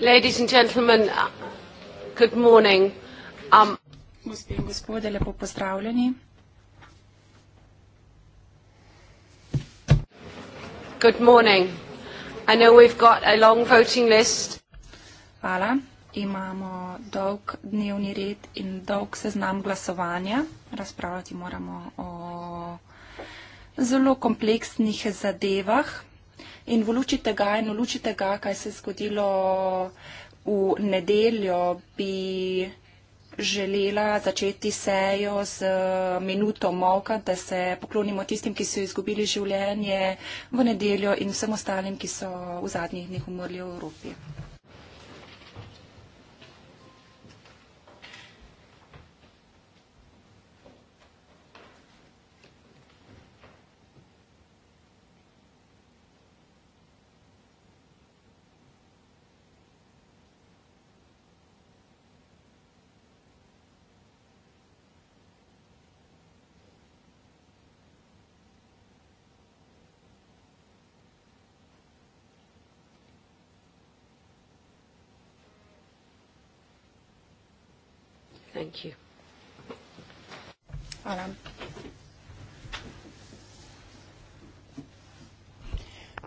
Ladies and gentlemen, good morning. Um, Gospe in gospode, lepo pozdravljeni. Good morning. I know we've got a long voting list. Hvala. Imamo dolg dnevni red in dolg seznam glasovanja. Razpravljati moramo o zelo kompleksnih zadevah. In v luči tega in v luči tega, kaj se je zgodilo v nedeljo, bi želela začeti sejo z eh, minuto molka, da se poklonimo tistim, ki so izgubili življenje v nedeljo in vsem ostalim, ki so v zadnjih dneh umrli v Evropi. Thank you. Hvala.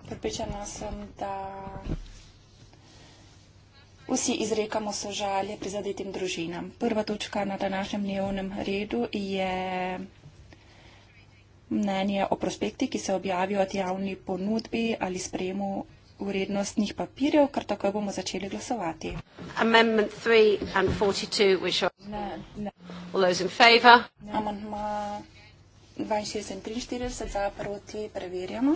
Pripričana sem, da vsi izrekamo sožalje prizadetim družinam. Prva točka na današnjem dnevnem redu je mnenje o prospekti, ki se objavijo od javni ponudbi ali sprejemu vrednostnih papirjev, kar tako bomo začeli glasovati. Amendment 3 and 42, which are... No. All those in favour? Amandma 26 in 43 za proti preverjamo.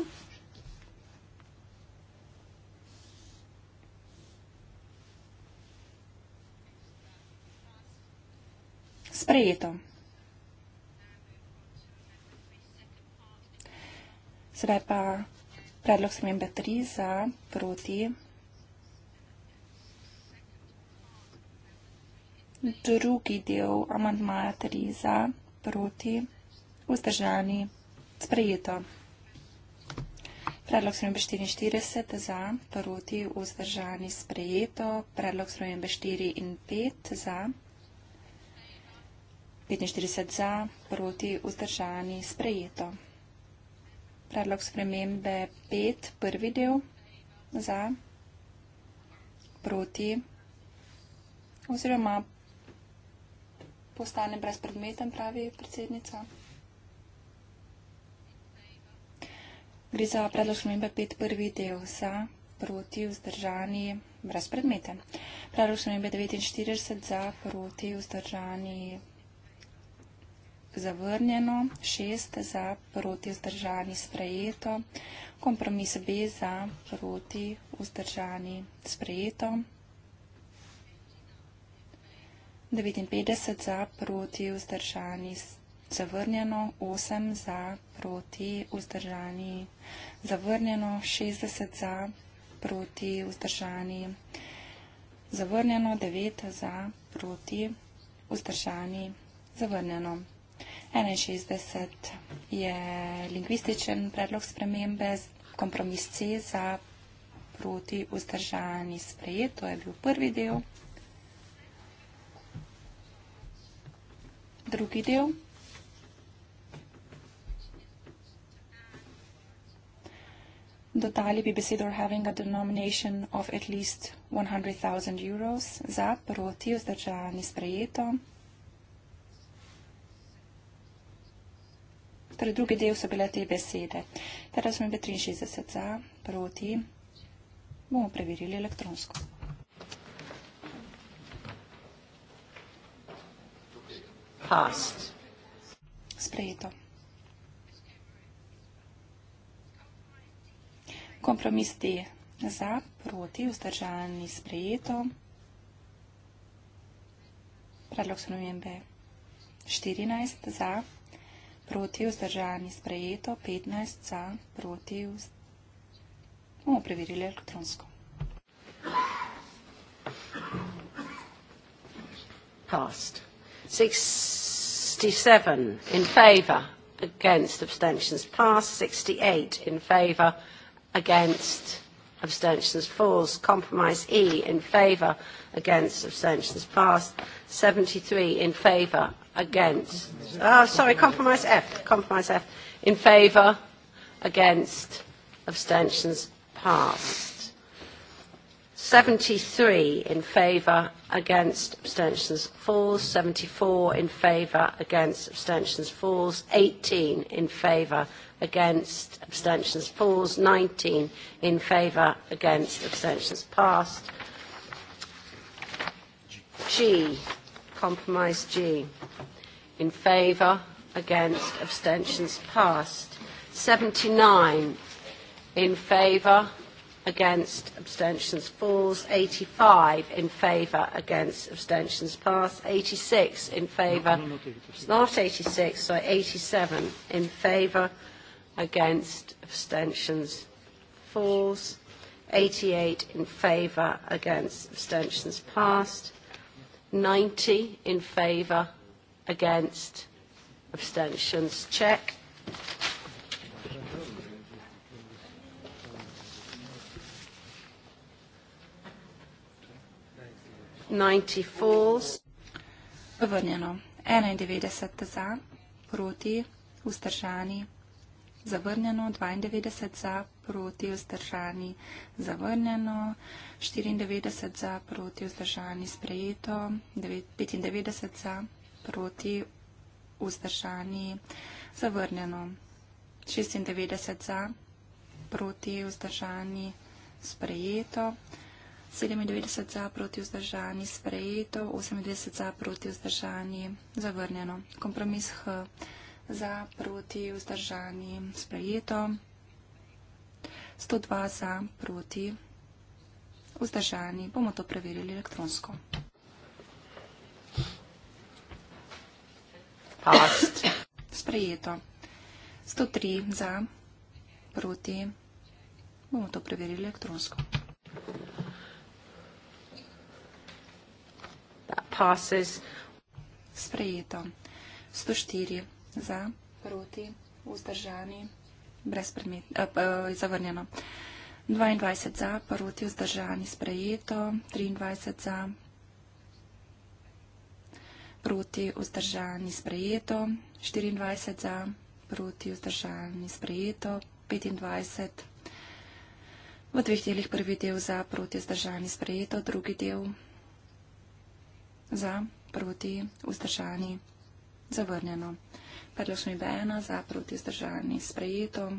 Sprejeto. Sedaj pa predlog spremembe 3 za proti preverjamo. drugi del amantmaja Teriza proti vzdržani sprejeto. Predlog srojembe 44 za, proti vzdržani sprejeto, predlog srojembe 4 in 5 za, 45 za, proti vzdržani sprejeto. Predlog spremembe 5, prvi del, za, proti, oziroma postane brezpredmeten, pravi predsednica. Gre za predlog spremembe 5. prvi del za proti vzdržani brezpredmeten. Predlog spremembe 49 za proti vzdržani zavrnjeno, 6 za proti vzdržani sprejeto, kompromis B za proti vzdržani sprejeto. 59 za, proti, vzdržani, zavrnjeno, 8 za, proti, vzdržani, zavrnjeno, 60 za, proti, vzdržani, zavrnjeno, 9 za, proti, vzdržani, zavrnjeno. 61 je lingvističen predlog spremembe, kompromis C za, proti, vzdržani, sprejet, to je bil prvi del. drugi del. Dodali bi besedo or having a denomination of at least 100.000 euros za proti vzdržani sprejeto. Torej, drugi del so bile te besede. Teraz smo imeli 63 za, proti. Bomo preverili elektronsko. passed. Sprejeto. Kompromis D za, proti, vzdržani sprejeto. Predlog se nomen B. 14 za, proti, vzdržani sprejeto. 15 za, proti, vzdržani. Bomo preverili elektronsko. Passed. 67 in favour, against abstentions passed. 68 in favour, against abstentions false. Compromise E in favour, against abstentions passed. 73 in favour, against. Oh, sorry, compromise F. Compromise F in favour, against abstentions passed. 73 in favour, against abstentions, falls. 74 in favour, against abstentions, falls. 18 in favour, against abstentions, falls. 19 in favour, against abstentions, passed. G, compromise G. In favour, against abstentions, passed. 79 in favour, against abstentions falls 85 in favour against abstentions pass 86 in favour no, no, no, no, no. not 86 so 87 in favour against abstentions falls 88 in favour against abstentions passed 90 in favour against abstentions check 90 falls. Vrnjeno. 91 za, proti, vzdržani. Zavrnjeno. 92 za, proti, vzdržani. Zavrnjeno. 94 za, proti, vzdržani. Sprejeto. 95 za, proti, vzdržani. Zavrnjeno. 96 za, proti, vzdržani. Sprejeto. 97 za proti vzdržani sprejeto, 98 za proti vzdržani zavrnjeno. Kompromis H za proti vzdržani sprejeto, 102 za proti vzdržani. Bomo to preverili elektronsko. Past. Sprejeto. 103 za proti. Bomo to preverili elektronsko. passes. Sprejeto. 104 za, proti, vzdržani, brezpredmet, eh, eh zavrnjeno. 22 za, proti, vzdržani, sprejeto. 23 za, proti, vzdržani, sprejeto. 24 za, proti, vzdržani, sprejeto. 25 v dveh delih prvi del za, proti, vzdržani, sprejeto. Drugi del za, proti, vzdržani, zavrnjeno. Predlog smo ibejena za, proti, vzdržani, sprejeto.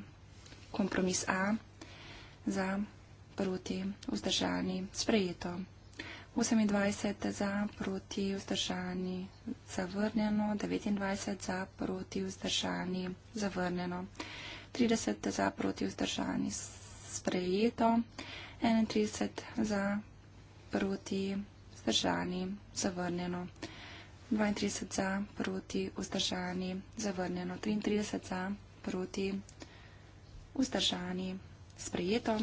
Kompromis A za, proti, vzdržani, sprejeto. 28 za, proti, vzdržani, zavrnjeno. 29 za, proti, vzdržani, zavrnjeno. 30 za, proti, vzdržani, sprejeto. 31 za, proti, vzdržani, sprejeto vzdržani, zavrnjeno. 32 za, proti, vzdržani, zavrnjeno. 33 za, proti, vzdržani, sprejeto.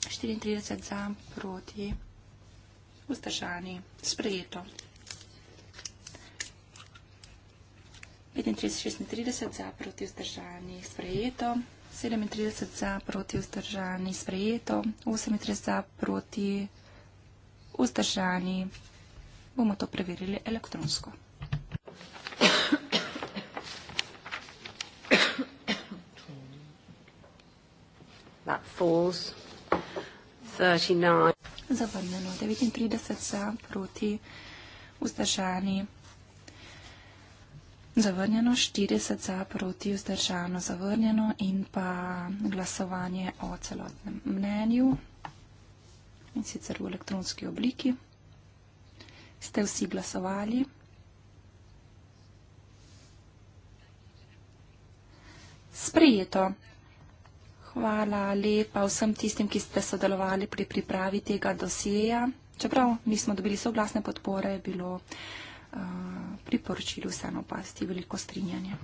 34 za, proti, vzdržani, sprejeto. 35-36 za, proti, vzdržani, sprejeto. 37 za, proti, vzdržani, sprejeto. 38 za, proti, vzdržani, sprejeto vzdržani. Bomo to preverili elektronsko. Zavrnjeno 39 za proti vzdržani. Zavrnjeno 40 za proti vzdržano zavrnjeno in pa glasovanje o celotnem mnenju in sicer v elektronski obliki. Ste vsi glasovali? Sprejeto. Hvala lepa vsem tistim, ki ste sodelovali pri pripravi tega dosjeja. Čeprav nismo dobili soglasne podpore, je bilo uh, eh, priporočilo vseeno pasti veliko strinjanje.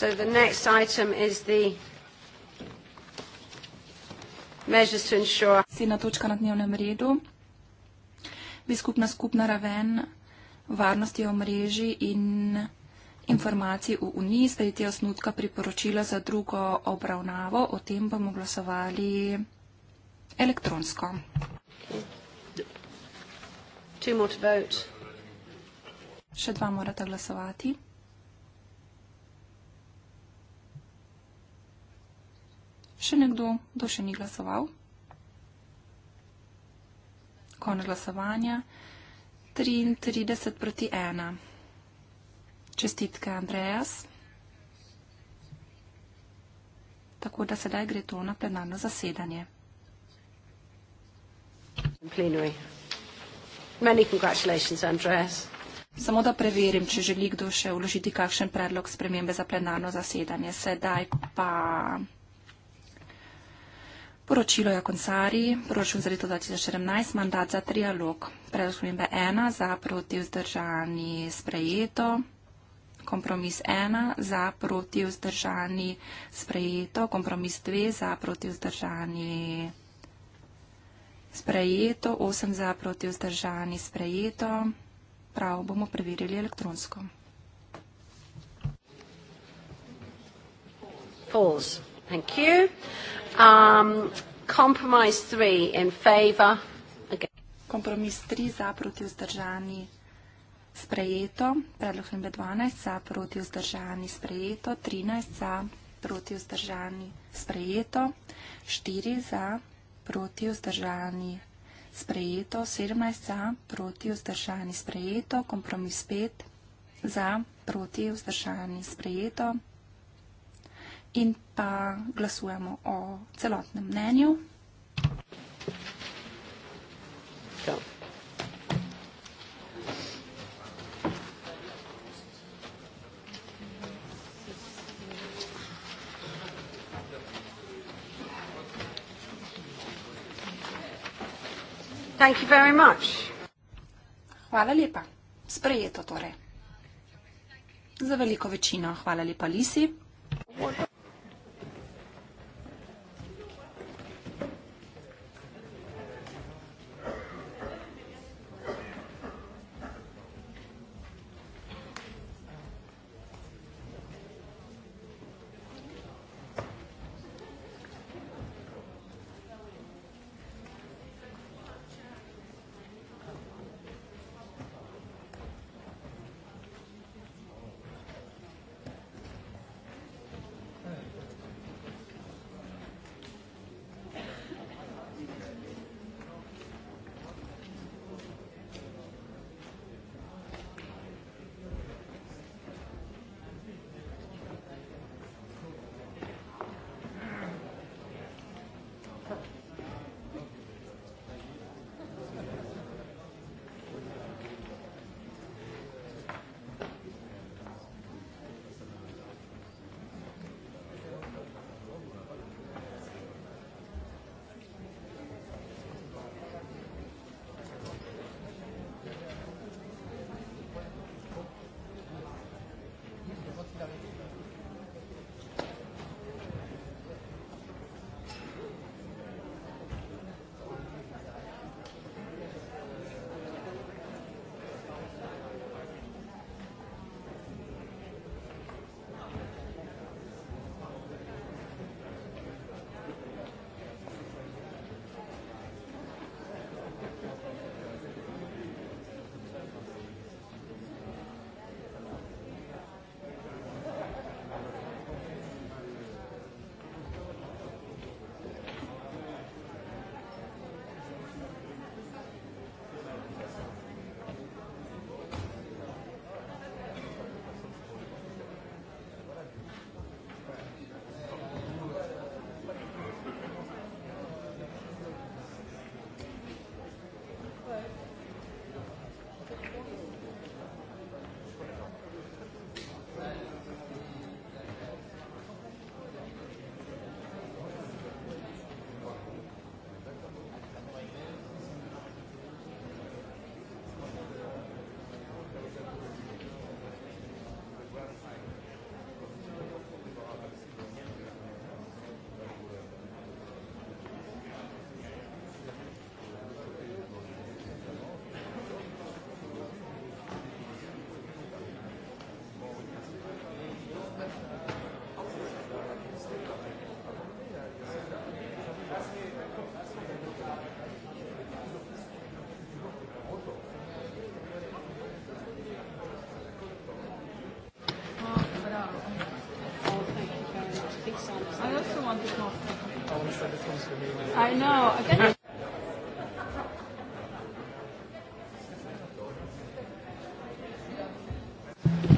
So the next item is the measures to ensure. Sedna točka na dnevnem redu. Biskupna skupna raven varnosti omrežji in informacij v Uniji, sprejet je osnutka priporočila za drugo obravnavo, o tem bomo glasovali elektronsko. Okay. Še dva morata glasovati. Še nekdo, kdo še ni glasoval? Konec glasovanja. 33 proti 1. Čestitke, Andreas. Tako da sedaj gre to na plenarno zasedanje. Samo da preverim, če želi kdo še uložiti kakšen predlog spremembe za plenarno zasedanje. Sedaj pa Poročilo je o koncari, proračun za leto 2017, mandat za trialog. Predlog spremembe ena za proti vzdržani sprejeto, kompromis ena za proti vzdržani sprejeto, kompromis dve za proti vzdržani sprejeto, osem za proti vzdržani sprejeto. Pravo bomo preverili elektronsko. Pause. Thank you. Um, compromise three in favor. Okay. Kompromis 3 za proti vzdržani sprejeto, predlog NB12 za proti vzdržani sprejeto, 13 za proti vzdržani sprejeto, 4 za proti vzdržani sprejeto, 17 za proti vzdržani sprejeto, kompromis 5 za proti vzdržani sprejeto in pa glasujemo o celotnem mnenju. Go. Ja. Thank you very much. Hvala lepa. Sprejeto torej. Za veliko večino. Hvala lepa, Lisi.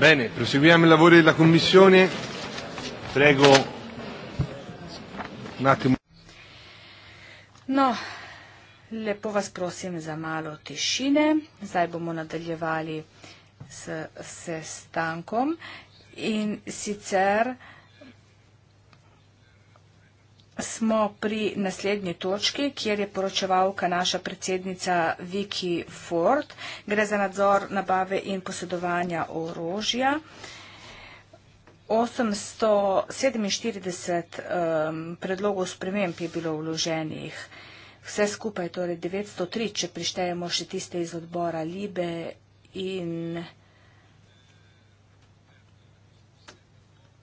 Bene, proseguiamo i lavori della Commissione. Prego un attimo. No, lepo vas prosim za malo tišine. Zdaj bomo nadaljevali s sestankom in sicer smo pri naslednji točki, kjer je poročevalka naša predsednica Viki Ford. Gre za nadzor nabave in posedovanja orožja. 847 um, predlogov sprememb je bilo vloženih. Vse skupaj, torej 903, če prištejemo še tiste iz odbora Libe in.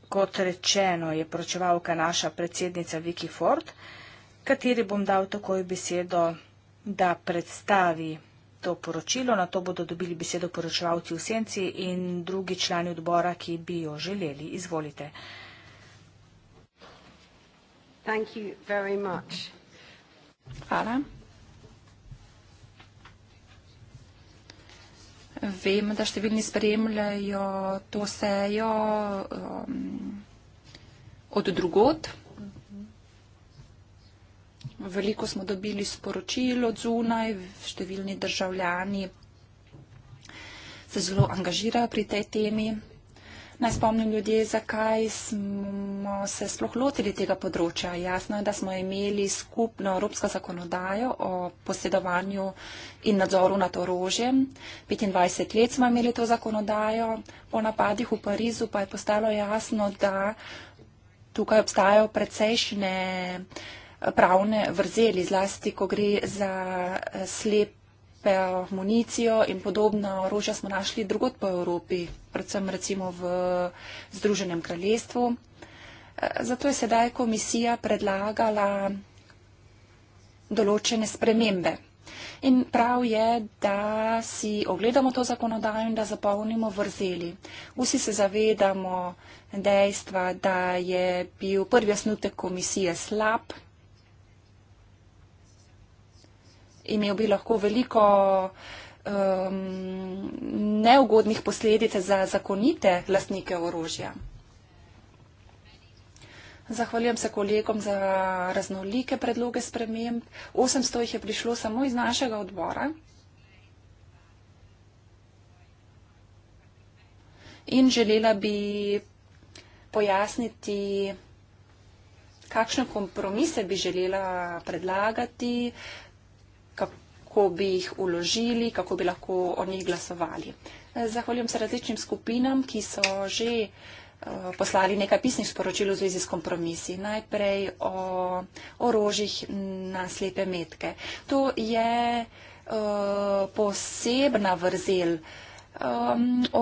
kot rečeno, je pročevalka naša predsednica Viki Ford, kateri bom dal takoj besedo, da predstavi to poročilo. Na to bodo dobili besedo poročevalci v senci in drugi člani odbora, ki bi jo želeli. Izvolite. Hvala. Vem, da številni spremljajo to sejo um, od drugot. Veliko smo dobili sporočil od zunaj, številni državljani se zelo angažirajo pri tej temi. Naj spomnim ljudje, zakaj smo se sploh lotili tega področja. Jasno je, da smo imeli skupno evropsko zakonodajo o posedovanju in nadzoru nad orožjem. 25 let smo imeli to zakonodajo, po napadih v Parizu pa je postalo jasno, da tukaj obstajajo precejšnje pravne vrzeli, zlasti, ko gre za slep pepe, municijo in podobna orožja smo našli drugot po Evropi, predvsem recimo v Združenem kraljestvu. E, zato je sedaj komisija predlagala določene spremembe. In prav je, da si ogledamo to zakonodajo in da zapolnimo vrzeli. Vsi se zavedamo dejstva, da je bil prvi osnutek komisije slab, imel bi lahko veliko um, neugodnih posledic za zakonite lastnike orožja. Zahvaljujem se kolegom za raznolike predloge sprememb. 800 jih je prišlo samo iz našega odbora. In želela bi pojasniti, kakšne kompromise bi želela predlagati. Uh, kako bi jih uložili, kako bi lahko o njih glasovali. Zahvaljujem se različnim skupinam, ki so že eh, poslali nekaj pisnih sporočil v zvezi s kompromisi. Najprej o orožjih na slepe metke. To je eh, posebna vrzel.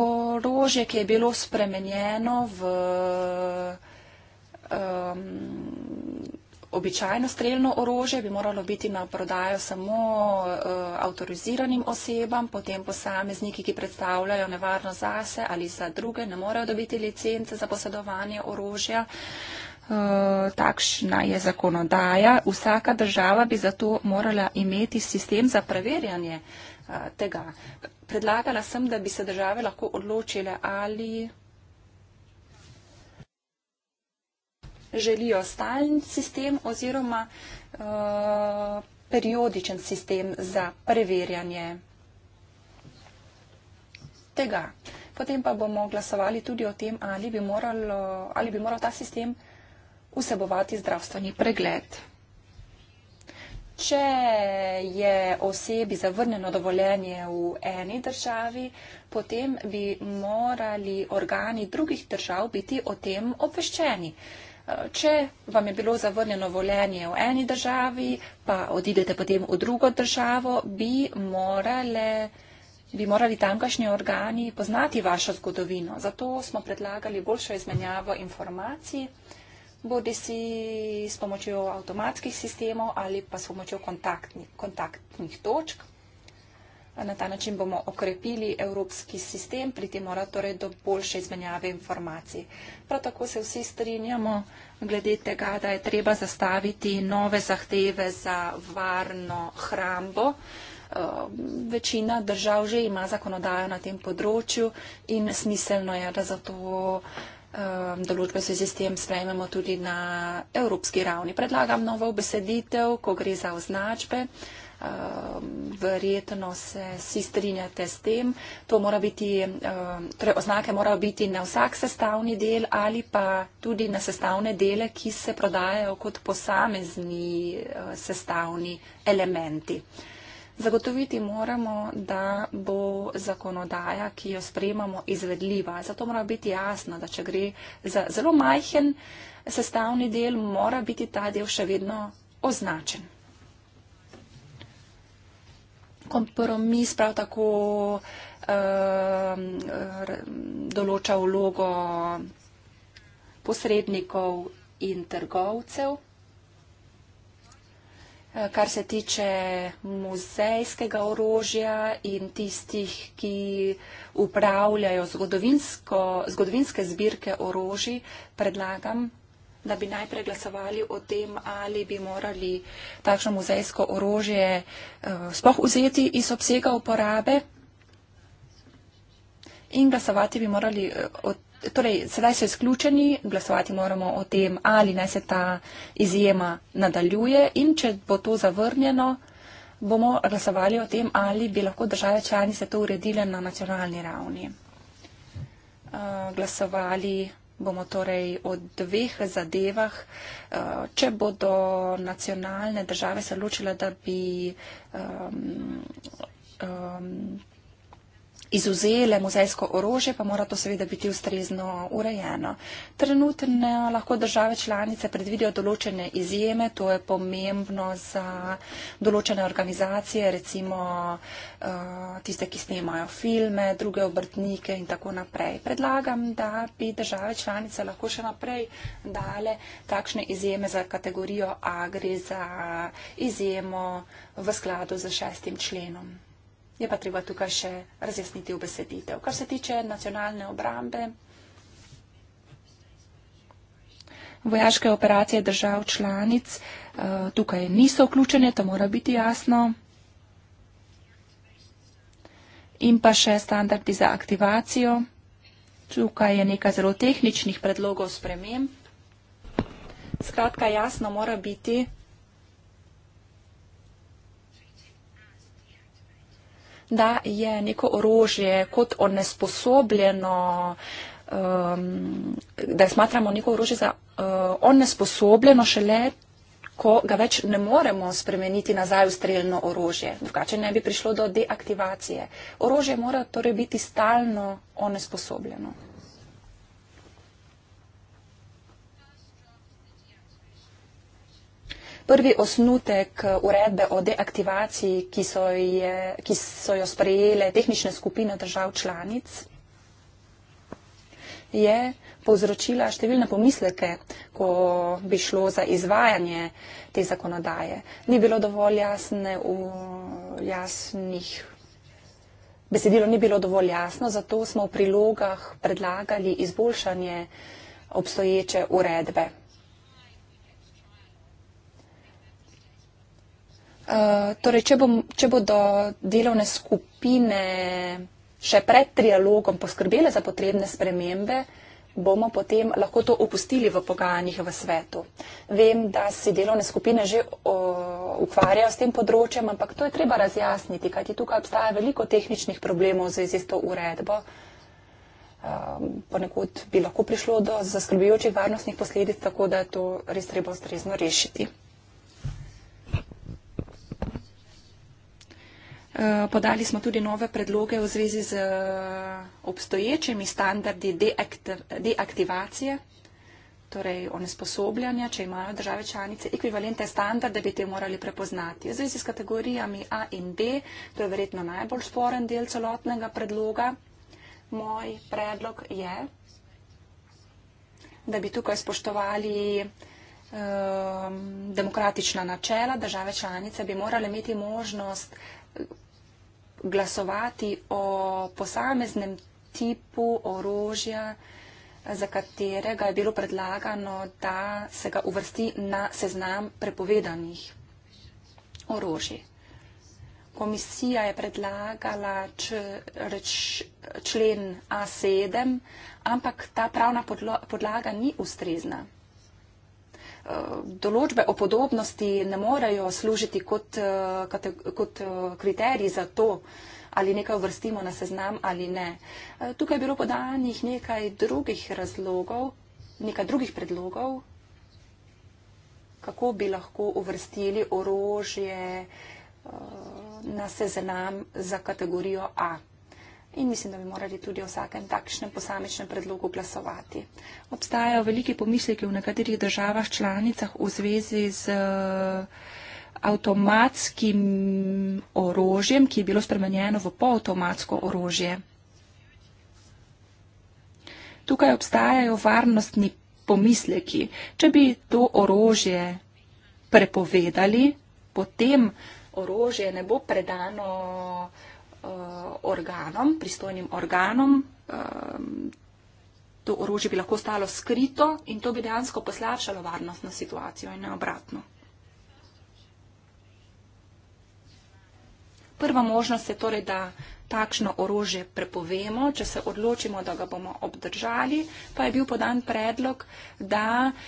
Orožje, ki je bilo spremenjeno v običajno streljno orožje bi moralo biti na prodajo samo uh, avtoriziranim osebam, potem posamezniki, ki predstavljajo nevarno zase ali za druge, ne morejo dobiti licence za posedovanje orožja. Uh, takšna je zakonodaja. Vsaka država bi zato morala imeti sistem za preverjanje uh, tega. Predlagala sem, da bi se države lahko odločile ali. želijo stalen sistem oziroma uh, periodičen sistem za preverjanje tega. Potem pa bomo glasovali tudi o tem, ali bi, moralo, ali bi moral ta sistem vsebovati zdravstveni pregled. Če je osebi zavrnjeno dovoljenje v eni državi, potem bi morali organi drugih držav biti o tem obveščeni. Uh, Če vam je bilo zavrnjeno voljenje v eni državi, pa odidete potem v drugo državo, bi, morale, bi morali tamkajšnji organi poznati vašo zgodovino. Zato smo predlagali boljšo izmenjavo informacij, bodi si s pomočjo avtomatskih sistemov ali pa s pomočjo kontaktni, kontaktnih točk. Na ta način bomo okrepili evropski sistem, pri tem mora torej do boljše izmenjave informacij. Prav tako se vsi strinjamo glede tega, da je treba zastaviti nove zahteve za varno hrambo. Eh, večina držav že ima zakonodajo na tem področju in smiselno je, da zato eh, določbe se s tem sprejmemo tudi na evropski ravni. Predlagam novo obeseditev, ko gre za označbe. Ehm, verjetno se vsi strinjate s tem. Mora biti, ehm, torej oznake morajo biti na vsak sestavni del ali pa tudi na sestavne dele, ki se prodajajo kot posamezni eh, sestavni elementi. Zagotoviti moramo, da bo zakonodaja, ki jo sprejemamo, izvedljiva. Zato mora biti jasno, da če gre za zelo majhen sestavni del, mora biti ta del še vedno označen kompromis prav tako uh, določa vlogo posrednikov in trgovcev. Eh, kar se tiče muzejskega orožja in tistih, ki upravljajo zgodovinske zbirke orožji, predlagam, da bi najprej glasovali o tem, ali bi morali takšno muzejsko orožje uh, eh, spoh vzeti iz obsega uporabe in glasovati bi morali uh, o tem. Torej, sedaj so izključeni, glasovati moramo o tem, ali naj se ta izjema nadaljuje in če bo to zavrnjeno, bomo glasovali o tem, ali bi lahko države članice to uredile na nacionalni ravni. Uh, glasovali bomo torej o dveh zadevah, eh, če bodo nacionalne države se ločile, da bi um, um, izuzele muzejsko orožje, pa mora to seveda biti ustrezno urejeno. Trenutno lahko države članice predvidijo določene izjeme, to je pomembno za določene organizacije, recimo eh, tiste, ki snemajo filme, druge obrtnike in tako naprej. Predlagam, da bi države članice lahko še naprej dale takšne izjeme za kategorijo A, gre za izjemo v skladu z šestim členom je pa treba tukaj še razjasniti obesetitev. Kar se tiče nacionalne obrambe, vojaške operacije držav članic eh, tukaj niso vključene, to mora biti jasno. In pa še standardi za aktivacijo. Tukaj je nekaj zelo tehničnih predlogov spremem. Skratka, jasno mora biti, da je neko orožje kot onesposobljeno, um, da smatramo neko orožje za uh, onesposobljeno šele, ko ga več ne moremo spremeniti nazaj v streljno orožje. Drugače ne bi prišlo do deaktivacije. Orožje mora torej biti stalno onesposobljeno. prvi osnutek eh, uredbe o deaktivaciji, ki so, je, ki so jo sprejele tehnične skupine držav članic, je povzročila številne pomisleke, ko bi šlo za izvajanje te zakonodaje. Ni bilo dovolj jasne v jasnih. Besedilo ni bilo dovolj jasno, zato smo v prilogah predlagali izboljšanje obstoječe uredbe. Eh, torej, če, bom, če bodo delovne skupine še pred trialogom poskrbele za potrebne spremembe, bomo potem lahko to opustili v pogajanjih v svetu. Vem, da se delovne skupine že o, ukvarjajo s tem področjem, ampak to je treba razjasniti, kajti tukaj obstaja veliko tehničnih problemov z isto uredbo. Um, ehm, ponekud bi lahko prišlo do zaskrbljujočih varnostnih posledic, tako da je to res treba ustrezno rešiti. Eh, podali smo tudi nove predloge v zvezi z eh, obstoječimi standardi deaktivacije, torej onesposobljanja, če imajo države članice ekvivalente standarde, da bi te morali prepoznati. V zvezi s kategorijami A in B, to je verjetno najbolj sporen del celotnega predloga, moj predlog je, da bi tukaj spoštovali eh, demokratična načela, države članice bi morale imeti možnost glasovati o posameznem tipu orožja, za katerega je bilo predlagano, da se ga uvrsti na seznam prepovedanih orožij. Komisija je predlagala č, reč, člen A7, ampak ta pravna podlo, podlaga ni ustrezna določbe o podobnosti ne morejo služiti kot, eh, kot eh, kriterij za to, ali nekaj uvrstimo na seznam ali ne. Eh, tukaj je bilo podanih nekaj drugih razlogov, nekaj drugih predlogov, kako bi lahko uvrstili orožje na seznam za kategorijo A in mislim, da bi morali tudi o vsakem takšnem posamičnem predlogu glasovati. Obstajajo veliki pomisleki v nekaterih državah članicah v zvezi z eh, avtomatskim orožjem, ki je bilo spremenjeno v polavtomatsko orožje. Tukaj obstajajo varnostni pomisleki. Če bi to orožje prepovedali, potem orožje ne bo predano uh, uh, organom, pristojnim organom. Um, to orožje bi lahko stalo skrito in to bi dejansko poslabšalo varnostno situacijo in ne obratno. Prva možnost je torej, da takšno orožje prepovemo, če se odločimo, da ga bomo obdržali, pa je bil podan predlog, da uh,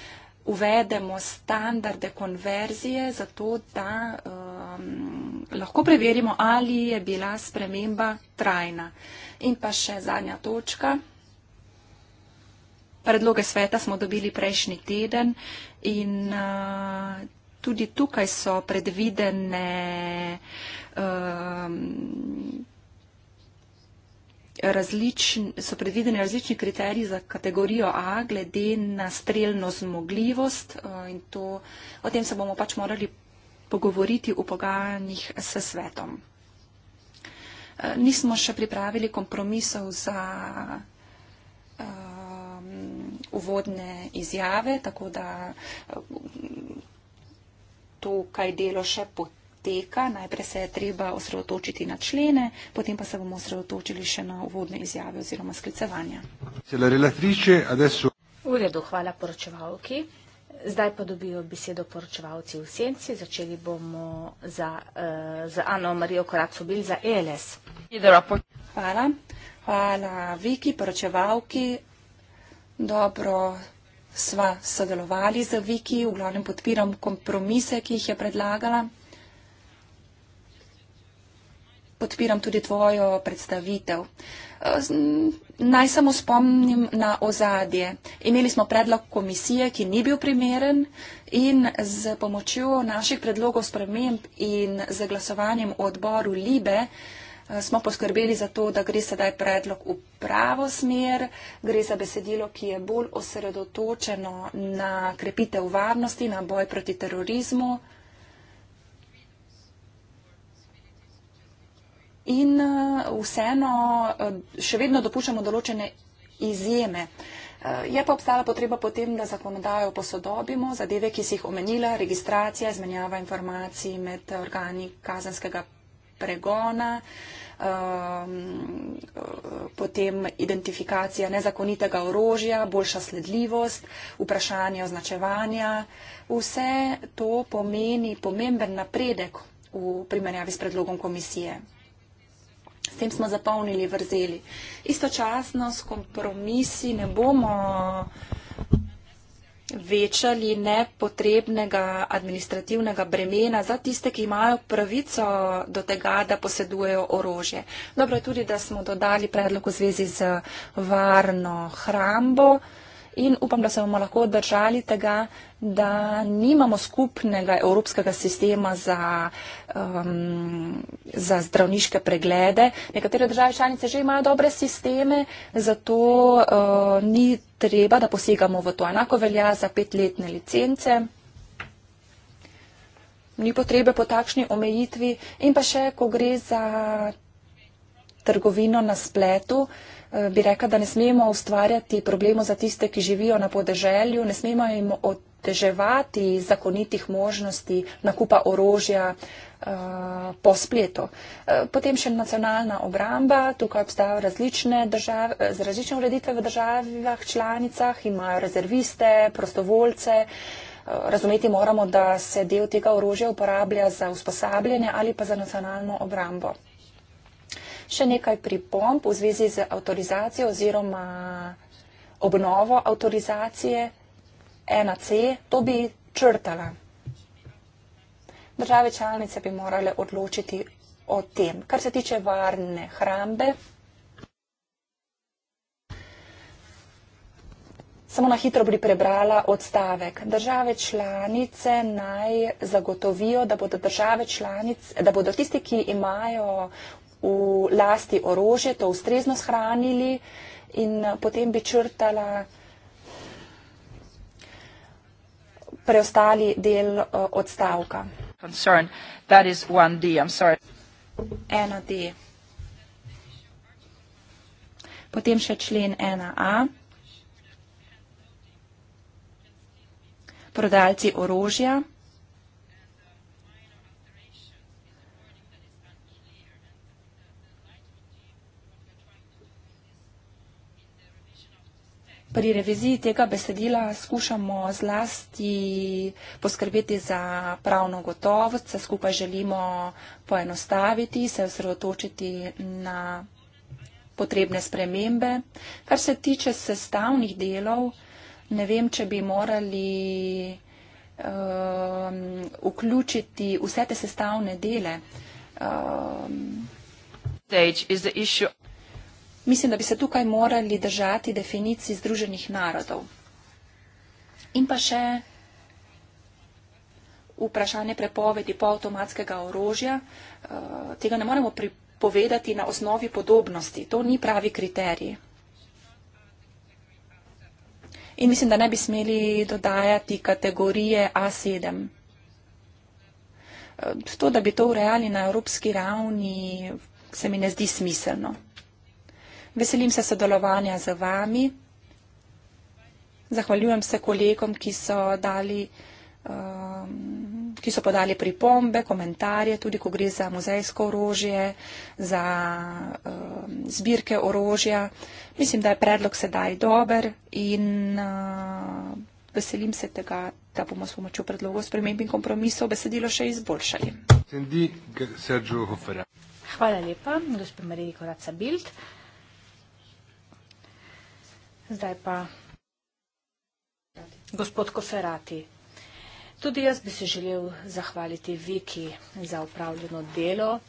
uvedemo standarde konverzije, zato da um, lahko preverimo, ali je bila sprememba trajna. In pa še zadnja točka. Predloge sveta smo dobili prejšnji teden in uh, tudi tukaj so predvidene. Um, različn, so predvideni različni kriteriji za kategorijo A glede na strelno zmogljivost eh, in to, o tem se bomo pač morali pogovoriti v pogajanjih s svetom. Eh, nismo še pripravili kompromisov za um, uvodne izjave, tako da tukaj delo še potrebujemo teka, najprej se je treba osredotočiti na člene, potem pa se bomo osredotočili še na uvodne izjave oziroma sklicevanja. V redu, hvala poročevalki. Zdaj pa dobijo besedo poročevalci v senci. Začeli bomo za, uh, eh, za Ano Marijo Koracobil za ELS. Hvala. Hvala Viki, poročevalki. Dobro sva sodelovali z Viki. V glavnem podpiram kompromise, ki jih je predlagala podpiram tudi tvojo predstavitev. Eh, naj samo spomnim na ozadje. Imeli smo predlog komisije, ki ni bil primeren in z pomočjo naših predlogov sprememb in z glasovanjem odboru Libe eh, smo poskrbeli za to, da gre sedaj predlog v pravo smer, gre za besedilo, ki je bolj osredotočeno na krepitev varnosti, na boj proti terorizmu. in eh, vseeno eh, še vedno dopuščamo določene izjeme. Eh, je pa obstala potreba potem, da zakonodajo posodobimo zadeve, ki si jih omenila, registracija, izmenjava informacij med organi kazenskega pregona, ehm, potem identifikacija nezakonitega orožja, boljša sledljivost, vprašanje označevanja. Vse to pomeni pomemben napredek v primerjavi s predlogom komisije tem smo zapolnili vrzeli. Istočasno s kompromisi ne bomo večali nepotrebnega administrativnega bremena za tiste, ki imajo pravico do tega, da posedujejo orožje. Dobro je tudi, da smo dodali predlog v zvezi z varno hrambo in upam, da se bomo lahko držali tega, da nimamo skupnega evropskega sistema za, um, za zdravniške preglede. Nekatere države članice že imajo dobre sisteme, zato uh, ni treba, da posegamo v to. Enako velja za petletne licence. Ni potrebe po takšni omejitvi. In pa še, ko gre za trgovino na spletu. Uh, Eh, bi rekla, da ne smemo ustvarjati problemov za tiste, ki živijo na podeželju, ne smemo jim oteževati zakonitih možnosti nakupa orožja eh, po spletu. Eh, potem še nacionalna obramba, tukaj obstajajo različne, države, različne ureditve v državah, članicah, imajo rezerviste, prostovoljce. Razumeti moramo, da se del tega orožja uporablja za usposabljanje ali pa za nacionalno obrambo. Še nekaj pripomp v zvezi z avtorizacijo oziroma obnovo avtorizacije 1C, to bi črtala. Države članice bi morale odločiti o tem, kar se tiče varne hrambe. Samo na hitro bi prebrala odstavek. Države članice naj zagotovijo, da bodo, članic, da bodo tisti, ki imajo v lasti orožje, to ustrezno shranili in eh, potem bi črtala preostali del eh, odstavka. Potem še člen 1a. Prodajalci orožja. pri reviziji tega besedila skušamo zlasti poskrbeti za pravno gotovost, se skupaj želimo poenostaviti, se osredotočiti na potrebne spremembe. Kar se tiče sestavnih delov, ne vem, če bi morali um, vključiti vse te sestavne dele. Um, Mislim, da bi se tukaj morali držati definiciji Združenih narodov. In pa še vprašanje prepovedi polautomatskega orožja. Eh, tega ne moremo pripovedati na osnovi podobnosti. To ni pravi kriterij. In mislim, da ne bi smeli dodajati kategorije A7. Eh, to, da bi to urejali na evropski ravni, se mi ne zdi smiselno. Veselim se sodelovanja z vami. Zahvaljujem se kolegom, ki so, dali, um, ki so podali pripombe, komentarje, tudi ko gre za muzejsko orožje, za um, zbirke orožja. Mislim, da je predlog sedaj dober in uh, veselim se tega, da bomo s pomočjo predlogov sprememb in kompromisov besedilo še izboljšali. Hvala lepa, gospod Mariko Raca Bild. Zdaj pa gospod Koferati. Tudi jaz bi se želel zahvaliti Viki za upravljeno delo.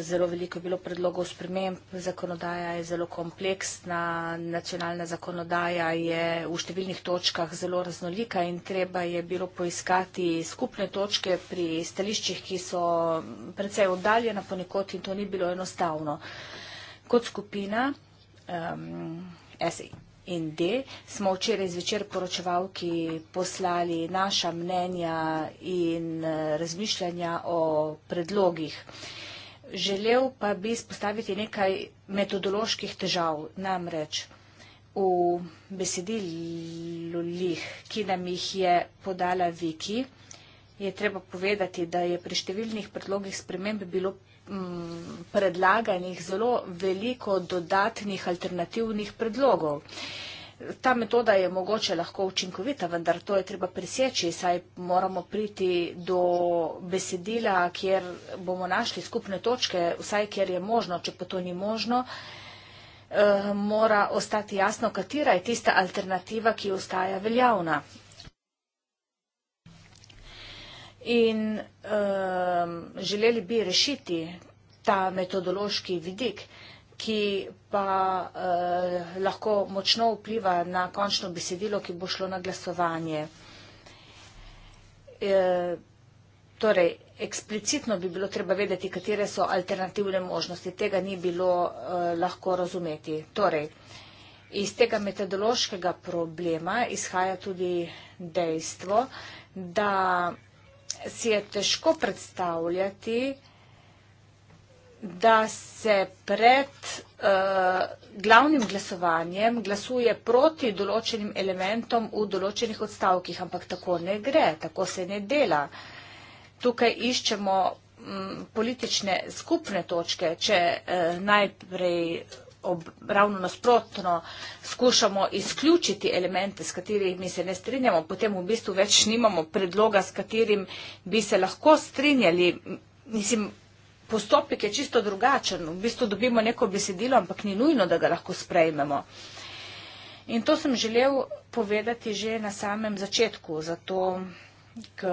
Zelo veliko je bilo predlogov sprememb, zakonodaja je zelo kompleksna, nacionalna zakonodaja je v številnih točkah zelo raznolika in treba je bilo poiskati skupne točke pri stališčih, ki so precej oddaljena ponekod in to ni bilo enostavno. Kot skupina um, SEI in D. Smo včeraj zvečer poročevalki poslali naša mnenja in eh, razmišljanja o predlogih. Želel pa bi spostaviti nekaj metodoloških težav, namreč v besedilih, ki nam jih je podala Viki, je treba povedati, da je pri številnih predlogih sprememb bilo Mm, predlaganih zelo veliko dodatnih alternativnih predlogov. Ta metoda je mogoče lahko učinkovita, vendar to je treba preseči, saj moramo priti do besedila, kjer bomo našli skupne točke, vsaj kjer je možno, če pa to ni možno, eh, mora ostati jasno, katera je tista alternativa, ki ostaja veljavna in um, želeli bi rešiti ta metodološki vidik, ki pa uh, lahko močno vpliva na končno besedilo, ki bo šlo na glasovanje. E, torej, eksplicitno bi bilo treba vedeti, katere so alternativne možnosti. Tega ni bilo uh, lahko razumeti. Torej, iz tega metodološkega problema izhaja tudi dejstvo, da si je težko predstavljati, da se pred uh, glavnim glasovanjem glasuje proti določenim elementom v določenih odstavkih, ampak tako ne gre, tako se ne dela. Tukaj iščemo m, mm, politične skupne točke, če uh, najprej ob, ravno nasprotno skušamo izključiti elemente, s katerimi se ne strinjamo, potem v bistvu več nimamo predloga, s katerim bi se lahko strinjali. Mislim, postopek je čisto drugačen. V bistvu dobimo neko besedilo, ampak ni nujno, da ga lahko sprejmemo. In to sem želel povedati že na samem začetku, zato k,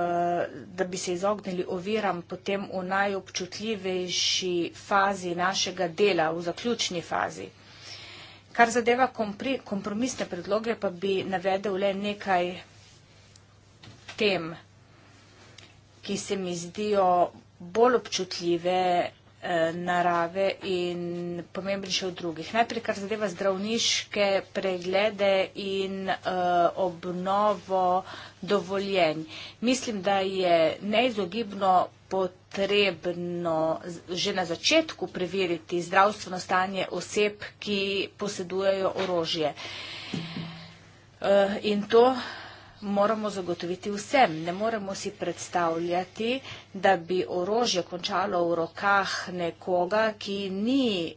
da bi se izognili oviram potem v najobčutljivejši fazi našega dela, v zaključni fazi. Kar zadeva kompri, kompromisne predloge, pa bi navedel le nekaj tem, ki se mi zdijo bolj občutljive Eh, narave in pomembni še od drugih. Najprej, kar zadeva zdravniške preglede in uh, obnovo dovoljenj. Mislim, da je neizogibno potrebno že na začetku preveriti zdravstveno stanje oseb, ki posedujejo orožje. Uh, in to uh, moramo zagotoviti vsem. Ne moremo si predstavljati, da bi orožje končalo v rokah nekoga, ki ni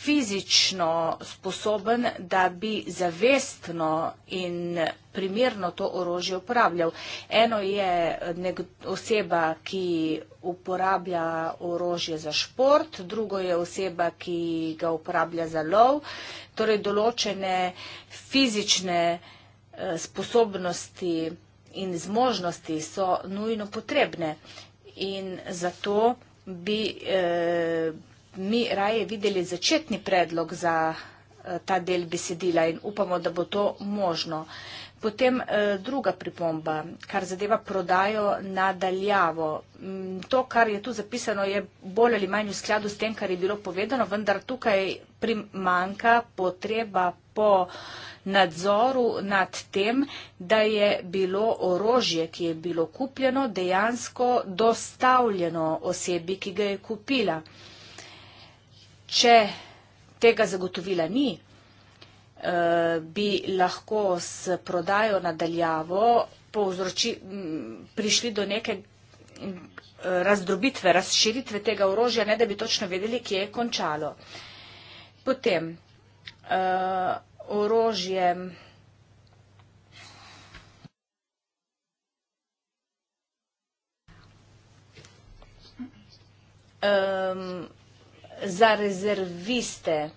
fizično sposoben, da bi zavestno in primerno to orožje uporabljal. Eno je oseba, ki uporablja orožje za šport, drugo je oseba, ki ga uporablja za lov, torej določene fizične. Eh, sposobnosti in zmožnosti so nujno potrebne in zato bi eh, mi raje videli začetni predlog za eh, ta del besedila in upamo, da bo to možno. Potem druga pripomba, kar zadeva prodajo nadaljavo. Mm, to, kar je tu zapisano, je bolj ali manj v skladu s tem, kar je bilo povedano, vendar tukaj primanka potreba po nadzoru nad tem, da je bilo orožje, ki je bilo kupljeno, dejansko dostavljeno osebi, ki ga je kupila. Če tega zagotovila ni, eh, bi lahko s prodajo nadaljavo povzroči, prišli do neke razdrobitve, razširitve tega orožja, ne da bi točno vedeli, kje je končalo. Potem, uh, orožjem. Um, za rezerviste.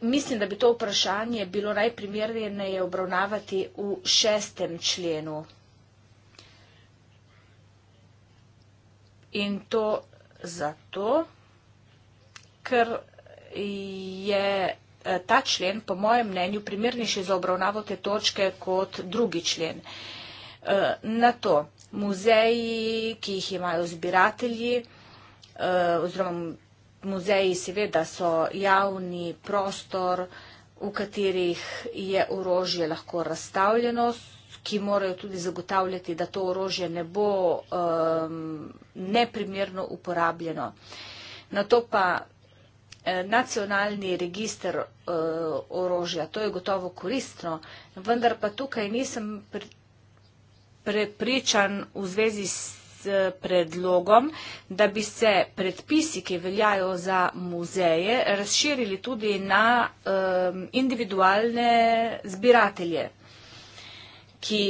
Mislim, da bi to vprašanje bilo najprimerneje obravnavati v šestem členu. In to zato ker je eh, ta člen, po mojem mnenju, primernejši za obravnavo te točke kot drugi člen. Eh, na to muzeji, ki jih imajo zbiratelji, eh, oziroma muzeji seveda so javni prostor, v katerih je orožje lahko razstavljeno, ki morajo tudi zagotavljati, da to orožje ne bo um, neprimerno uporabljeno. Na to pa nacionalni register eh, orožja. To je gotovo koristno, vendar pa tukaj nisem prepričan v zvezi s eh, predlogom, da bi se predpisi, ki veljajo za muzeje, razširili tudi na um, individualne zbiratelje, ki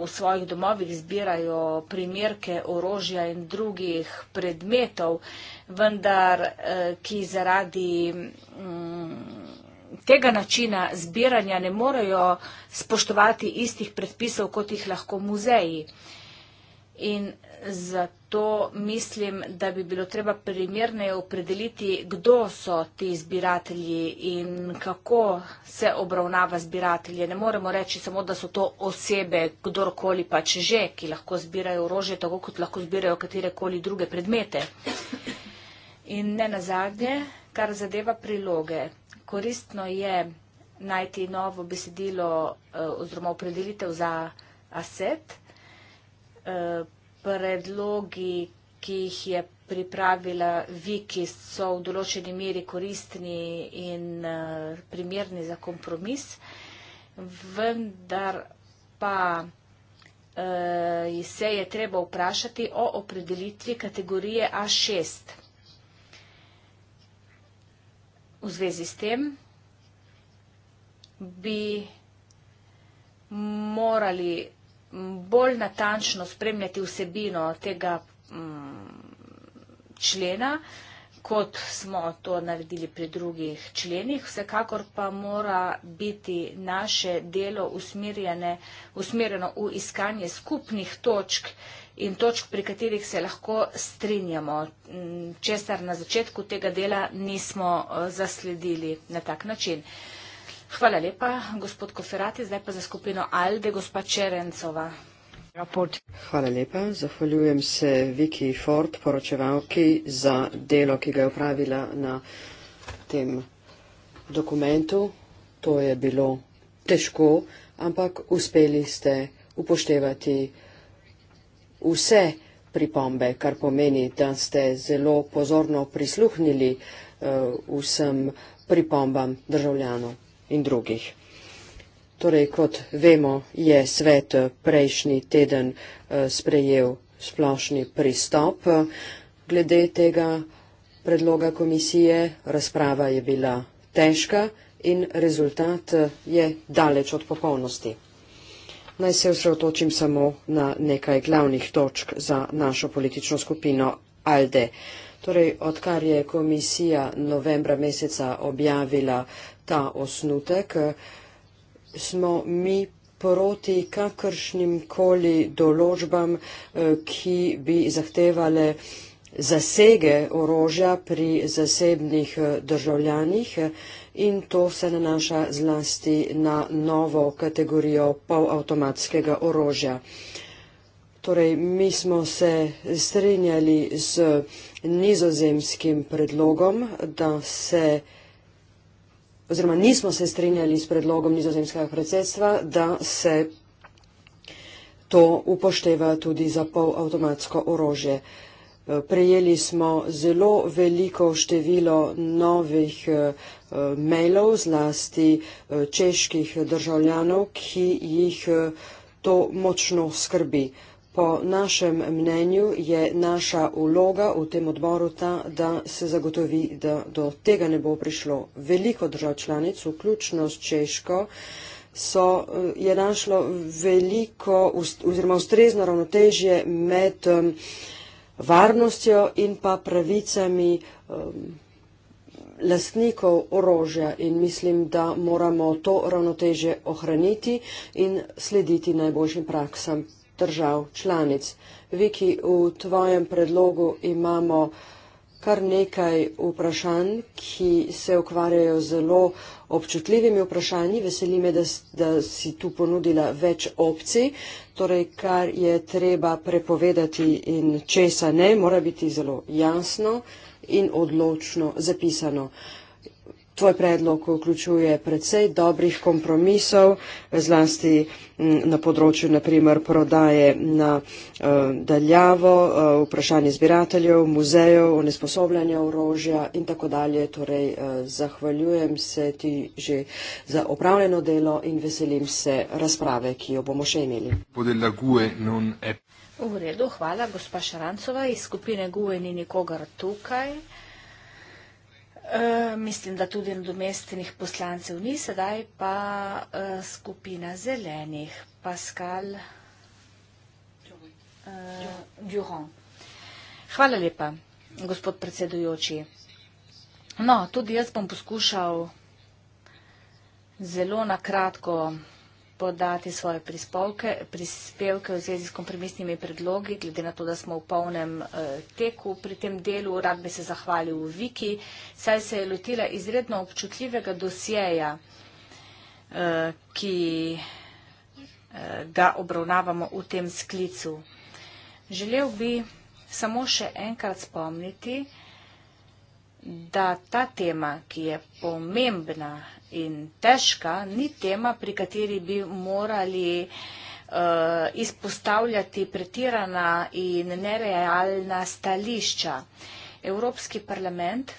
v svojih domovih zbirajo primerke orožja in drugih predmetov. Uh, vendar eh, ki zaradi mm, tega načina zbiranja ne morejo spoštovati istih predpisov, kot jih lahko muzeji. In zato mislim, da bi bilo treba primerneje opredeliti, kdo so ti zbiratelji in kako se obravnava zbiratelje. Ne moremo reči samo, da so to osebe, kdorkoli pač že, ki lahko zbirajo orožje, tako kot lahko zbirajo katerekoli druge predmete. In ne nazadnje, kar zadeva priloge, koristno je najti novo besedilo eh, oziroma opredelitev za aset. Eh, predlogi, ki jih je pripravila Viki, so v določeni meri koristni in eh, primerni za kompromis, vendar pa se je treba vprašati o opredelitvi kategorije A6 v zvezi s tem bi morali bolj natančno spremljati vsebino tega mm, člena, kot smo to naredili pri drugih členih. Vsekakor pa mora biti naše delo usmerjeno v iskanje skupnih točk, ki in točk, pri katerih se lahko strinjamo, česar na začetku tega dela nismo eh, zasledili na tak način. Hvala lepa, gospod Koferati, zdaj pa za skupino Alde, gospa Čerencova. Hvala lepa, zahvaljujem se Viki Ford, poročevalki, za delo, ki ga je upravila na tem dokumentu. To je bilo težko, ampak uspeli ste upoštevati vse pripombe, kar pomeni, da ste zelo pozorno prisluhnili eh, vsem pripombam državljanov in drugih. Torej, kot vemo, je svet prejšnji teden eh, sprejel splošni pristop glede tega predloga komisije. Razprava je bila težka in rezultat eh, je daleč od popolnosti naj se osredotočim samo na nekaj glavnih točk za našo politično skupino ALDE. Torej, odkar je komisija novembra meseca objavila ta osnutek, smo mi proti kakršnim koli določbam, eh, ki bi zahtevale zasege orožja pri zasebnih eh, državljanih in to se nanaša zlasti na novo kategorijo polavtomatskega orožja. Torej, mi smo se strinjali z nizozemskim predlogom, da se oziroma nismo se strinjali s predlogom nizozemskega predsedstva, da se to upošteva tudi za polavtomatsko orožje. Uh, Prejeli smo zelo veliko število novih eh, mailov, zlasti eh, čeških državljanov, ki jih eh, to močno skrbi. Po našem mnenju je naša uloga v tem odboru ta, da se zagotovi, da do tega ne bo prišlo. Veliko držav članic, vključno s Češko, so, je našlo veliko, oziroma ustrezno ravnotežje med um, varnostjo in pa pravicami um, lastnikov orožja in mislim, da moramo to ravnoteže ohraniti in slediti najboljšim praksam držav članic. Viki, v tvojem predlogu imamo uh, kar nekaj vprašanj, ki se ukvarjajo zelo občutljivimi vprašanji. Veseli me, da, da si tu ponudila več opcij, torej kar je treba prepovedati in česa ne, mora biti zelo jasno in odločno zapisano. Uh, Tvoj predlog vključuje precej dobrih kompromisov, zlasti mm, na področju naprimer prodaje na eh, daljavo, eh, vprašanje zbirateljev, muzejev, onesposobljanja orožja in tako dalje. Torej, eh, zahvaljujem se ti že za opravljeno delo in veselim se razprave, ki jo bomo še imeli. V redu, hvala, gospa Šarancova iz skupine Gue ni nikogar tukaj. Eh, mislim, da tudi domestnih poslancev ni, sedaj pa uh, skupina zelenih, Pascal uh, eh, Duhon. Hvala lepa, gospod predsedujoči. No, tudi jaz bom poskušal zelo na kratko podati svoje prispevke, prispevke v zvezi s kompromisnimi predlogi, glede na to, da smo v polnem eh, teku pri tem delu. Rad bi se zahvalil Viki, saj se je lotila izredno občutljivega dosjeja, eh, ki eh, ga obravnavamo v tem sklicu. Želel bi samo še enkrat spomniti, da ta tema, ki je pomembna, in težka, ni tema, pri kateri bi morali eh, izpostavljati pretirana in nerealna stališča. Evropski parlament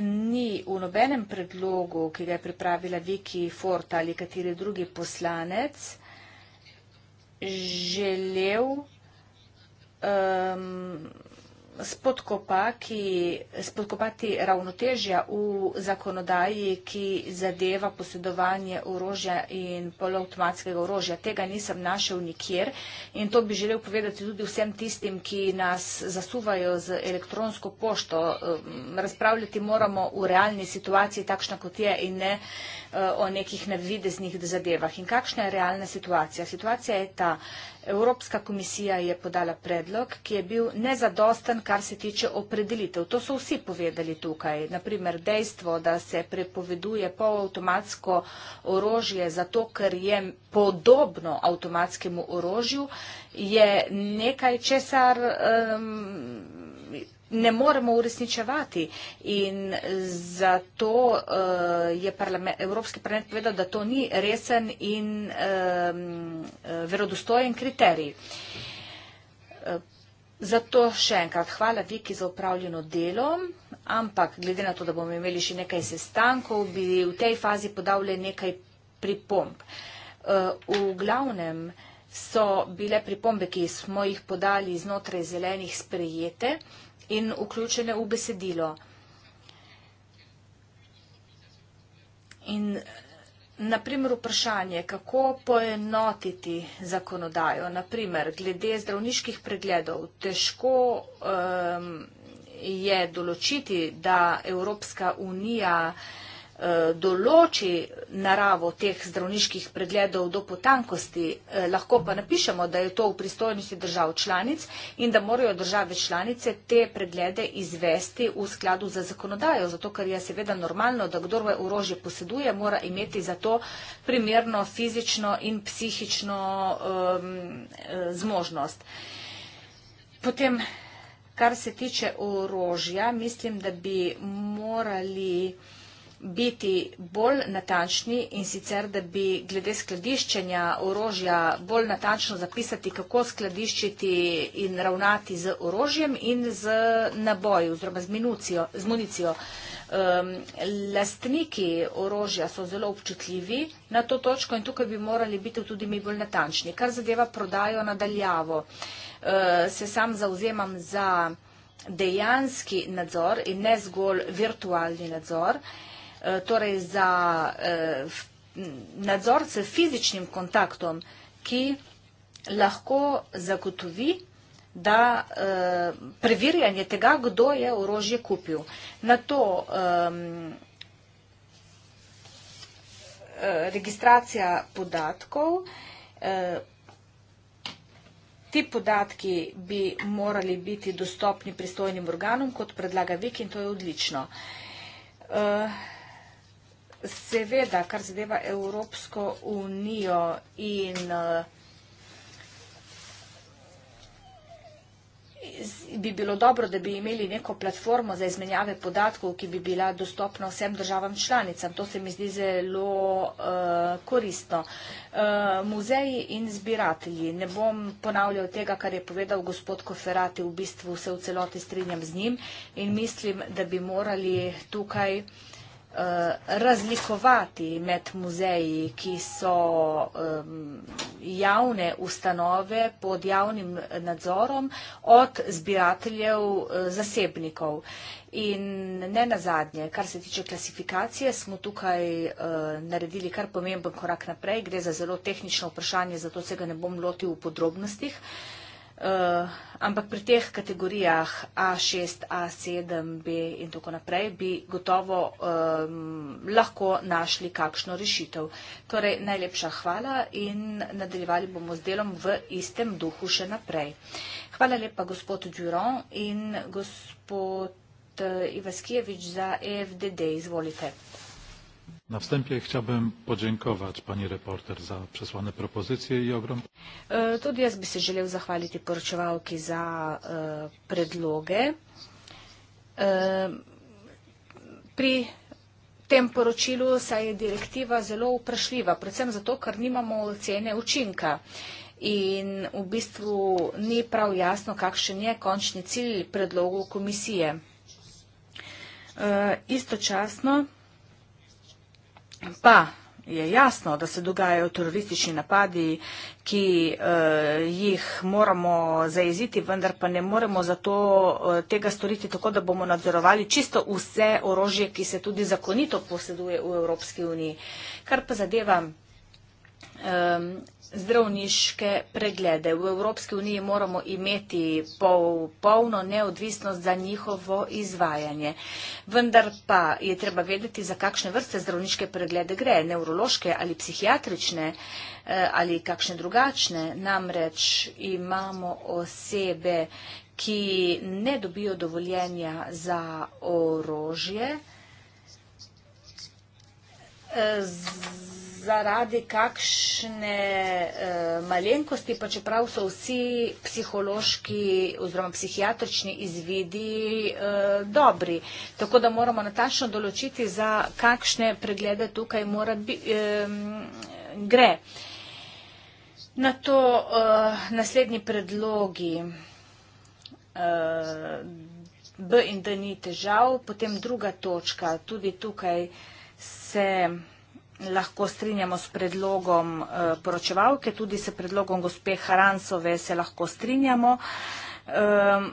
ni v nobenem predlogu, ki ga je pripravila Viki Ford ali kateri drugi poslanec, želel izpostavljati ehm, spodkopa, ki, spodkopati ravnotežja v zakonodaji, ki zadeva posedovanje orožja in polautomatskega orožja. Tega nisem našel nikjer in to bi želel povedati tudi vsem tistim, ki nas zasuvajo z elektronsko pošto. Razpravljati moramo v realni situaciji, takšna kot je, in ne eh, o nekih nevideznih zadevah. In kakšna je realna situacija? Situacija je ta. Evropska komisija je podala predlog, ki je bil nezadosten, kar se tiče opredelitev. To so vsi povedali tukaj. Naprimer, dejstvo, da se prepoveduje polautomatsko orožje zato, ker je podobno avtomatskemu orožju, je nekaj česar. Um, ne moremo uresničevati. In zato uh, je parlament, Evropski parlament povedal, da to ni resen in um, verodostojen kriterij. Uh, zato še enkrat hvala Viki za upravljeno delo, ampak glede na to, da bomo imeli še nekaj sestankov, bi v tej fazi podal le nekaj pripomp. V glavnem so bile pripombe, ki smo jih podali znotraj zelenih sprejete, in vključene v besedilo. In naprimer vprašanje, kako poenotiti zakonodajo, naprimer glede zdravniških pregledov, težko um, je določiti, da Evropska unija uh, Eh, določi naravo teh zdravniških pregledov do potankosti, eh, lahko pa napišemo, da je to v pristojnosti držav članic in da morajo države članice te preglede izvesti v skladu za zakonodajo, zato ker je seveda normalno, da kdor orožje poseduje, mora imeti za to primerno fizično in psihično um, zmožnost. Potem, kar se tiče orožja, mislim, da bi morali biti bolj natančni in sicer, da bi glede skladiščenja orožja bolj natančno zapisati, kako skladiščiti in ravnati z orožjem in z naboji oziroma z, minucijo, z municijo. Um, lastniki orožja so zelo občutljivi na to točko in tukaj bi morali biti tudi mi bolj natančni. Kar zadeva prodajo nadaljavo, uh, se sam zauzemam za dejanski nadzor in ne zgolj virtualni nadzor. Uh, Eh, torej za eh, nadzor s fizičnim kontaktom, ki lahko zagotovi, da eh, preverjanje tega, kdo je orožje kupil. Na to registracija podatkov, Ti podatki bi morali biti dostopni pristojnim organom, kot predlaga VIK in to je odlično. Seveda, kar zadeva Evropsko unijo in eh, bi bilo dobro, da bi imeli neko platformo za izmenjave podatkov, ki bi bila dostopna vsem državam članicam. To se mi zdi zelo uh, koristno. Uh, muzeji in zbiratelji. Ne bom ponavljal tega, kar je povedal gospod Koferati. V bistvu se v celoti strinjam z njim in mislim, da bi morali tukaj uh, Eh, razlikovati med muzeji, ki so um, javne ustanove pod javnim nadzorom od zbirateljev uh, zasebnikov. In ne nazadnje, kar se tiče klasifikacije, smo tukaj uh, naredili kar pomemben korak naprej. Gre za zelo tehnično vprašanje, zato se ga ne bom lotil v podrobnostih. Uh, Eh, ampak pri teh kategorijah A6, A7, B in tako naprej bi gotovo um, lahko našli kakšno rešitev. Torej, najlepša hvala in nadaljevali bomo z delom v istem duhu še naprej. Hvala lepa gospod Duron in gospod eh, Ivaskijevič za EFDD. Izvolite. Na wstępie chciałbym podziękować pani reporter za przesłane propozycje i ogrom. E, tu ja bym się żelił zachwalić poruczowałki za e, predlogę. E, pri tem poročilu se je direktiva zelo vprašljiva, predvsem zato, ker nimamo ocene učinka in v bistvu ni prav jasno, kakšen je končni cilj predlogov komisije. E, istočasno pa je jasno, da se dogajajo teroristični napadi, ki eh, jih moramo zajeziti, vendar pa ne moremo zato eh, tega storiti tako, da bomo nadzorovali čisto vse orožje, ki se tudi zakonito poseduje v Evropski uniji. Kar pa zadeva. Eh, zdravniške preglede. V Evropski uniji moramo imeti pol, polno neodvisnost za njihovo izvajanje. Vendar pa je treba vedeti, za kakšne vrste zdravniške preglede gre, nevrološke ali psihiatrične eh, ali kakšne drugačne. Namreč imamo osebe, ki ne dobijo dovoljenja za orožje. Eh, z zaradi kakšne eh, malenkosti, pa čeprav so vsi psihološki oziroma psihiatrični izvidi eh, dobri. Tako da moramo natančno določiti, za kakšne preglede tukaj mora bi, eh, gre. Na to eh, naslednji predlogi. Eh, B in D ni težav, potem druga točka, tudi tukaj se lahko strinjamo s predlogom eh, poročevalke, tudi s predlogom gospe Harancove se lahko strinjamo. Ehm,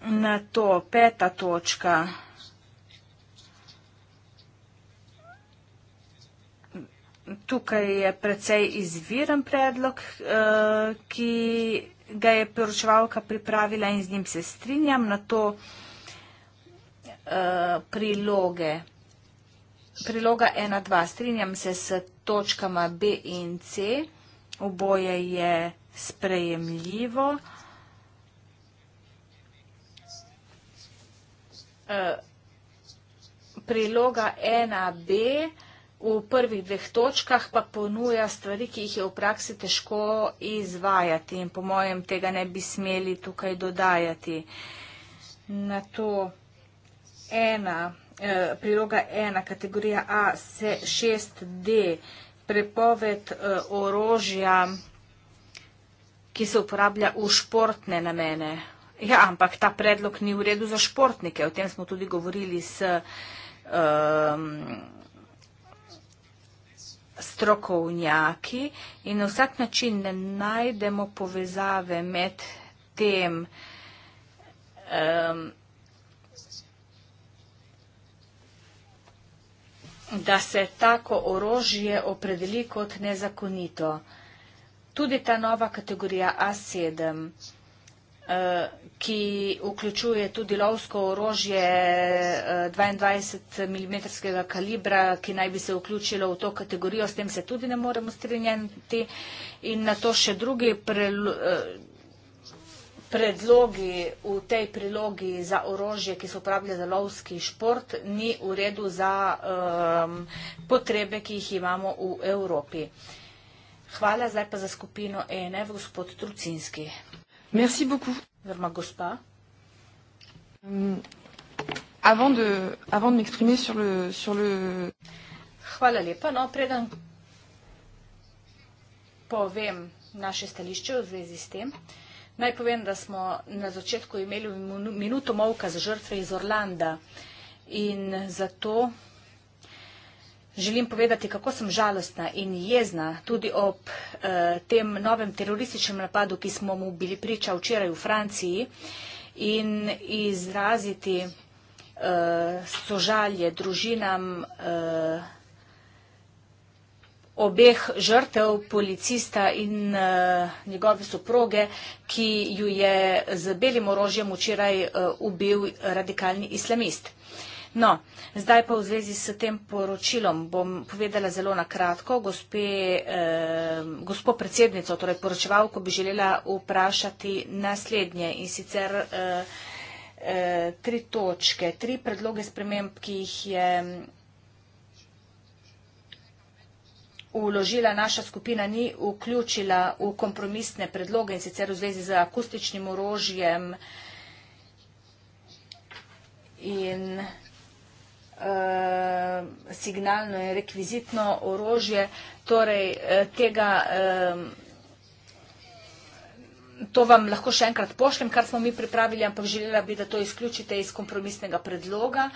na to peta točka Tukaj je precej izviren predlog, eh, ki ga je poročevalka pripravila in z njim se strinjam na to eh, priloge. Priloga 1.2. Strinjam se s točkama B in C. Oboje je sprejemljivo. E, priloga 1.b v prvih dveh točkah pa ponuja stvari, ki jih je v praksi težko izvajati in po mojem tega ne bi smeli tukaj dodajati. Na to 1.b. Eh, priloga 1, kategorija A, 6D, prepoved eh, orožja, ki se uporablja v športne namene. Ja, ampak ta predlog ni v redu za športnike. O tem smo tudi govorili s ehm, strokovnjaki in na vsak način ne najdemo povezave med tem, ehm, da se tako orožje opredeli kot nezakonito. Tudi ta nova kategorija A7, eh, ki vključuje tudi lovsko orožje 22 eh, mm kalibra, ki naj bi se vključilo v to kategorijo, s tem se tudi ne moremo strinjati. In na to še drugi prelu eh, predlogi v tej prilogi za orožje, ki se uporablja za lovski šport, ni v redu za um, potrebe, ki jih imamo v Evropi. Hvala zdaj pa za skupino ENE, gospod Trucinski. Merci beaucoup. Vrma gospa. Um, avant de, avant de m'exprimer sur le, sur le... Hvala lepa. No, preden povem naše stališče v zvezi s tem, uh, Naj povem, da smo na začetku imeli minuto molka za žrtve iz Orlanda in zato želim povedati, kako sem žalostna in jezna tudi ob eh, tem novem terorističnem napadu, ki smo mu bili priča včeraj v Franciji in izraziti eh, sožalje družinam. Eh, obeh žrtev, policista in eh, njegove soproge, ki ju je z belim orožjem včeraj eh, ubil radikalni islamist. No, zdaj pa v zvezi s tem poročilom bom povedala zelo nakratko. Gospe, eh, gospo predsednico, torej poročevalko, bi želela vprašati naslednje in sicer eh, eh, tri točke, tri predloge sprememb, ki jih je vložila naša skupina, ni vključila v kompromisne predloge in sicer v zvezi z akustičnim orožjem in eh, signalno in rekvizitno orožje, torej eh, tega vložila, eh, to vam lahko še enkrat pošljem, kar smo mi pripravili, ampak želela bi, da to izključite iz kompromisnega predloga.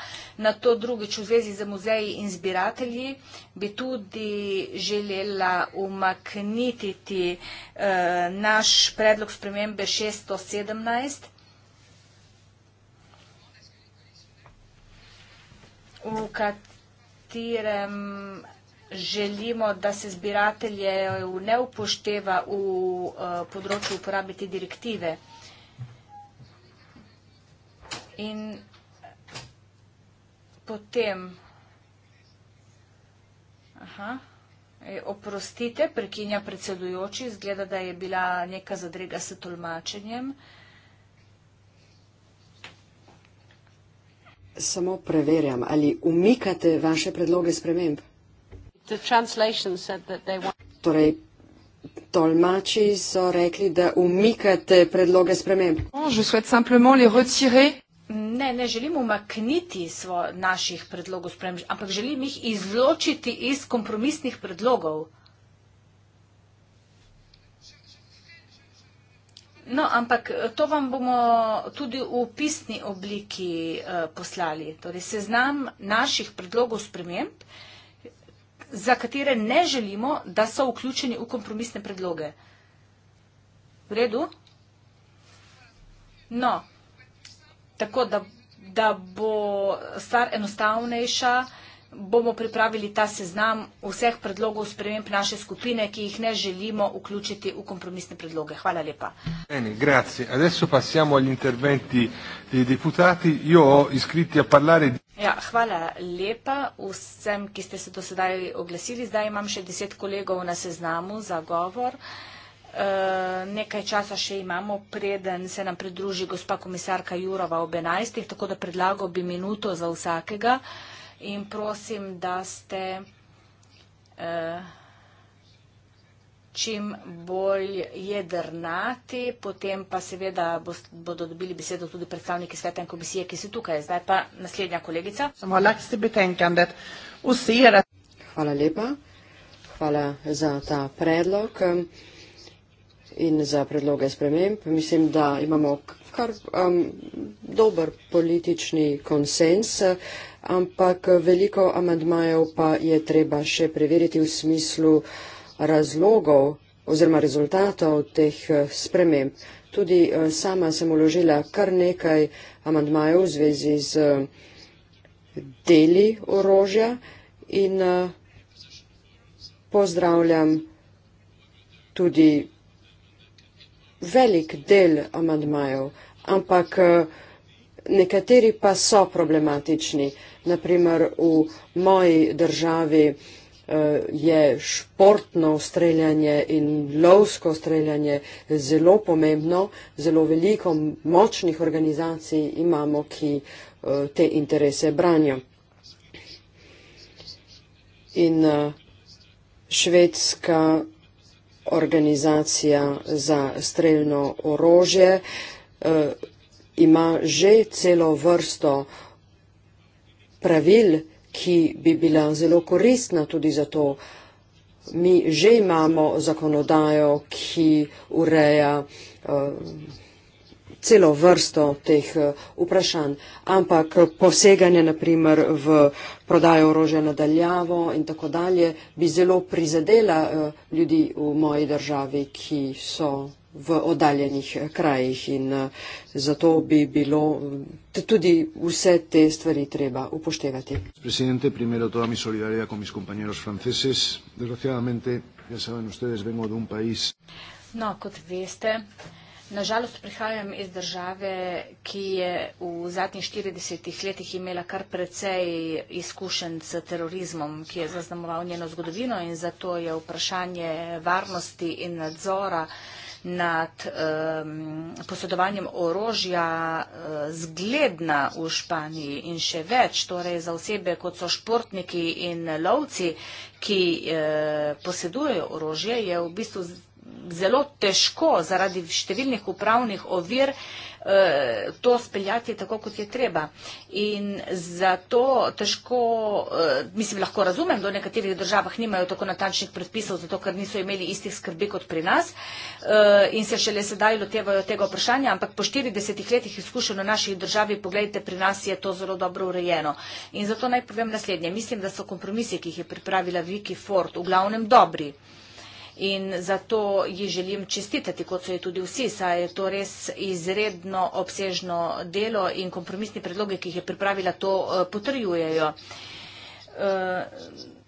Na to drugič v zvezi z muzeji in zbiratelji bi tudi želela umakniti uh, naš predlog spremembe 617. V katerem želimo, da se zbiratelje ne upošteva v eh, področju uporabe te direktive. In potem, aha, oprostite, prekinja predsedujoči, zgleda, da je bila neka zadrega s tolmačenjem. Samo preverjam, ali umikate vaše predloge sprememb? Torej, tolmači so rekli, da umikate predloge sprememb. Ne, ne želim umakniti svo, naših predlogov sprememb, ampak želim jih izločiti iz kompromisnih predlogov. No, ampak eh, to vam bomo tudi v pisni obliki uh, poslali. Torej, seznam naših predlogov sprememb uh, za katere ne želimo, da so vključeni v kompromisne predloge. V redu? No, tako da, da bo stvar enostavnejša, bomo pripravili ta seznam vseh predlogov sprememb naše skupine, ki jih ne želimo vključiti v kompromisne predloge. Hvala lepa. Bene, grazie. Adesso passiamo agli interventi dei deputati. Io ho iscritti a parlare di... Ja, hvala lepa vsem, ki ste se do sedaj oglasili. Zdaj imam še deset kolegov na seznamu za govor. E, nekaj časa še imamo, preden se nam pridruži gospa komisarka Jurova ob enajstih, tako da predlago bi minuto za vsakega in prosim, da ste. E, čim bolj jedrnati, potem pa seveda bodo dobili besedo tudi predstavniki sveta in komisije, ki so tukaj. Zdaj pa naslednja kolegica. Hvala lepa. Hvala za ta predlog um, in za predloge sprememb. Mislim, da imamo kar um, dober politični konsens, ampak veliko amadmajev pa je treba še preveriti v smislu uh, razlogov oziroma rezultatov teh eh, sprememb. Tudi eh, sama sem uložila kar nekaj amandmajev v zvezi z eh, deli orožja in pozdravljam tudi velik del amandmajev, ampak nekateri pa so problematični. Naprimer, v moji državi Eh, je športno streljanje in lovsko streljanje zelo pomembno, zelo veliko močnih organizacij imamo, ki eh, te interese branijo. In eh, švedska organizacija za streljno orožje ima že celo vrsto pravil, ki bi bila zelo koristna tudi za to. Mi že imamo zakonodajo, ki ureja uh, celo vrsto teh eh, vprašanj, ampak poseganje naprimer v prodajo orožja nadaljavo in tako dalje bi zelo prizadela uh, ljudi v moji državi, ki so v oddaljenih eh, krajih in eh, zato bi bilo tudi vse te stvari treba upoštevati. Presidente, primero toda mi solidaridad con mis compañeros franceses. Desgraciadamente, ya saben ustedes, vengo de un país. No, kot veste, nažalost prihajam iz države, ki je v zadnjih 40 letih imela kar precej izkušenj s terorizmom, ki je zaznamoval njeno zgodovino in zato je vprašanje varnosti in nadzora nad um, posedovanjem orožja uh, zgledna v Španiji in še več, torej za osebe, kot so športniki in lovci, ki uh, posedujejo orožje, je v bistvu zelo težko zaradi številnih upravnih ovir, uh, Eh, to speljati tako, kot je treba. In zato težko, eh, mislim, lahko razumem, da v nekaterih državah nimajo tako natančnih predpisov, zato ker niso imeli istih skrbi kot pri nas eh, in se šele sedaj lotevajo tega vprašanja, ampak po 40 letih izkušenj v naši državi, pogledajte, pri nas je to zelo dobro urejeno. In zato naj povem naslednje. Mislim, da so kompromise, ki jih je pripravila Viki Ford, v glavnem dobri in zato ji želim čestitati, kot so jo tudi vsi, saj je to res izredno obsežno delo in kompromisni predloge, ki jih je pripravila, to eh, potrjujejo. Uh,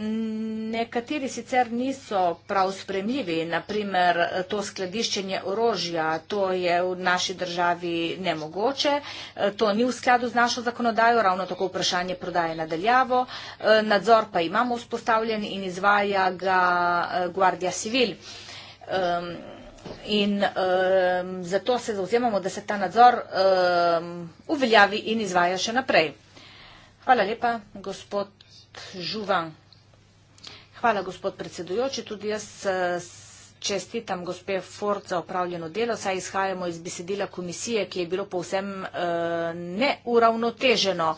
nekateri sicer niso prav spremljivi, naprimer to skladiščenje orožja, to je v naši državi nemogoče, to ni v skladu z našo zakonodajo, ravno tako vprašanje prodaje nadaljavo, nadzor pa imamo vzpostavljen in izvaja ga eh, Guardia Civil. In um, zato se zauzemamo, da se ta nadzor um, uveljavi in izvaja še naprej. Hvala lepa, gospod Žuvan. Hvala, gospod predsedujoči. Tudi jaz eh, čestitam gospe Ford za opravljeno delo, saj izhajamo iz besedila komisije, ki je bilo povsem eh, neuravnoteženo.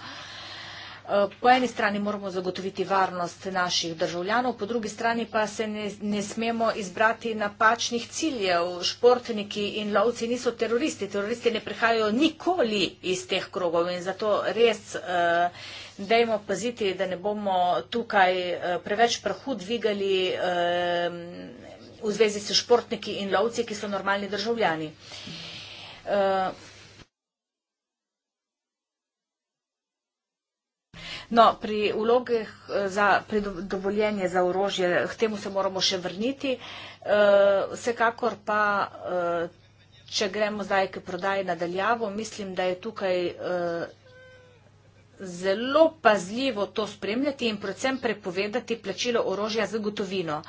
Eh, po eni strani moramo zagotoviti varnost naših državljanov, po drugi strani pa se ne, ne smemo izbrati napačnih ciljev. Športniki in lovci niso teroristi. Teroristi ne prihajajo nikoli iz teh krogov in zato res uh, dajmo paziti, da ne bomo tukaj uh, preveč prahu dvigali uh, v zvezi s športniki in lovci, ki so normalni državljani. Uh, No, pri vlogih eh, za predovoljenje za orožje, k temu se moramo še vrniti. Eh, vsekakor pa, eh, če gremo zdaj k prodaji nadaljavo, mislim, da je tukaj zelo pazljivo to spremljati in predvsem prepovedati plačilo orožja za gotovino.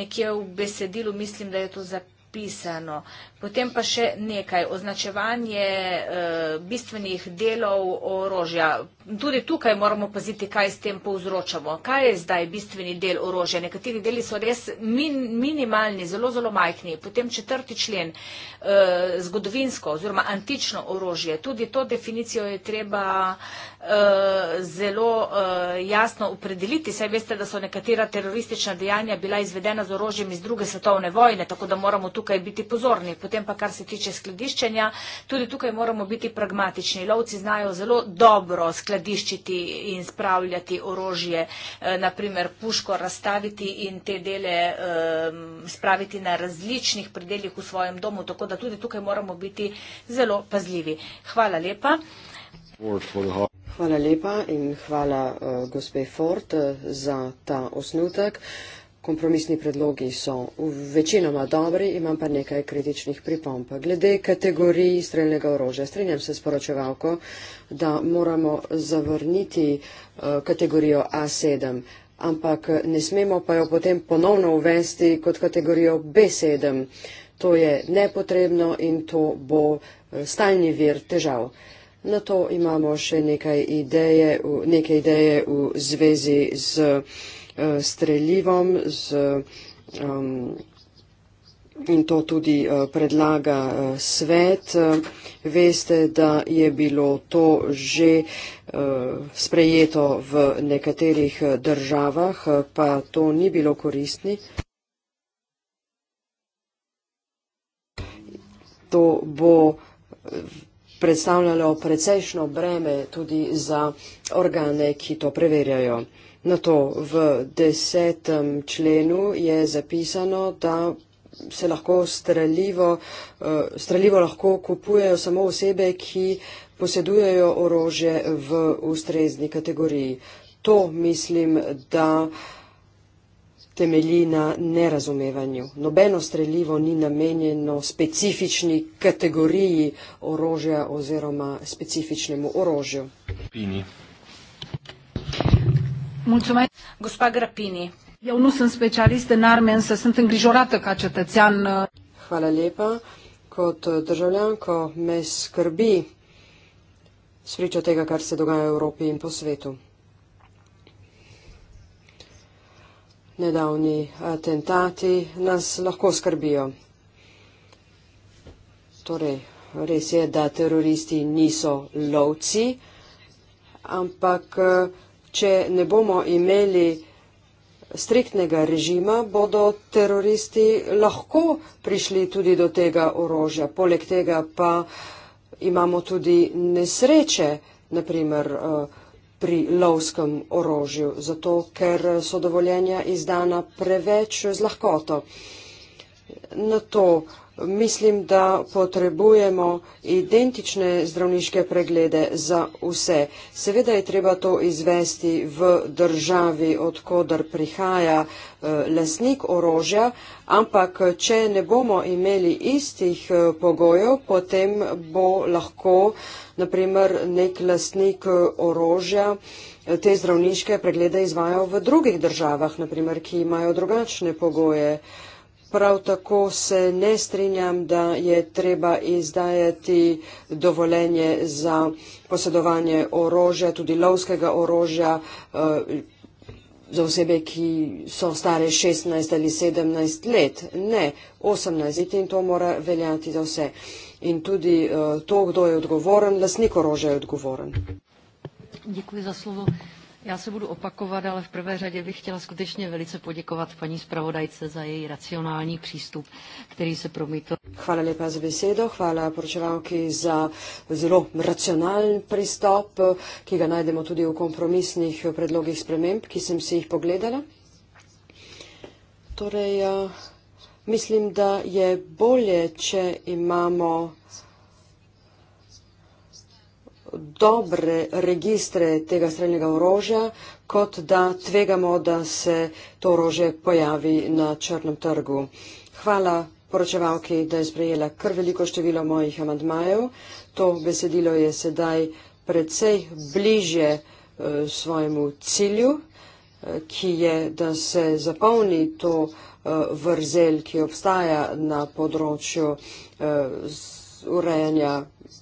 Nekje v besedilu mislim, da je to zapisano pisano. Potem pa še nekaj, označevanje e, bistvenih delov orožja. Tudi tukaj moramo paziti, kaj s tem povzročamo. Kaj je zdaj bistveni del orožja? Nekateri deli so res min, minimalni, zelo, zelo majhni. Potem četrti člen, e, zgodovinsko oziroma antično orožje. Tudi to definicijo je treba e, zelo e, jasno opredeliti. Saj veste, da so nekatera teroristična dejanja bila izvedena z orožjem iz druge svetovne vojne, tako da moramo tu tukaj biti pozorni. Potem pa, kar se tiče skladiščenja, tudi tukaj moramo biti pragmatični. Lovci znajo zelo dobro skladiščiti in spravljati orožje, eh, naprimer puško razstaviti in te dele eh, spraviti na različnih predeljih v svojem domu, tako da tudi tukaj moramo biti zelo pazljivi. Hvala lepa. Hvala lepa in hvala uh, gospe Ford uh, za ta osnutek. Uh, kompromisni predlogi so večinoma dobri, imam pa nekaj kritičnih pripomp. Glede kategorij streljnega orožja, strinjam se s poročevalko, da moramo zavrniti eh, kategorijo A7, ampak ne smemo pa jo potem ponovno uvesti kot kategorijo B7. To je nepotrebno in to bo eh, stalni vir težav. Na to imamo še nekaj ideje, neke ideje v zvezi z. Eh, streljivom z, um, in to tudi eh, predlaga eh, svet. Veste, da je bilo to že sprejeto v nekaterih državah, pa to ni bilo koristni. To bo predstavljalo precejšno breme tudi za organe, ki to preverjajo. Na to v desetem členu je zapisano, da se lahko streljivo, uh, eh, streljivo lahko kupujejo samo osebe, ki posedujejo orožje v ustrezni kategoriji. To mislim, da temelji na nerazumevanju. Nobeno streljivo ni namenjeno specifični kategoriji orožja oziroma specifičnemu orožju. Pini. Mulțumesc. Gospa Grapini. Eu nu sunt specialist în arme, însă sunt îngrijorată ca cetățean. Uh, Hvala lepa. Kot državljanko me skrbi spričo tega, kar se dogaja v Evropi in po svetu. Nedavni atentati nas lahko skrbijo. Torej, res je, da teroristi niso lovci, ampak če ne bomo imeli striktnega režima, bodo teroristi lahko prišli tudi do tega orožja. Poleg tega pa imamo tudi nesreče, naprimer eh, pri lovskem orožju, zato ker so dovoljenja izdana preveč z lahkoto. Na to mislim, da potrebujemo identične zdravniške preglede za vse. Seveda je treba to izvesti v državi, odkudar prihaja eh, lasnik orožja, ampak če ne bomo imeli istih eh, pogojev, potem bo lahko naprimer nek lasnik eh, orožja te zdravniške preglede izvajal v drugih državah, naprimer, ki imajo drugačne pogoje. Prav tako se ne strinjam, da je treba izdajati dovoljenje za posedovanje orožja, tudi lovskega orožja eh, za osebe, ki so stare 16 ali 17 let. Ne, 18 let in to mora veljati za vse. In tudi eh, to, kdo je odgovoren, lasnik orožja je odgovoren. Děkuji za slovo. Já se budu opakovat, ale v prvé řadě bych chtěla skutečně velice poděkovat paní zpravodajce za její racionální přístup, který se promítl. Hvala lepa za besedo, hvala poročevalki za zelo racionalen pristop, ki ga najdemo tudi v kompromisnih predlogih sprememb, ki sem si jih pogledala. Torej, eh, mislim, da je bolje, če imamo dobre registre tega streljnega orožja, kot da tvegamo, da se to orožje pojavi na črnem trgu. Hvala poročevalki, da je sprejela kar veliko število mojih amandmajev. To besedilo je sedaj predvsej bliže eh, svojemu cilju, eh, ki je, da se zapolni to eh, vrzel, ki obstaja na področju urejanja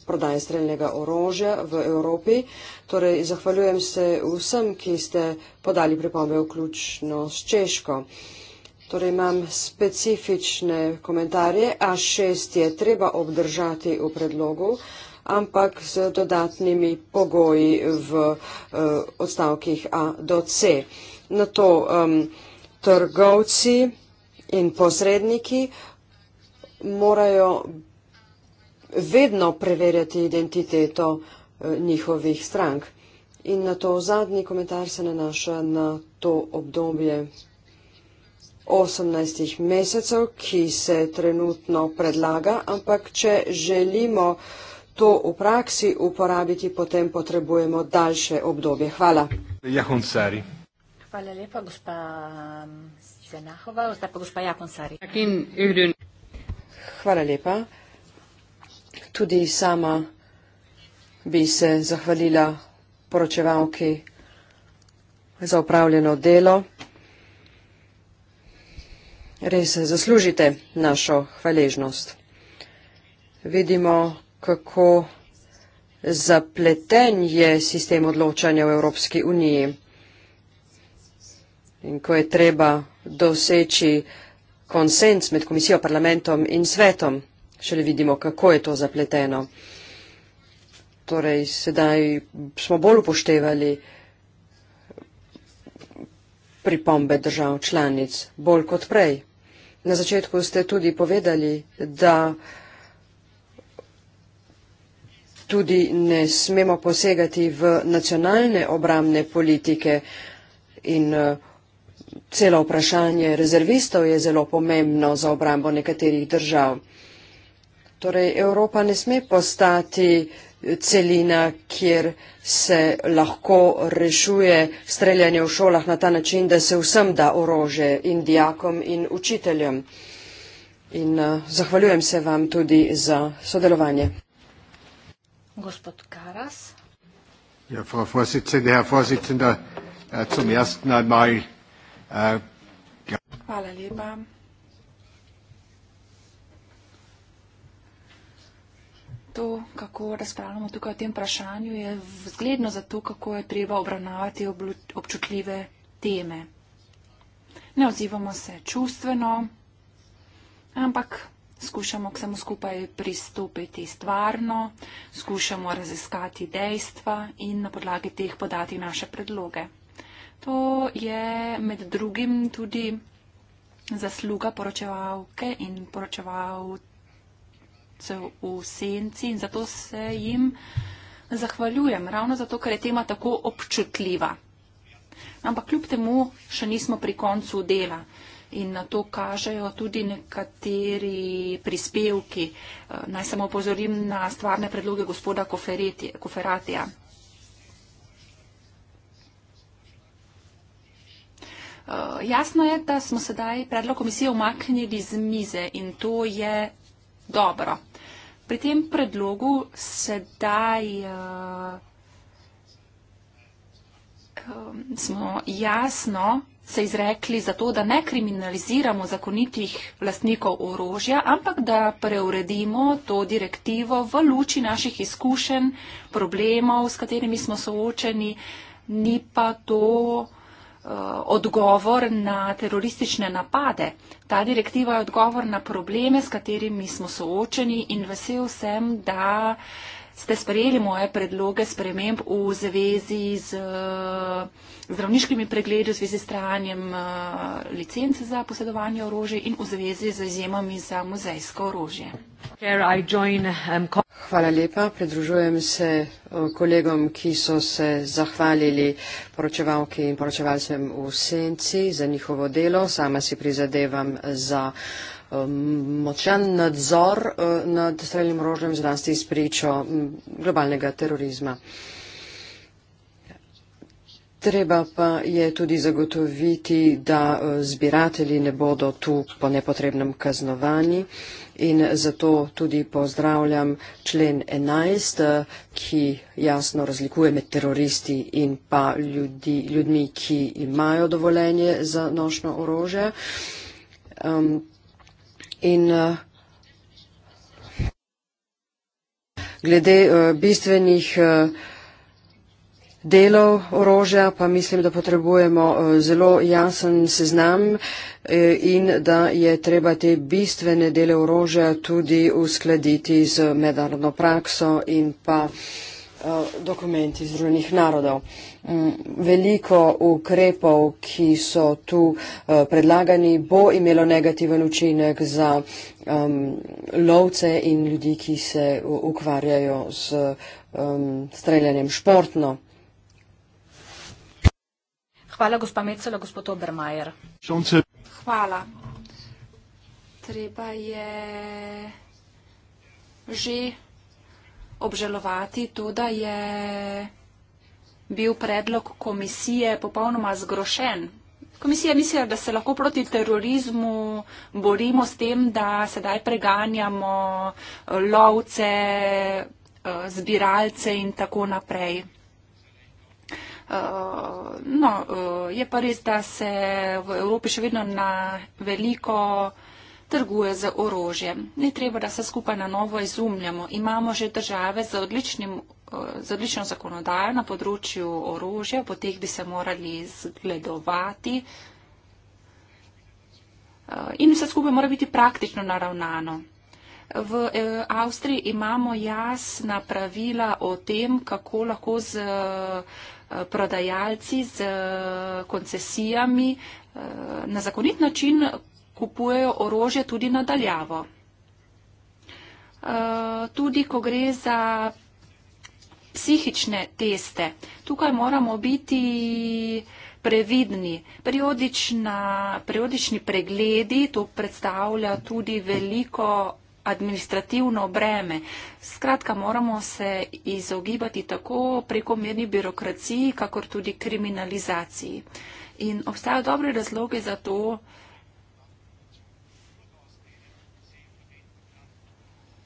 prodaje streljnega orožja v Evropi. Torej, zahvaljujem se vsem, ki ste podali pripombe vključno s Češko. Torej, imam specifične komentarje. A6 je treba obdržati v predlogu, ampak z dodatnimi pogoji v uh, odstavkih A do C. Na to um, trgovci in posredniki morajo vedno preverjati identiteto eh, njihovih strank. In na to zadnji komentar se nanaša na to obdobje 18 mesecev, ki se trenutno predlaga, ampak če želimo to v praksi uporabiti, potem potrebujemo daljše obdobje. Hvala. Jahunsari. Hvala lepa, gospa Zenahova, mm, zdaj pa gospa Jakonsari. Hvala lepa. Tudi sama bi se zahvalila poročevalki za upravljeno delo. Res zaslužite našo hvaležnost. Vidimo, kako zapleten je sistem odločanja v Evropski uniji. In ko je treba doseči konsens med komisijo, parlamentom in svetom, šele vidimo, kako je to zapleteno. Torej, sedaj smo bolj upoštevali pripombe držav članic, bolj kot prej. Na začetku ste tudi povedali, da tudi ne smemo posegati v nacionalne obramne politike in eh, celo vprašanje rezervistov je zelo pomembno za obrambo nekaterih držav. Torej, Evropa ne sme postati celina, kjer se lahko rešuje streljanje v šolah na ta način, da se vsem da orože in dijakom in učiteljem. In uh, zahvaljujem se vam tudi za sodelovanje. Gospod Karas. Ja, frau Vorsitzende, herr Vorsitzender, äh, zum ersten einmal. Äh, ja. Hvala lepa. to, kako razpravljamo tukaj o tem vprašanju, je zgledno za to, kako je treba obravnavati občutljive teme. Ne odzivamo se čustveno, ampak skušamo k samo skupaj pristopiti stvarno, skušamo raziskati dejstva in na podlagi teh podati naše predloge. To je med drugim tudi zasluga poročevalke in poročevalce delavcev v senci in zato se jim zahvaljujem, ravno zato, ker je tema tako občutljiva. Ampak kljub temu še nismo pri koncu dela in na to kažejo tudi nekateri prispevki. Eh, naj samo opozorim na stvarne predloge gospoda Koferatija. Eh, jasno je, da smo sedaj predlog komisije umaknili z mize in to je dobro. Pri tem predlogu sedaj uh, smo jasno se izrekli za to, da ne kriminaliziramo zakonitih lastnikov orožja, ampak da preuredimo to direktivo v luči naših izkušenj, problemov, s katerimi smo soočeni, ni pa to. Eh, odgovor na teroristične napade. Ta direktiva je odgovor na probleme, s katerimi smo soočeni in vesel sem, da uh, ste sprejeli moje predloge sprememb v zvezi z eh, zdravniškimi pregledi, v zvezi s trajanjem eh, licence za posedovanje orožja in v zvezi z izjemami za muzejsko orožje. Um, Hvala lepa. Pridružujem se eh, kolegom, ki so se zahvalili poročevalki in poročevalcem v senci za njihovo delo. Sama si prizadevam za. Um, močan nadzor uh, nad streljnim rožjem, zlasti izpričo um, globalnega terorizma. Treba pa je tudi zagotoviti, da uh, zbirateli ne bodo tu po nepotrebnem kaznovanji in zato tudi pozdravljam člen 11, uh, ki jasno razlikuje med teroristi in pa ljudi, ljudmi, ki imajo dovoljenje za nošno orožje. Um, In eh, glede eh, bistvenih eh, delov orožja pa mislim, da potrebujemo zelo jasen seznam in da je treba te bistvene dele orožja tudi uskladiti z mednarodno prakso in pa Eh, dokument iz Združenih narodov. Mm, veliko ukrepov, ki so tu eh, predlagani, bo imelo negativen učinek za um, lovce in ljudi, ki se ukvarjajo z um, streljanjem športno. Hvala, gospa Mecela, gospod Obermajer. Hvala. Treba je že obžalovati, to, da je bil predlog komisije popolnoma zgrošen. Komisija misli, da se lahko proti terorizmu borimo s tem, da sedaj preganjamo lovce, eh, zbiralce in tako naprej. Eh, no, eh, je pa res, da se v Evropi še vedno na veliko trguje z orožjem. Ni treba, da se skupaj na novo izumljamo. Imamo že države z, odličnim, eh, z odlično zakonodajo na področju orožja, po teh bi se morali zgledovati. Eh, in vse skupaj mora biti praktično naravnano. V eh, Avstriji imamo jasna pravila o tem, kako lahko z prodajalci, z koncesijami na zakonit način kupujejo orožje tudi nadaljavo. Eh, tudi ko gre za psihične teste, tukaj moramo biti previdni. Periodični pregledi, to predstavlja tudi veliko administrativno breme. Skratka, moramo se izogibati tako prekomerni birokraciji, kakor tudi kriminalizaciji. In obstajajo dobre razloge za to,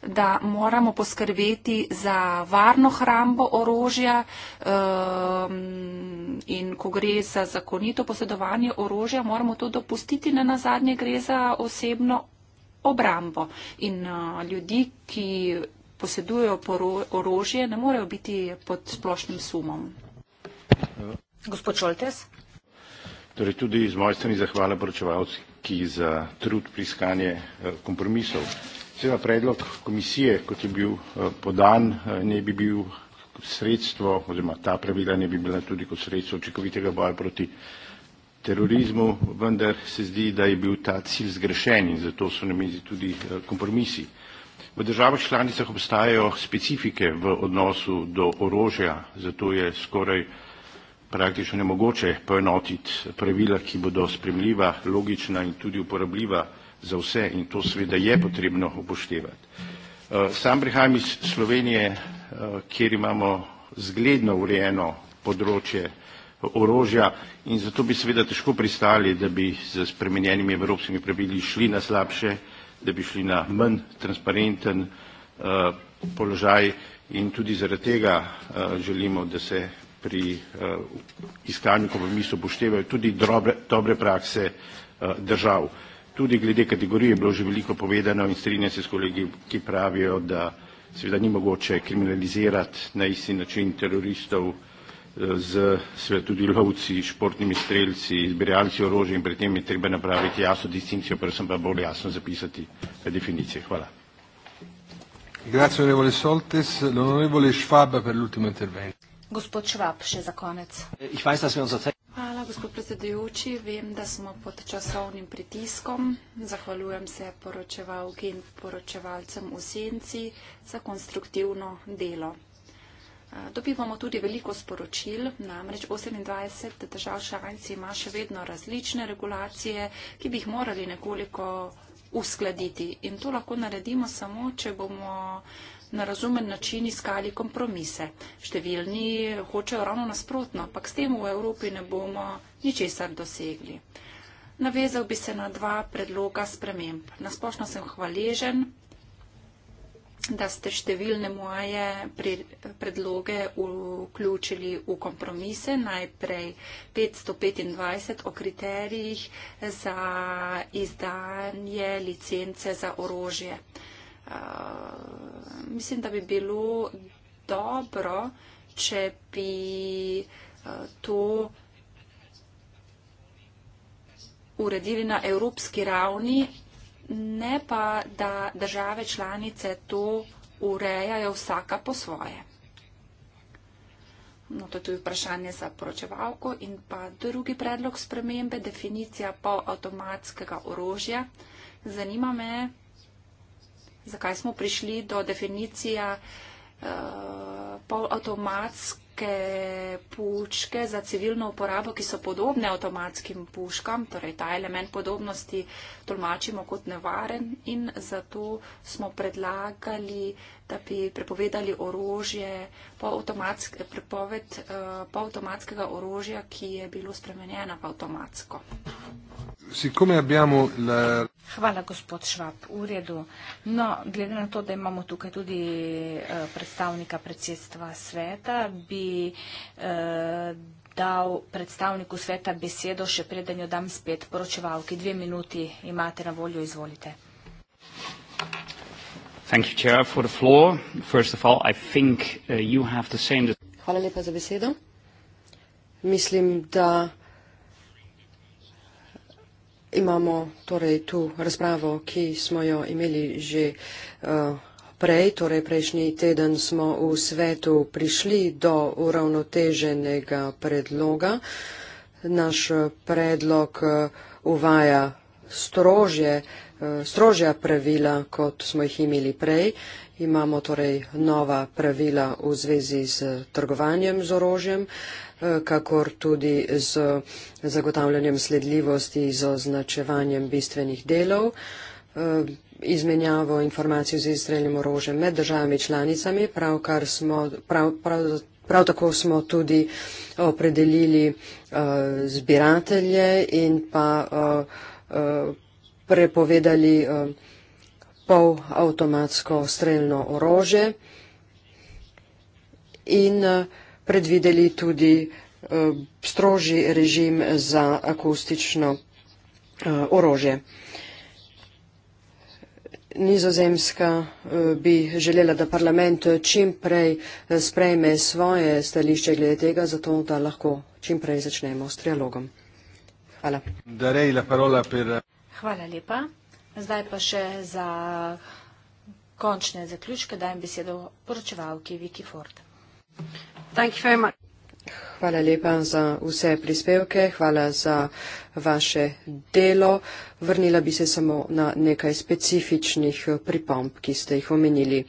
da moramo poskrbeti za varno hrambo orožja um, in ko gre za zakonito posedovanje orožja, moramo to dopustiti, na nazadnje gre za osebno obrambo. In uh, ljudi, ki posedujejo orožje, ne morejo biti pod splošnim sumom. Gospod Šoltes. Torej tudi iz moje strani zahvala poročevalci, ki za trud pri iskanje eh, kompromisov. Seveda predlog komisije, kot je bil eh, podan, eh, ne bi bil sredstvo oziroma ta pravila ne bi bila tudi kot sredstvo očekovitega boja proti terorizmu, vendar se zdi, da je bil ta cilj zgrešen in zato so na mizi tudi eh, kompromisi. V državah članicah obstajajo specifike v odnosu do orožja, zato je skoraj praktično nemogoče poenotiti pravila, ki bodo spremljiva, logična in tudi uporabljiva za vse in to seveda je potrebno upoštevati. Eh, sam prihajam iz Slovenije, eh, kjer imamo zgledno urejeno področje eh, orožja in zato bi seveda težko pristali, da bi z spremenjenimi evropskimi pravili šli na slabše, da bi šli na manj transparenten položaj in tudi zaradi tega želimo, da se pri iskanju kompromisov upoštevajo tudi dobre prakse držav. Tudi glede kategorije je bilo že veliko povedano in strinjam se s kolegi, ki pravijo, da seveda ni mogoče kriminalizirati na isti način teroristov eh, z seveda tudi lovci, športnimi strelci, izbiralci orožja in pri tem je treba napraviti jasno distincijo, predvsem pa bolj jasno zapisati definicije. Hvala. Grazie, onorevole Soltes. L'onorevole Schwab per l'ultimo intervento. Gospod Schwab, še za konec. Ich weiß, dass wir uns erzählen. Hvala, gospod predsedujoči. Vem, da smo pod časovnim pritiskom. Zahvaljujem se poročevalki in poročevalcem v senci za konstruktivno delo. Dobivamo tudi veliko sporočil, namreč 28 držav članic ima še vedno različne regulacije, ki bi jih morali nekoliko uskladiti. In to lahko naredimo samo, če bomo na razumen način iskali kompromise. Številni hočejo ravno nasprotno, ampak s tem v Evropi ne bomo ničesar dosegli. Navezal bi se na dva predloga sprememb. Nasplošno sem hvaležen, da ste številne moje predloge vključili v kompromise. Najprej 525 o kriterijih za izdanje licence za orožje. Eh, mislim, da bi bilo dobro, če bi uh, to uredili na evropski ravni, ne pa, da države članice to urejajo vsaka po svoje. No, to je tudi vprašanje za poročevalko in pa drugi predlog spremembe, definicija pol avtomatskega orožja. Zanima me, zakaj smo prišli do definicija eh, polavtomatske puščke za civilno uporabo, ki so podobne avtomatskim puškam, torej ta element podobnosti tolmačimo kot nevaren in zato smo predlagali da bi prepovedali orožje, prepoved uh, eh, polautomatskega orožja, ki je bilo spremenjeno v avtomatsko. Hvala, gospod Švab, v redu. No, glede na to, da imamo tukaj tudi eh, predstavnika predsedstva sveta, bi eh, dal predstavniku sveta besedo, še preden jo dam spet poročevalki. Dve minuti imate na voljo, izvolite. Thank you, Chair, for the floor. First of all, I think uh, you have the same... Hvala lepa za besedo. Mislim, da imamo torej tu razpravo, ki smo jo imeli že uh, prej, torej prejšnji teden smo v svetu prišli do uravnoteženega predloga. Naš predlog uh, uvaja strožje uh, Eh, strožja pravila, kot smo jih imeli prej. Imamo torej nova pravila v zvezi z trgovanjem z orožjem, eh, kakor tudi z zagotavljanjem sledljivosti z označevanjem bistvenih delov, eh, izmenjavo informacij z izstreljnim orožjem med državami članicami. Prav, smo, prav, prav, prav tako smo tudi opredelili zbiratelje in pa prepovedali eh, polavtomatsko streljno orože in eh, predvideli tudi eh, strožji režim za akustično orože. Nizozemska bi želela, da parlament čim prej sprejme svoje stališče glede tega, zato da lahko čim prej začnemo s trialogom. Hvala. Hvala lepa. Zdaj pa še za končne zaključke dajem besedo poročevalki Viki Ford. Hvala lepa za vse prispevke, hvala za vaše delo. Vrnila bi se samo na nekaj specifičnih pripomb, ki ste jih omenili.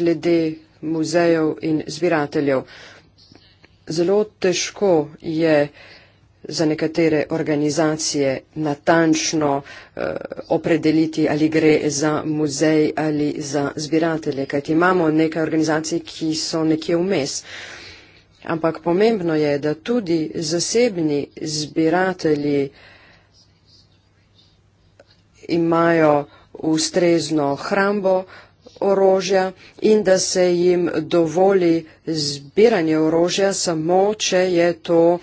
Glede muzejev in zbirateljev. Zelo težko je za nekatere organizacije natančno uh, opredeliti, ali gre za muzej ali za zbiratelje, kajti imamo nekaj organizacij, ki so nekje vmes. Ampak pomembno je, da tudi zasebni zbiratelji imajo ustrezno hrambo orožja in da se jim dovoli zbiranje orožja samo, če je to uh,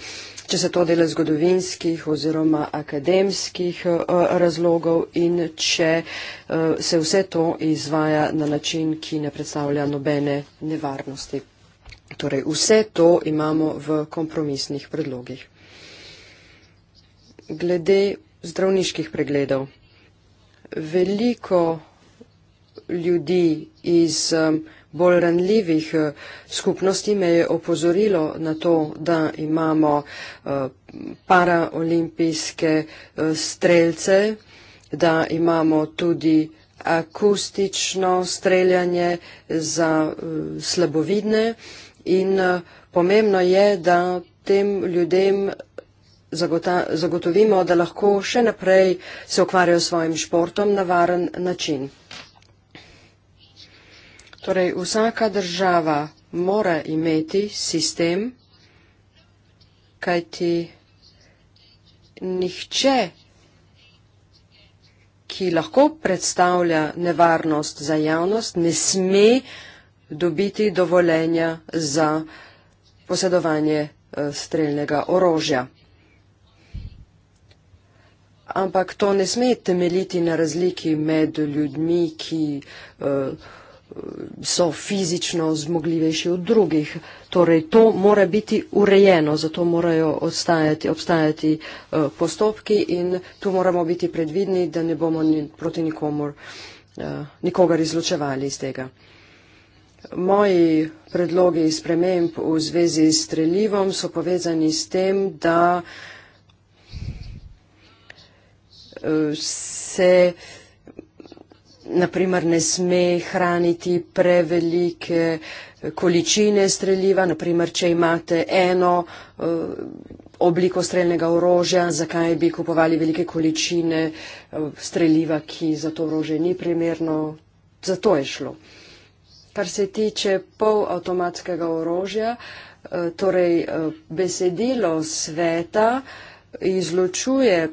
če se to dela zgodovinskih oziroma akademskih eh, razlogov in če eh, se vse to izvaja na način, ki ne predstavlja nobene nevarnosti. Torej, vse to imamo v kompromisnih predlogih. Glede zdravniških pregledov. Veliko ljudi iz um, bolj ranljivih eh, skupnosti me je opozorilo na to, da imamo eh, paraolimpijske eh, strelce, da imamo tudi akustično streljanje za slabovidne in pomembno je, da tem ljudem zagotovimo, da lahko še naprej se ukvarjajo s svojim športom na varen način. Torej, vsaka država mora imeti sistem, kajti nihče, ki lahko predstavlja nevarnost za javnost, ne sme dobiti dovoljenja za posedovanje eh, streljnega orožja. Ampak to ne sme temeljiti na razliki med ljudmi, ki uh, so fizično zmogljivejši od drugih. Torej, to mora biti urejeno, zato morajo obstajati eh, postopki in tu moramo biti predvidni, da ne bomo ni, proti nikomor, eh, nikogar izločevali iz tega. Moji predlogi sprememb v zvezi s streljivom so povezani s tem, da eh, se naprimer ne sme hraniti prevelike količine streljiva, naprimer, če imate eno eh, obliko streljnega orožja, zakaj bi kupovali velike količine eh, streljiva, ki za to orožje ni primerno, za to je šlo. Kar se tiče polavtomatskega orožja, eh, torej besedilo sveta izločuje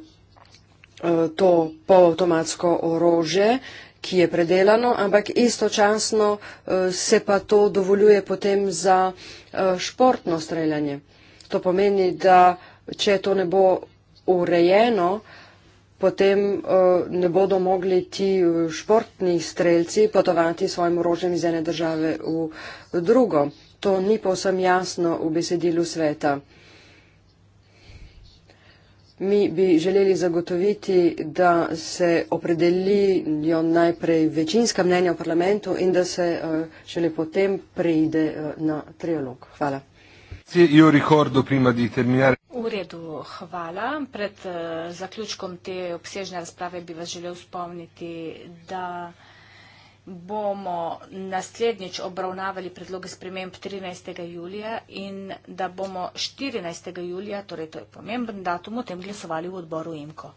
to polavtomatsko orožje, ki je predelano, ampak istočasno eh, se pa to dovoljuje potem za eh, športno streljanje. To pomeni, da če to ne bo urejeno, potem eh, ne bodo mogli ti športni streljci potovati s svojim orožjem iz ene države v drugo. To ni povsem jasno v besedilu sveta. Mi bi želeli zagotoviti, da se opredelijo najprej večinska mnenja v parlamentu in da se eh, šele potem preide eh, na trialog. Hvala. V redu, hvala. Pred eh, zaključkom te obsežne razprave bi vas želel spomniti, da bomo naslednjič obravnavali predloge sprememb 13. julija in da bomo 14. julija, torej to je pomemben datum, o tem glasovali v odboru IMKO.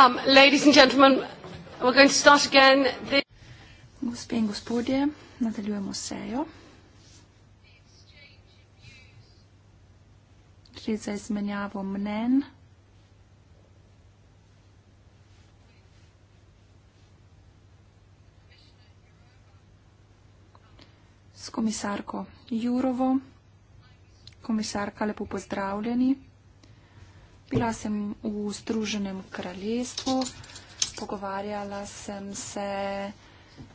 Um, ladies and gentlemen, we're going to start again. The Gospe in gospodje, nadaljujemo sejo. Gre za izmenjavo mnen. S komisarko Jurovo, komisarka lepo pozdravljeni. Bila sem v Združenem kraljestvu, pogovarjala sem se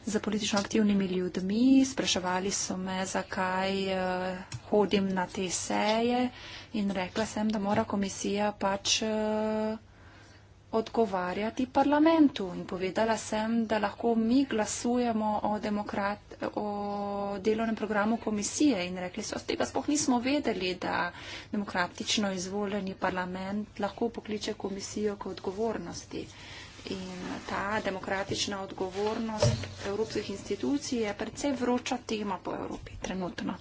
z politično aktivnimi ljudmi, spraševali so me, zakaj eh, hodim na te seje in rekla sem, da mora komisija pač eh, odgovarjati parlamentu in povedala sem, da lahko mi glasujemo o, demokrat, o delovnem programu komisije in rekli so, da tega spoh nismo vedeli, da demokratično izvoljeni parlament lahko pokliče komisijo k odgovornosti. In ta demokratična odgovornost evropskih institucij je predvsej vroča tema po Evropi trenutno.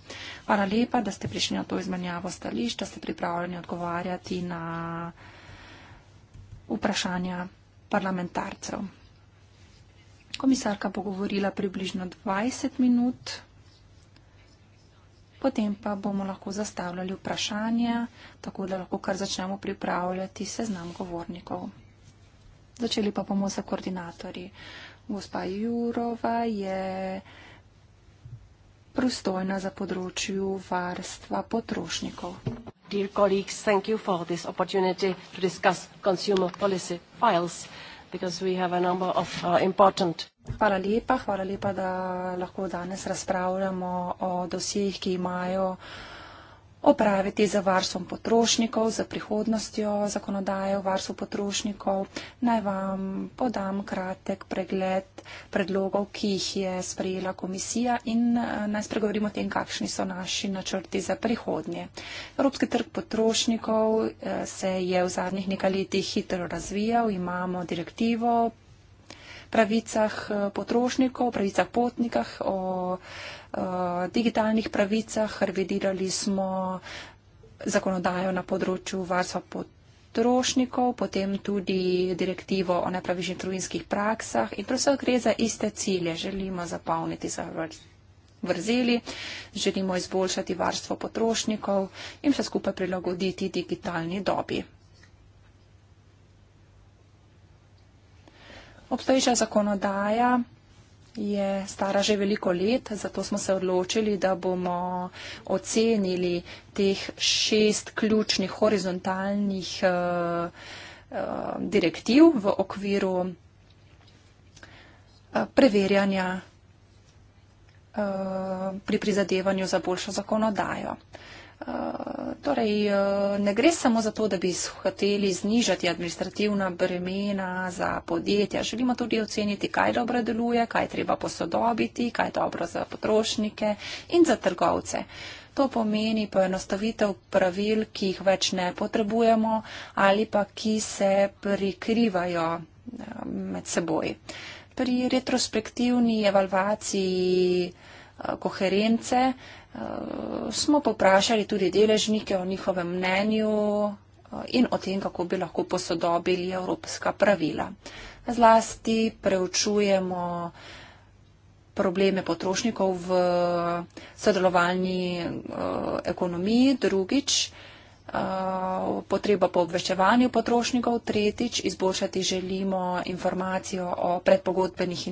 Hvala lepa, da ste prišli na to izmenjavo stališča, ste pripravljeni odgovarjati na vprašanja parlamentarcev. Komisarka bo govorila približno 20 minut, potem pa bomo lahko zastavljali vprašanja, tako da lahko kar začnemo pripravljati seznam govornikov. Začeli pa bomo za koordinatorji. Gospa Jurova je pristojna za področju varstva potrošnikov. Dear colleagues, thank you for this opportunity to discuss consumer policy files because we have a number of uh, important Hvala lepa, hvala lepa, da lahko danes razpravljamo o dosjejih, ki imajo uh, opraviti za varstvom potrošnikov, za prihodnostjo zakonodaje o varstvu potrošnikov. Naj vam podam kratek pregled predlogov, ki jih je sprejela komisija in eh, naj spregovorimo o tem, kakšni so naši načrti za prihodnje. Evropski trg potrošnikov eh, se je v zadnjih nekaj letih hitro razvijal, imamo direktivo pravicah eh, potrošnikov, pravicah potnikah, o pravicah potnikov, Eh, digitalnih pravicah, revidirali smo zakonodajo na področju varstva potrošnikov, potem tudi direktivo o nepravičnih trojinskih praksah in prosim gre za iste cilje. Želimo zapolniti za vrzeli, želimo izboljšati varstvo potrošnikov in vse skupaj prilagoditi digitalni dobi. Obstoječa zakonodaja je stara že veliko let, zato smo se odločili, da bomo ocenili teh šest ključnih horizontalnih eh, eh, direktiv v okviru eh, preverjanja pri prizadevanju za boljšo zakonodajo. Eh, torej, eh, ne gre samo za to, da bi hoteli znižati administrativna bremena za podjetja. Želimo tudi oceniti, kaj dobro deluje, kaj treba posodobiti, kaj je dobro za potrošnike in za trgovce. To pomeni poenostavitev pravil, ki jih več ne potrebujemo ali pa ki se prikrivajo eh, med seboj. Pri retrospektivni evalvaciji koherence Eh, smo poprašali tudi deležnike o njihovem mnenju eh, in o tem, kako bi lahko posodobili evropska pravila. Zlasti preučujemo probleme potrošnikov v eh, sodelovalni ekonomiji, drugič potreba po obveščevanju potrošnikov, tretjič izboljšati želimo informacijo o predpogodbenih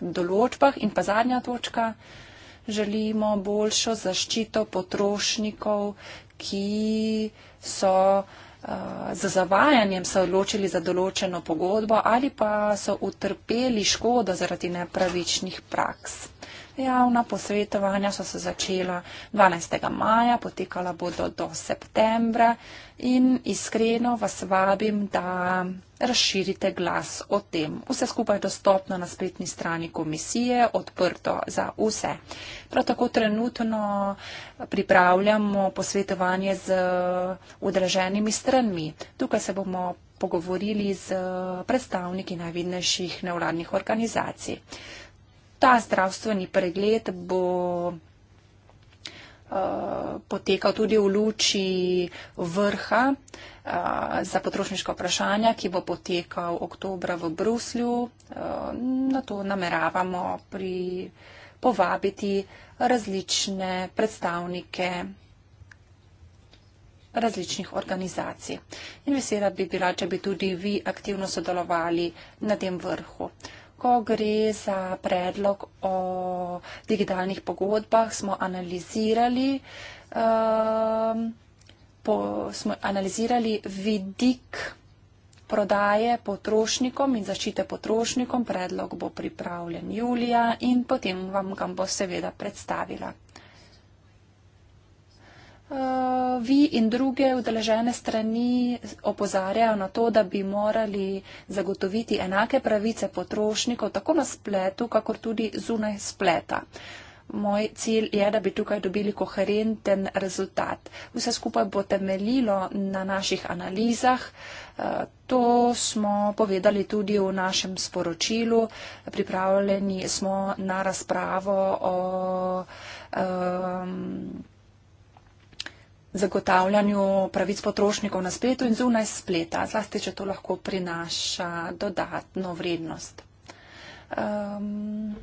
določbah in pa zadnja točka želimo boljšo zaščito potrošnikov, ki so eh, z zavajanjem se odločili za določeno pogodbo ali pa so utrpeli škodo zaradi nepravičnih praks. Javna posvetovanja so se začela 12. maja, potekala bodo do septembra in iskreno vas vabim, da razširite glas o tem. Vse skupaj je dostopno na spletni strani komisije, odprto za vse. Prav tako trenutno pripravljamo posvetovanje z udraženimi stranmi. Tukaj se bomo pogovorili z predstavniki najvidnejših nevladnih organizacij. Ta zdravstveni pregled bo uh, potekal tudi v luči vrha uh, za potrošniška vprašanja, ki bo potekal oktobra v Bruslju. Uh, na to nameravamo pri povabiti različne predstavnike različnih organizacij. In vesela bi bila, če bi tudi vi aktivno sodelovali na tem vrhu. Uh, Ko gre za predlog o digitalnih pogodbah, smo analizirali, um, po, smo analizirali vidik prodaje potrošnikom in zaščite potrošnikom. Predlog bo pripravljen julija in potem vam ga bo seveda predstavila. Eh, vi in druge udeležene strani opozarjajo na to, da bi morali zagotoviti enake pravice potrošnikov tako na spletu, kakor tudi zunaj spleta. Moj cilj je, da bi tukaj dobili koherenten rezultat. Vse skupaj bo temeljilo na naših analizah. Eh, to smo povedali tudi v našem sporočilu. Pripravljeni smo na razpravo o. Um, zagotavljanju pravic potrošnikov na spletu in zunaj spleta, zlasti, če to lahko prinaša dodatno vrednost. Um,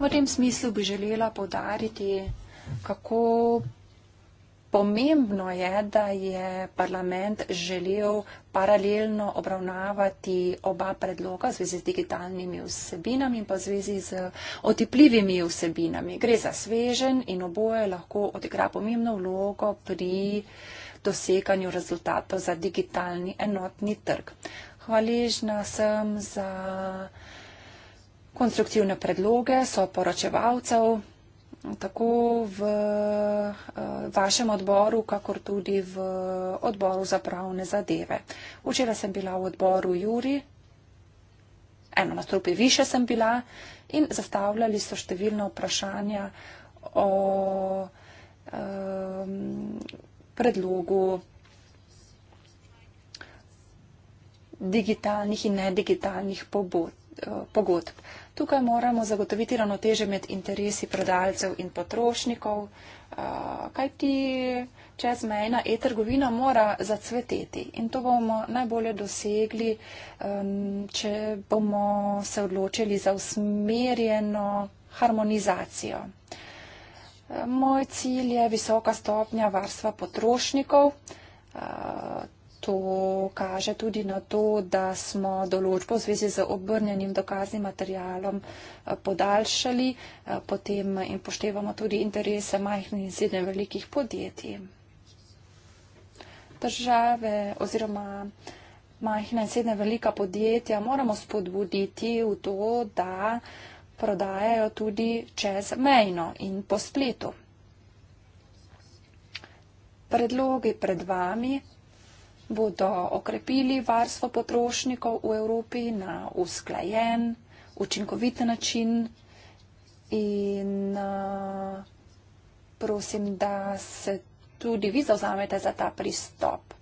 v tem smislu bi želela povdariti, kako Pomembno je, da je parlament želel paralelno obravnavati oba predloga v zvezi z digitalnimi vsebinami in pa v zvezi z otepljivimi vsebinami. Gre za svežen in oboje lahko odigra pomembno vlogo pri doseganju rezultatov za digitalni enotni trg. Hvaležna sem za konstruktivne predloge soporočevalcev tako v eh, vašem odboru, kakor tudi v odboru za pravne zadeve. Včeraj sem bila v odboru Juri, eno na stropi više sem bila in zastavljali so številno vprašanja o um, predlogu digitalnih in nedigitalnih pobud. Eh, pogodb. Tukaj moramo zagotoviti ravnoteže med interesi prodajalcev in potrošnikov, eh, kaj ti čezmejna e-trgovina mora zacveteti. In to bomo najbolje dosegli, če bomo se odločili za usmerjeno harmonizacijo. Eh, moj cilj je visoka stopnja varstva potrošnikov to kaže tudi na to, da smo določbo v zvezi z obrnjenim dokaznim materialom eh, podaljšali, eh, potem in poštevamo tudi interese majhnih in srednje velikih podjetij. Države oziroma majhna in srednja velika podjetja moramo spodbuditi v to, da prodajajo tudi čez mejno in po spletu. Predlogi pred vami bodo okrepili varstvo potrošnikov v Evropi na usklajen, učinkovit način in prosim, da se tudi vi zauzamete za ta pristop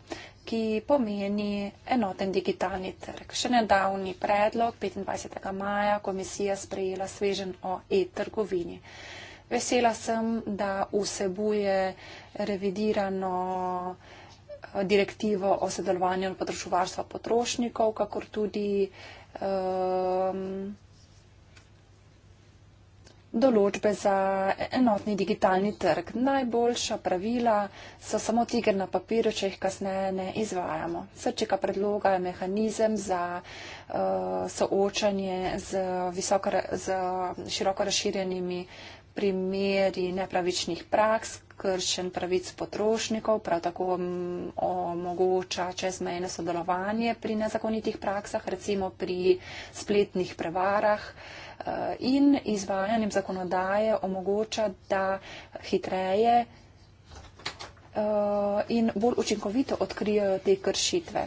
ki pomeni enoten digitalni trg. Še nedavni predlog 25. maja komisija sprejela svežen o e-trgovini. Vesela sem, da vsebuje revidirano uh, direktivo o sodelovanju na področju varstva potrošnikov, kakor tudi um, določbe za enotni digitalni trg. Najboljša pravila so samo tiger na papiru, če jih kasneje ne izvajamo. Srčika predloga je mehanizem za uh, soočanje z, visoko, z široko razširjenimi uh, primeri nepravičnih praks, kršen pravic potrošnikov, prav tako um, omogoča čezmejne sodelovanje pri nezakonitih praksah, recimo pri spletnih prevarah eh, in izvajanjem zakonodaje omogoča, da hitreje eh, in bolj učinkovito odkrijajo te kršitve.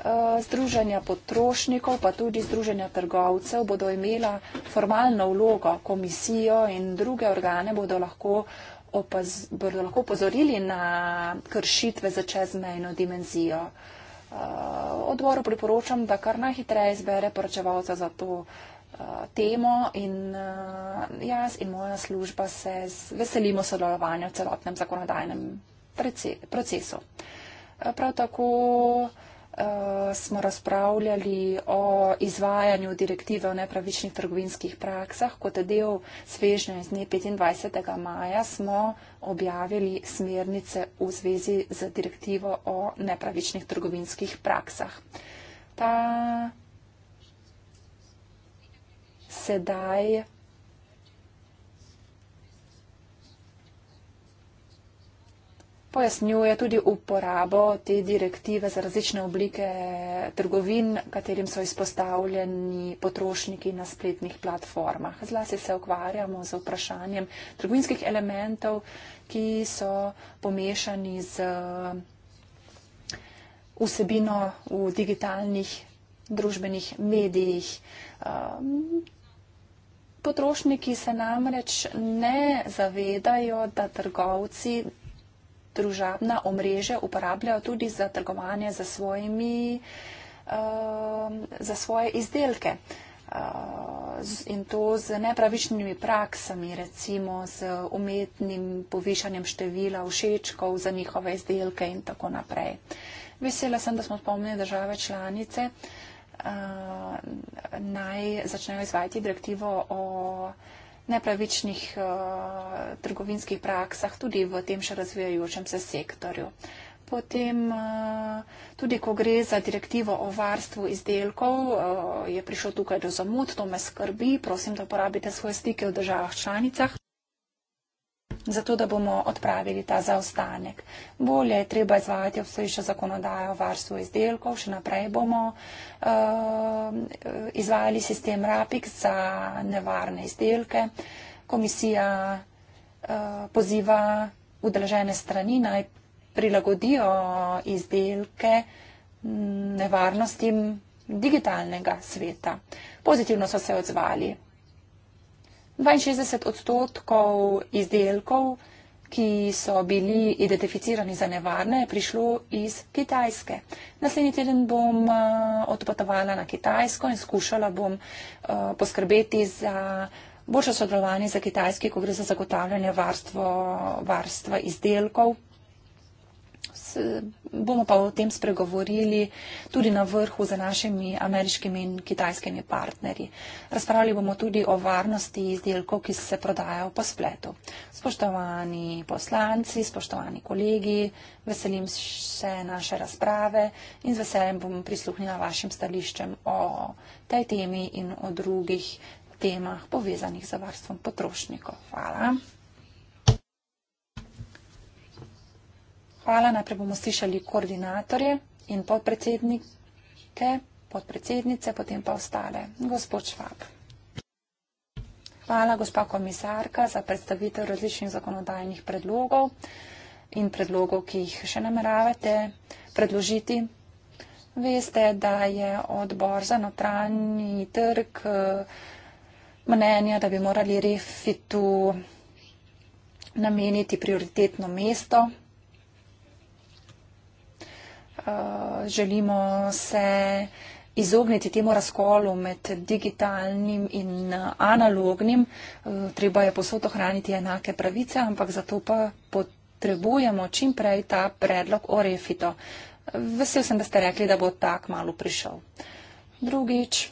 Eh, združenja potrošnikov, pa tudi združenja trgovcev bodo imela formalno vlogo, komisijo in druge organe bodo lahko, opaz, bodo lahko pozorili na kršitve za čezmejno dimenzijo. Eh, Odboru priporočam, da kar najhitreje izbere poročevalca za to eh, temo in jaz in moja služba se veselimo sodelovanja v celotnem zakonodajnem procesu. Prav tako uh, smo razpravljali o izvajanju direktive o nepravičnih trgovinskih praksah. Kot del svežnja iz dne 25. maja smo objavili smernice v zvezi z direktivo o nepravičnih trgovinskih praksah. Ta sedaj Pojasnjuje tudi uporabo te direktive za različne oblike trgovin, katerim so izpostavljeni potrošniki na spletnih platformah. Zlasti se ukvarjamo z vprašanjem trgovinskih elementov, ki so pomešani z vsebino v digitalnih družbenih medijih. Ehm, potrošniki se namreč ne zavedajo, da trgovci družabna omrežja uporabljajo tudi za trgovanje za, svojimi, uh, za svoje izdelke. Uh, in to z nepravičnimi praksami, recimo z umetnim povišanjem števila všečkov za njihove izdelke in tako naprej. Vesela sem, da smo spomnili države članice, uh, naj začnejo izvajati direktivo o uh, nepravičnih uh, trgovinskih praksah, tudi v tem še razvijajočem se sektorju. Potem eh, tudi, ko gre za direktivo o varstvu izdelkov, eh, je prišlo tukaj do zamud, to me skrbi, prosim, da uporabite svoje stike v državah članicah zato da bomo odpravili ta zaostanek. Bolje je treba izvajati obstoječo zakonodajo o varstvu izdelkov, še naprej bomo uh, izvajali sistem RAPIC za nevarne izdelke. Komisija uh, poziva udeležene strani naj prilagodijo izdelke mm, nevarnostim digitalnega sveta. Pozitivno so se odzvali. 62 odstotkov izdelkov, ki so bili identificirani za nevarne, je prišlo iz Kitajske. Naslednji teden bom odpotovala na Kitajsko in skušala bom poskrbeti za boljše sodelovanje za Kitajski, ko gre za zagotavljanje varstva izdelkov bomo pa o tem spregovorili tudi na vrhu z našimi ameriškimi in kitajskimi partnerji. Razpravljali bomo tudi o varnosti izdelkov, ki se prodajajo po spletu. Spoštovani poslanci, spoštovani kolegi, veselim se naše razprave in z veseljem bom prisluhnila vašim stališčem o tej temi in o drugih temah povezanih z varstvom potrošnikov. Hvala. Hvala. Najprej bomo slišali koordinatorje in podpredsednike, podpredsednice, potem pa ostale. Gospod Švab. Hvala, gospa komisarka, za predstavitev različnih zakonodajnih predlogov in predlogov, ki jih še nameravate predložiti. Veste, da je odbor za notranji trg eh, mnenja, da bi morali refitu nameniti prioritetno mesto Eh, želimo se izogniti temu razkolu med digitalnim in eh, analognim. Eh, treba je posod ohraniti enake pravice, ampak zato pa potrebujemo čim prej ta predlog o refito. Vesel sem, da ste rekli, da bo tak malo prišel. Drugič,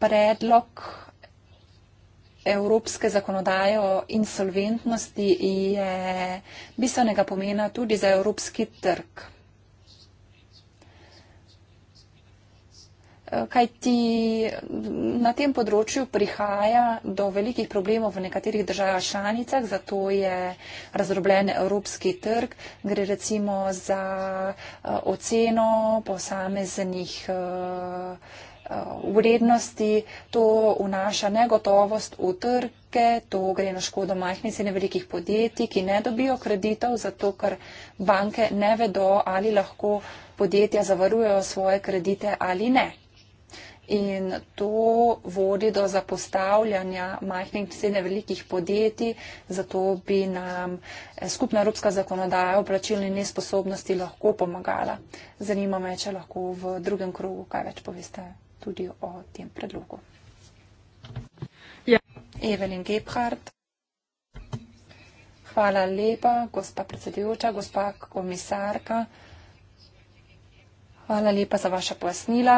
predlog evropske zakonodaje o insolventnosti je bistvenega pomena tudi za evropski trg. Eh, Kaj ti mm, na tem področju prihaja do velikih problemov v nekaterih državah članicah, zato je razdrobljen evropski trg, gre recimo za eh, oceno posameznih uh, Eh, vrednosti, to vnaša negotovost v trge, to gre na škodo majhnih in velikih podjetij, ki ne dobijo kreditov, zato ker banke ne vedo, ali lahko podjetja zavarujejo svoje kredite ali ne. In to vodi do zapostavljanja majhnih in srednje velikih podjetij, zato bi nam eh, skupna evropska zakonodaja o plačilni nesposobnosti lahko pomagala. Zanima me, če lahko v drugem krogu kaj več poveste tudi o tem predlogu. Ja. Evelin Gebhardt. Hvala lepa, gospa predsedujoča, gospa komisarka. Hvala lepa za vaša pojasnila.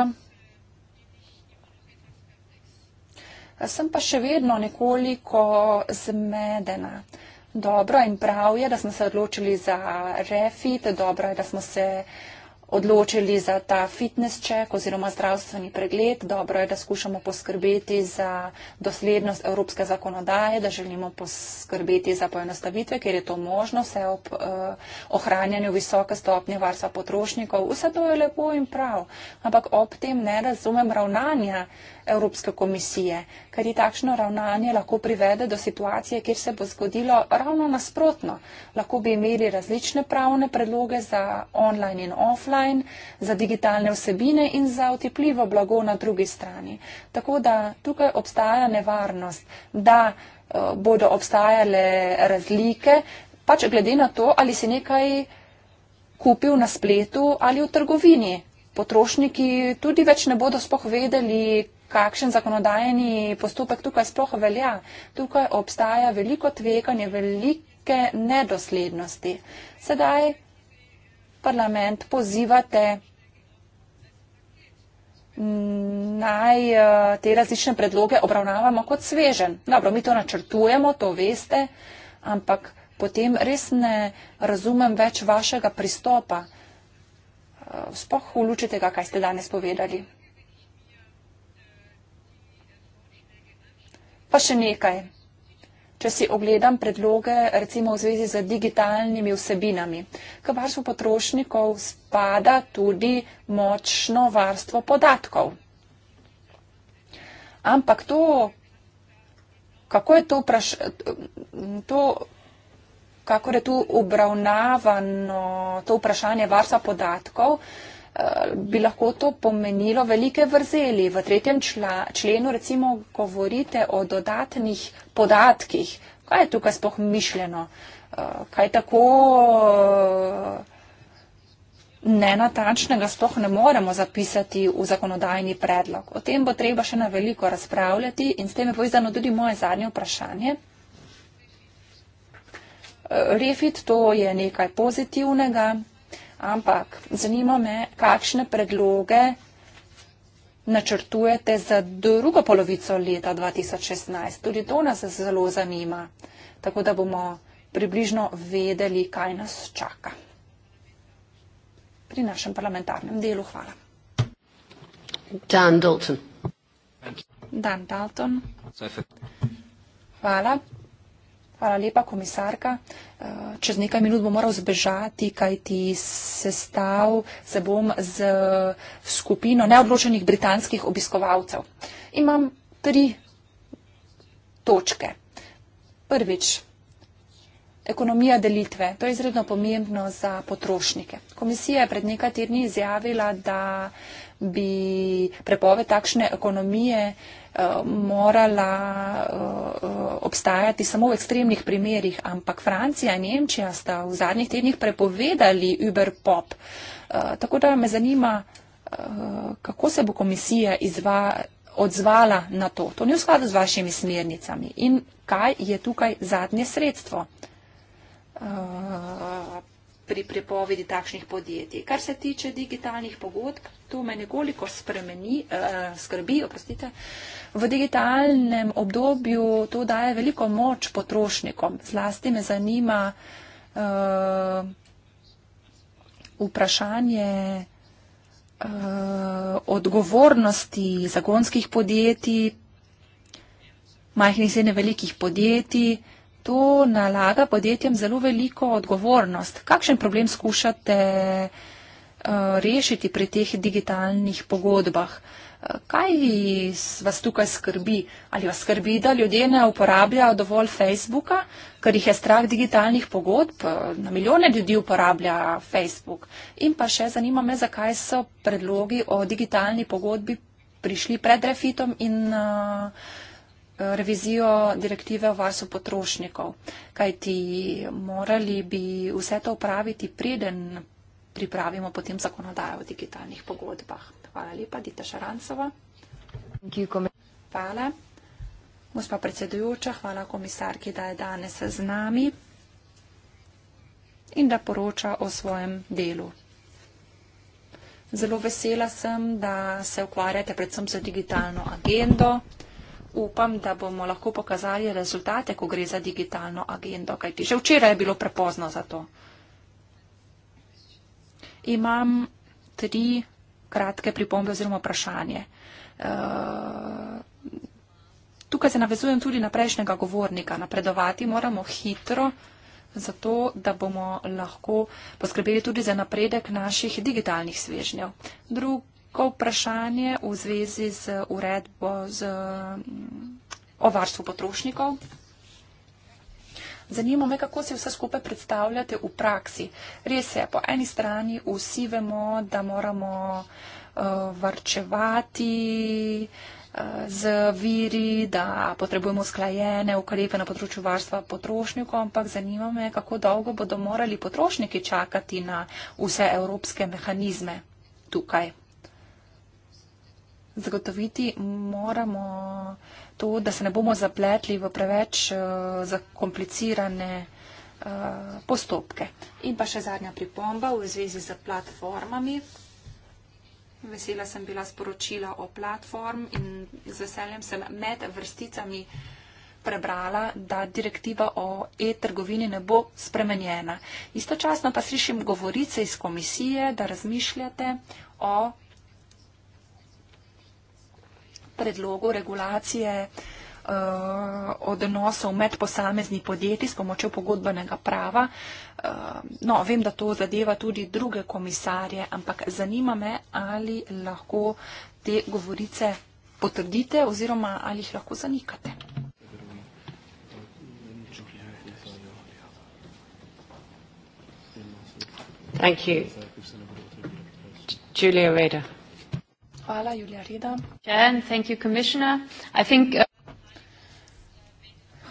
Sem pa še vedno nekoliko zmedena. Dobro in prav je, da smo se odločili za refit, dobro je, da smo se uh, odločili za ta fitness check oziroma zdravstveni pregled. Dobro je, da skušamo poskrbeti za doslednost evropske zakonodaje, da želimo poskrbeti za poenostavitve, ker je to možno, vse ob eh, ohranjanju visoke stopnje varstva potrošnikov. Vse to je lepo in prav, ampak ob tem ne razumem ravnanja Evropske komisije, ker je takšno ravnanje lahko privede do situacije, kjer se bo zgodilo ravno nasprotno. Lahko bi imeli različne pravne predloge za online in offline, za digitalne vsebine in za otepljivo blago na drugi strani. Tako da tukaj obstaja nevarnost, da eh, bodo obstajale razlike, pač glede na to, ali si nekaj kupil na spletu ali v trgovini. Potrošniki tudi več ne bodo spoh vedeli, kakšen zakonodajni postopek tukaj sploh velja. Tukaj obstaja veliko tveganje, velike nedoslednosti. Sedaj parlament pozivate naj eh, te različne predloge obravnavamo kot svežen. Dobro, mi to načrtujemo, to veste, ampak potem res ne razumem več vašega pristopa. Eh, Spoh v luči tega, kaj ste danes povedali. Pa še nekaj. Če si ogledam predloge, recimo v zvezi z digitalnimi vsebinami, k varstvu potrošnikov spada tudi močno varstvo podatkov. Ampak to, kako je to vprašanje, to, kako je tu obravnavano to vprašanje varstva podatkov, bi lahko to pomenilo velike vrzeli. V tretjem čla, členu recimo govorite o dodatnih podatkih. Kaj je tukaj spoh mišljeno? Eh, kaj tako eh, nenatačnega spoh ne moremo zapisati v zakonodajni predlog? O tem bo treba še na veliko razpravljati in s tem je povezano tudi moje zadnje vprašanje. Eh, Refit to je nekaj pozitivnega, ampak zanima me, kakšne predloge načrtujete za drugo polovico leta 2016. Tudi to nas zelo zanima, tako da bomo približno vedeli, kaj nas čaka pri našem parlamentarnem delu. Hvala. Dan Dalton. Dan Dalton. Hvala. Hvala lepa, komisarka. Eh, čez nekaj minut bom moral zbežati, kaj ti sestav se bom z skupino neodločenih britanskih obiskovalcev. Imam tri točke. Prvič, ekonomija delitve. To je izredno pomembno za potrošnike. Komisija je pred nekaj tedni izjavila, da bi prepove takšne ekonomije uh, Eh, morala eh, obstajati samo v ekstremnih primerjih, ampak Francija in Nemčija sta v zadnjih tednih prepovedali Uber Pop. Eh, tako da me zanima, kako se bo komisija izva, odzvala na to. To ni v skladu z vašimi smernicami. In kaj je tukaj zadnje sredstvo? pri prepovedi takšnih podjetij. Kar se tiče digitalnih pogodb, to me nekoliko spremeni, eh, skrbi. Oprostite. V digitalnem obdobju to daje veliko moč potrošnikom. Zlasti me zanima eh, vprašanje eh, odgovornosti zagonskih podjetij, majhnih in velikih podjetij. Eh, To nalaga podjetjem zelo veliko odgovornost. Kakšen problem skušate eh, rešiti pri teh digitalnih pogodbah? Eh, kaj vas tukaj skrbi? Ali vas skrbi, da ljudje ne uporabljajo dovolj Facebooka, ker jih je strah digitalnih pogodb? Eh, na milijone ljudi uporablja Facebook. In pa še zanima me, zakaj so predlogi o digitalni pogodbi prišli pred refitom in uh, revizijo direktive o varstvu potrošnikov, kajti morali bi vse to upraviti preden pripravimo potem zakonodajo o digitalnih pogodbah. Hvala lepa, Dita Šarancova. Hvala. Gospa predsedujoča, hvala komisarki, da je danes z nami in da poroča o svojem delu. Zelo vesela sem, da se ukvarjate predvsem z digitalno agendo. Hvala upam, da bomo lahko pokazali rezultate, ko gre za digitalno agendo, kajti že včeraj je bilo prepozno za to. Imam tri kratke pripombe oziroma vprašanje. Eh, tukaj se navezujem tudi na prejšnjega govornika. Napredovati moramo hitro, zato da bomo lahko poskrbeli tudi za napredek naših digitalnih svežnjev. Drugi Ko vprašanje v zvezi z uredbo z, mm, o varstvu potrošnikov. Zanima me, kako si vse skupaj predstavljate v praksi. Res je, po eni strani vsi vemo, da moramo uh, varčevati uh, z viri, da potrebujemo sklajene ukrepe na področju varstva potrošnikov, ampak zanima me, kako dolgo bodo morali potrošniki čakati na vse evropske mehanizme tukaj zagotoviti moramo to, da se ne bomo zapletli v preveč eh, zakomplicirane eh, postopke. In pa še zadnja pripomba v zvezi z platformami. Vesela sem bila sporočila o platform in z veseljem sem med vrsticami prebrala, da direktiva o e-trgovini ne bo spremenjena. Istočasno pa slišim govorice iz komisije, da razmišljate o predlogu regulacije eh, odnosov med posamezni podjetji s pomočjo pogodbenega prava. Eh, no, vem, da to zadeva tudi druge komisarje, ampak zanima me, ali lahko te govorice potrdite oziroma ali jih lahko zanikate. Thank you. Julia Rader. Hvala, Julija Reda. And thank you, Commissioner. I think, uh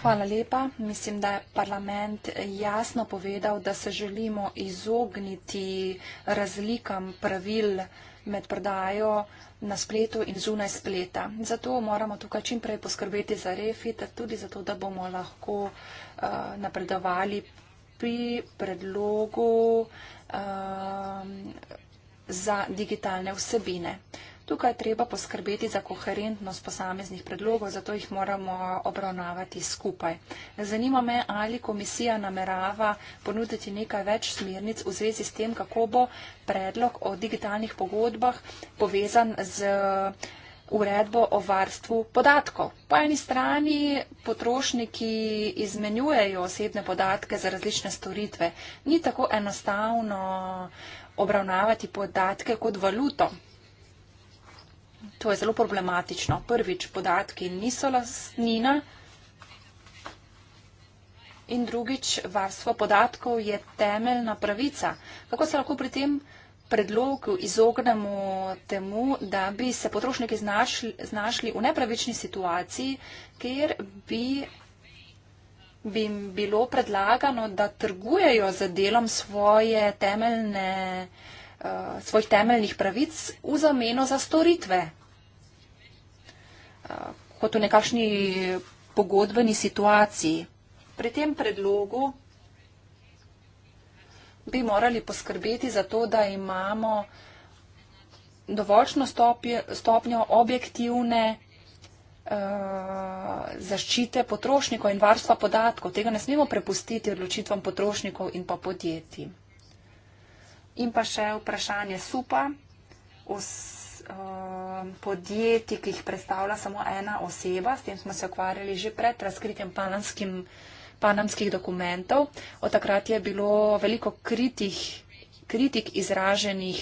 Hvala lepa. Mislim, da je parlament jasno povedal, da se želimo izogniti razlikam pravil med prodajo na spletu in zunaj spleta. Zato moramo tukaj čimprej poskrbeti za refit, tudi zato, da bomo lahko uh, napredovali pri predlogu uh, za digitalne vsebine. Uh, Tukaj je treba poskrbeti za koherentnost posameznih predlogov, zato jih moramo obravnavati skupaj. Zanima me, ali komisija namerava ponuditi nekaj več smernic v zvezi s tem, kako bo predlog o digitalnih pogodbah povezan z uredbo o varstvu podatkov. Po eni strani potrošniki izmenjujejo osebne podatke za različne storitve. Ni tako enostavno obravnavati podatke kot valuto. To je zelo problematično. Prvič, podatki niso lasnina. In drugič, varstvo podatkov je temeljna pravica. Kako se lahko pri tem predlogu izognemo temu, da bi se potrošniki znašli, znašli v nepravični situaciji, kjer bi, bi jim bilo predlagano, da trgujejo za delom svoje temeljne, uh, svojih temeljnih pravic v zameno za storitve? kot v nekakšni pogodbeni situaciji. Pri tem predlogu bi morali poskrbeti za to, da imamo dovoljšno stopnjo objektivne uh, zaščite potrošnikov in varstva podatkov. Tega ne smemo prepustiti odločitvam potrošnikov in pa podjetij. In pa še vprašanje SUPA. Vs Eh, podjetij, ki jih predstavlja samo ena oseba. S tem smo se ukvarjali že pred razkritjem panamskim, panamskih dokumentov. Od takrat je bilo veliko kritih, kritik izraženih,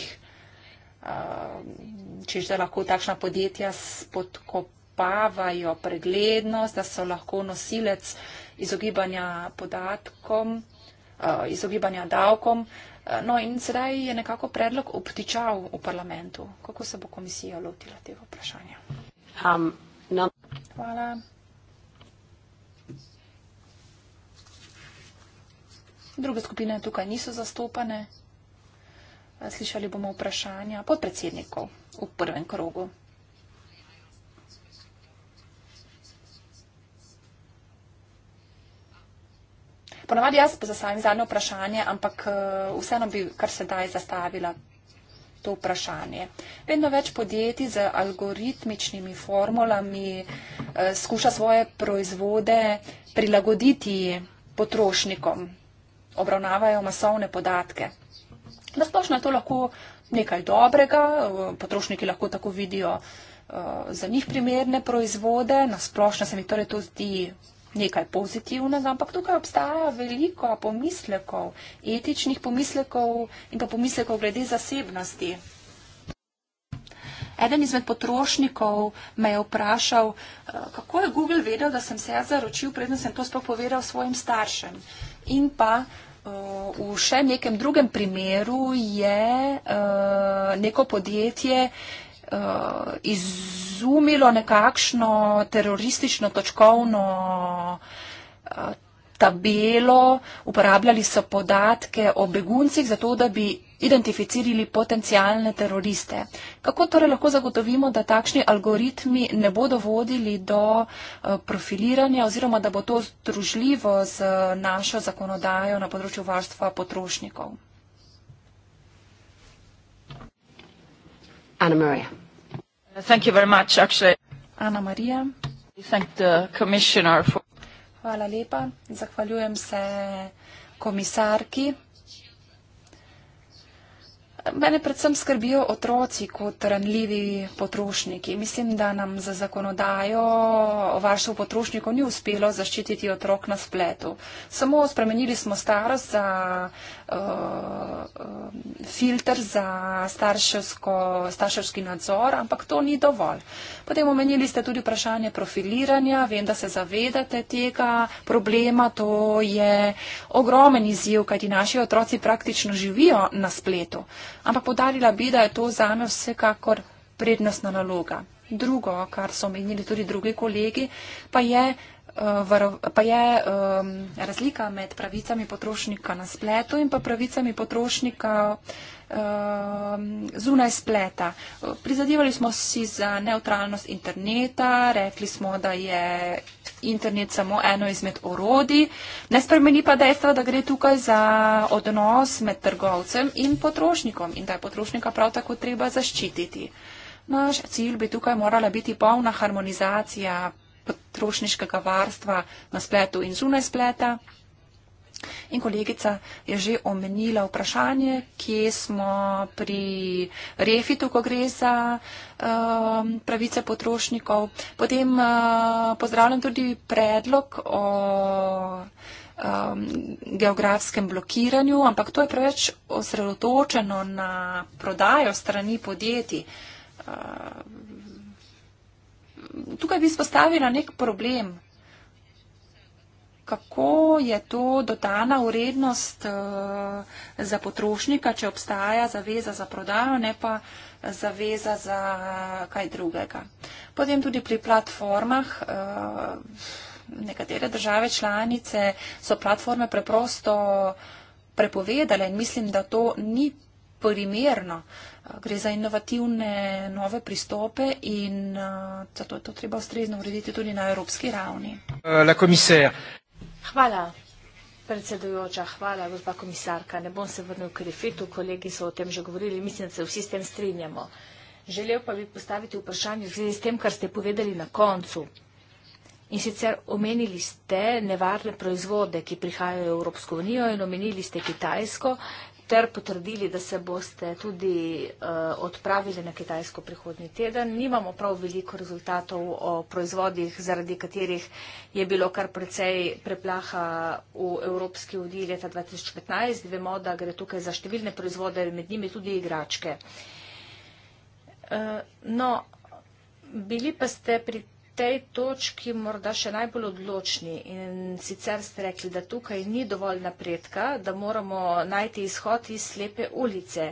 eh, češ da lahko takšna podjetja spodkopavajo preglednost, da so lahko nosilec izogibanja podatkom, eh, izogibanja davkom. No in sedaj je nekako predlog obtičal v parlamentu. Kako se bo komisija lotila tega vprašanja? Um, no. Hvala. Druge skupine tukaj niso zastopane. Slišali bomo vprašanja podpredsednikov v prvem krogu. Ponavadi jaz zastavim zadnje vprašanje, ampak eh, vseeno bi kar sedaj zastavila to vprašanje. Vedno več podjetij z algoritmičnimi formulami eh, skuša svoje proizvode prilagoditi potrošnikom, obravnavajo masovne podatke. Na splošno je to lahko nekaj dobrega, eh, potrošniki lahko tako vidijo eh, za njih primerne proizvode, na splošno se mi torej to zdi nekaj pozitivnega, ampak tukaj obstaja veliko pomislekov, etičnih pomislekov in pa pomislekov glede zasebnosti. Eden izmed potrošnikov me je vprašal, eh, kako je Google vedel, da sem se jaz zaročil, predno sem to sploh povedal svojim staršem. In pa eh, v še nekem drugem primeru je eh, neko podjetje, uh, izumilo nekakšno teroristično točkovno uh, tabelo, uporabljali so podatke o beguncih, zato da bi identificirali potencijalne teroriste. Kako torej lahko zagotovimo, da takšni algoritmi ne bodo vodili do eh, profiliranja oziroma da bo to združljivo z našo zakonodajo na področju varstva potrošnikov? Anna Maria. Thank you very much, actually. Anna Maria. Thank the commissioner for... Hvala lepa. Zahvaljujem se komisarki mene predvsem skrbijo otroci kot ranljivi potrošniki. Mislim, da nam za zakonodajo varstvo potrošnikov ni uspelo zaščititi otrok na spletu. Samo spremenili smo starost za uh, filter za starševski nadzor, ampak to ni dovolj. Potem omenili ste tudi vprašanje profiliranja. Vem, da se zavedate tega problema. To je ogromen izziv, kajti naši otroci praktično živijo na spletu ampak podarila bi, da je to za me vsekakor prednostna naloga. Drugo, kar so omenili tudi drugi kolegi, pa je, uh, eh, varo, pa je um, razlika med pravicami potrošnika na spletu in pa pravicami potrošnika uh, zunaj spleta. Prizadevali smo si za neutralnost interneta, rekli smo, da je internet samo eno izmed orodij. Ne spremeni pa dejstva, da gre tukaj za odnos med trgovcem in potrošnikom in da je potrošnika prav tako treba zaščititi. Naš cilj bi tukaj morala biti polna harmonizacija potrošniškega varstva na spletu in zunaj spleta. In kolegica je že omenila vprašanje, kje smo pri refitu, ko gre za um, pravice potrošnikov. Potem uh, pozdravljam tudi predlog o um, geografskem blokiranju, ampak to je preveč osredotočeno na prodajo strani podjetij. Uh, tukaj bi spostavila nek problem kako je to dodana urednost eh, za potrošnika, če obstaja zaveza za prodajo, ne pa zaveza za kaj drugega. Potem tudi pri platformah. Eh, nekatere države članice so platforme preprosto prepovedale in mislim, da to ni primerno. Eh, gre za inovativne nove pristope in zato je to treba ustrezno urediti tudi na evropski ravni. La komisar, Hvala, predsedujoča, hvala, gospa komisarka. Ne bom se vrnil k refitu, kolegi so o tem že govorili, mislim, da se vsi s tem strinjamo. Želel pa bi postaviti vprašanje v zvezi s tem, kar ste povedali na koncu. In sicer omenili ste nevarne proizvode, ki prihajajo v Evropsko unijo in omenili ste Kitajsko, ter potrdili, da se boste tudi uh, odpravili na Kitajsko prihodnji teden. Nimamo prav veliko rezultatov o proizvodih, zaradi katerih je bilo kar precej preplaha v Evropski uniji leta 2015. Vemo, da gre tukaj za številne proizvode, med njimi tudi igračke. Uh, no, bili pa ste pri tej točki morda še najbolj odločni in sicer ste rekli, da tukaj ni dovolj napredka, da moramo najti izhod iz slepe ulice,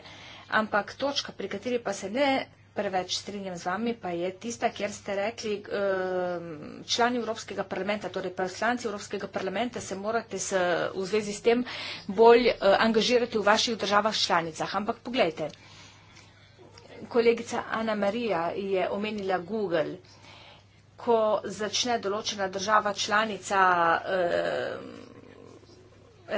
ampak točka, pri kateri pa se ne preveč strinjam z vami, pa je tista, kjer ste rekli, ehm, člani Evropskega parlamenta, torej poslanci Evropskega parlamenta se morate s, v zvezi s tem bolj eh, angažirati v vaših državah članicah. Ampak pogledajte, kolegica Ana Marija je omenila Google ko začne določena država članica eh,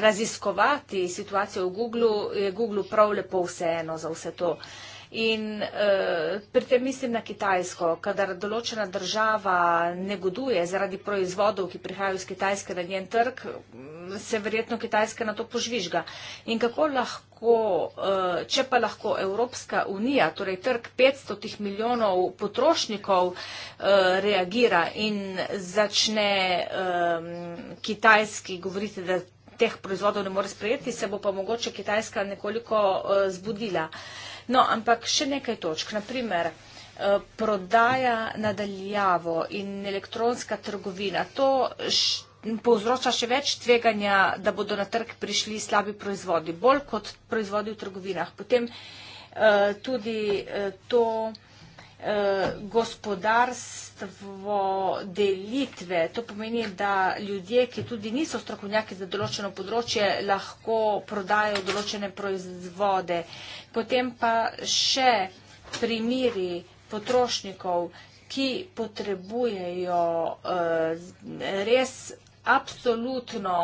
raziskovati situacijo v Google, je Google prav lepo vseeno za vse to. Eh, In uh, pri tem mislim na Kitajsko, kadar določena država negoduje zaradi proizvodov, ki prihajajo iz Kitajske na njen trg, mm, se verjetno Kitajska na to požvižga. In kako lahko, uh, če pa lahko Evropska unija, torej trg 500 milijonov potrošnikov, uh, reagira in začne um, Kitajski govoriti, da teh proizvodov ne more sprejeti, se bo pa mogoče Kitajska nekoliko uh, zbudila. Uh, No, ampak še nekaj točk. Naprimer, eh, prodaja nadaljavo in elektronska trgovina, to povzroča še več tveganja, da bodo na trg prišli slabi proizvodi, bolj kot proizvodi v trgovinah. Potem eh, tudi eh, to. Eh, gospodarstvo delitve. To pomeni, da ljudje, ki tudi niso strokovnjaki za določeno področje, lahko prodajo določene proizvode. Potem pa še primiri potrošnikov, ki potrebujejo eh, res absolutno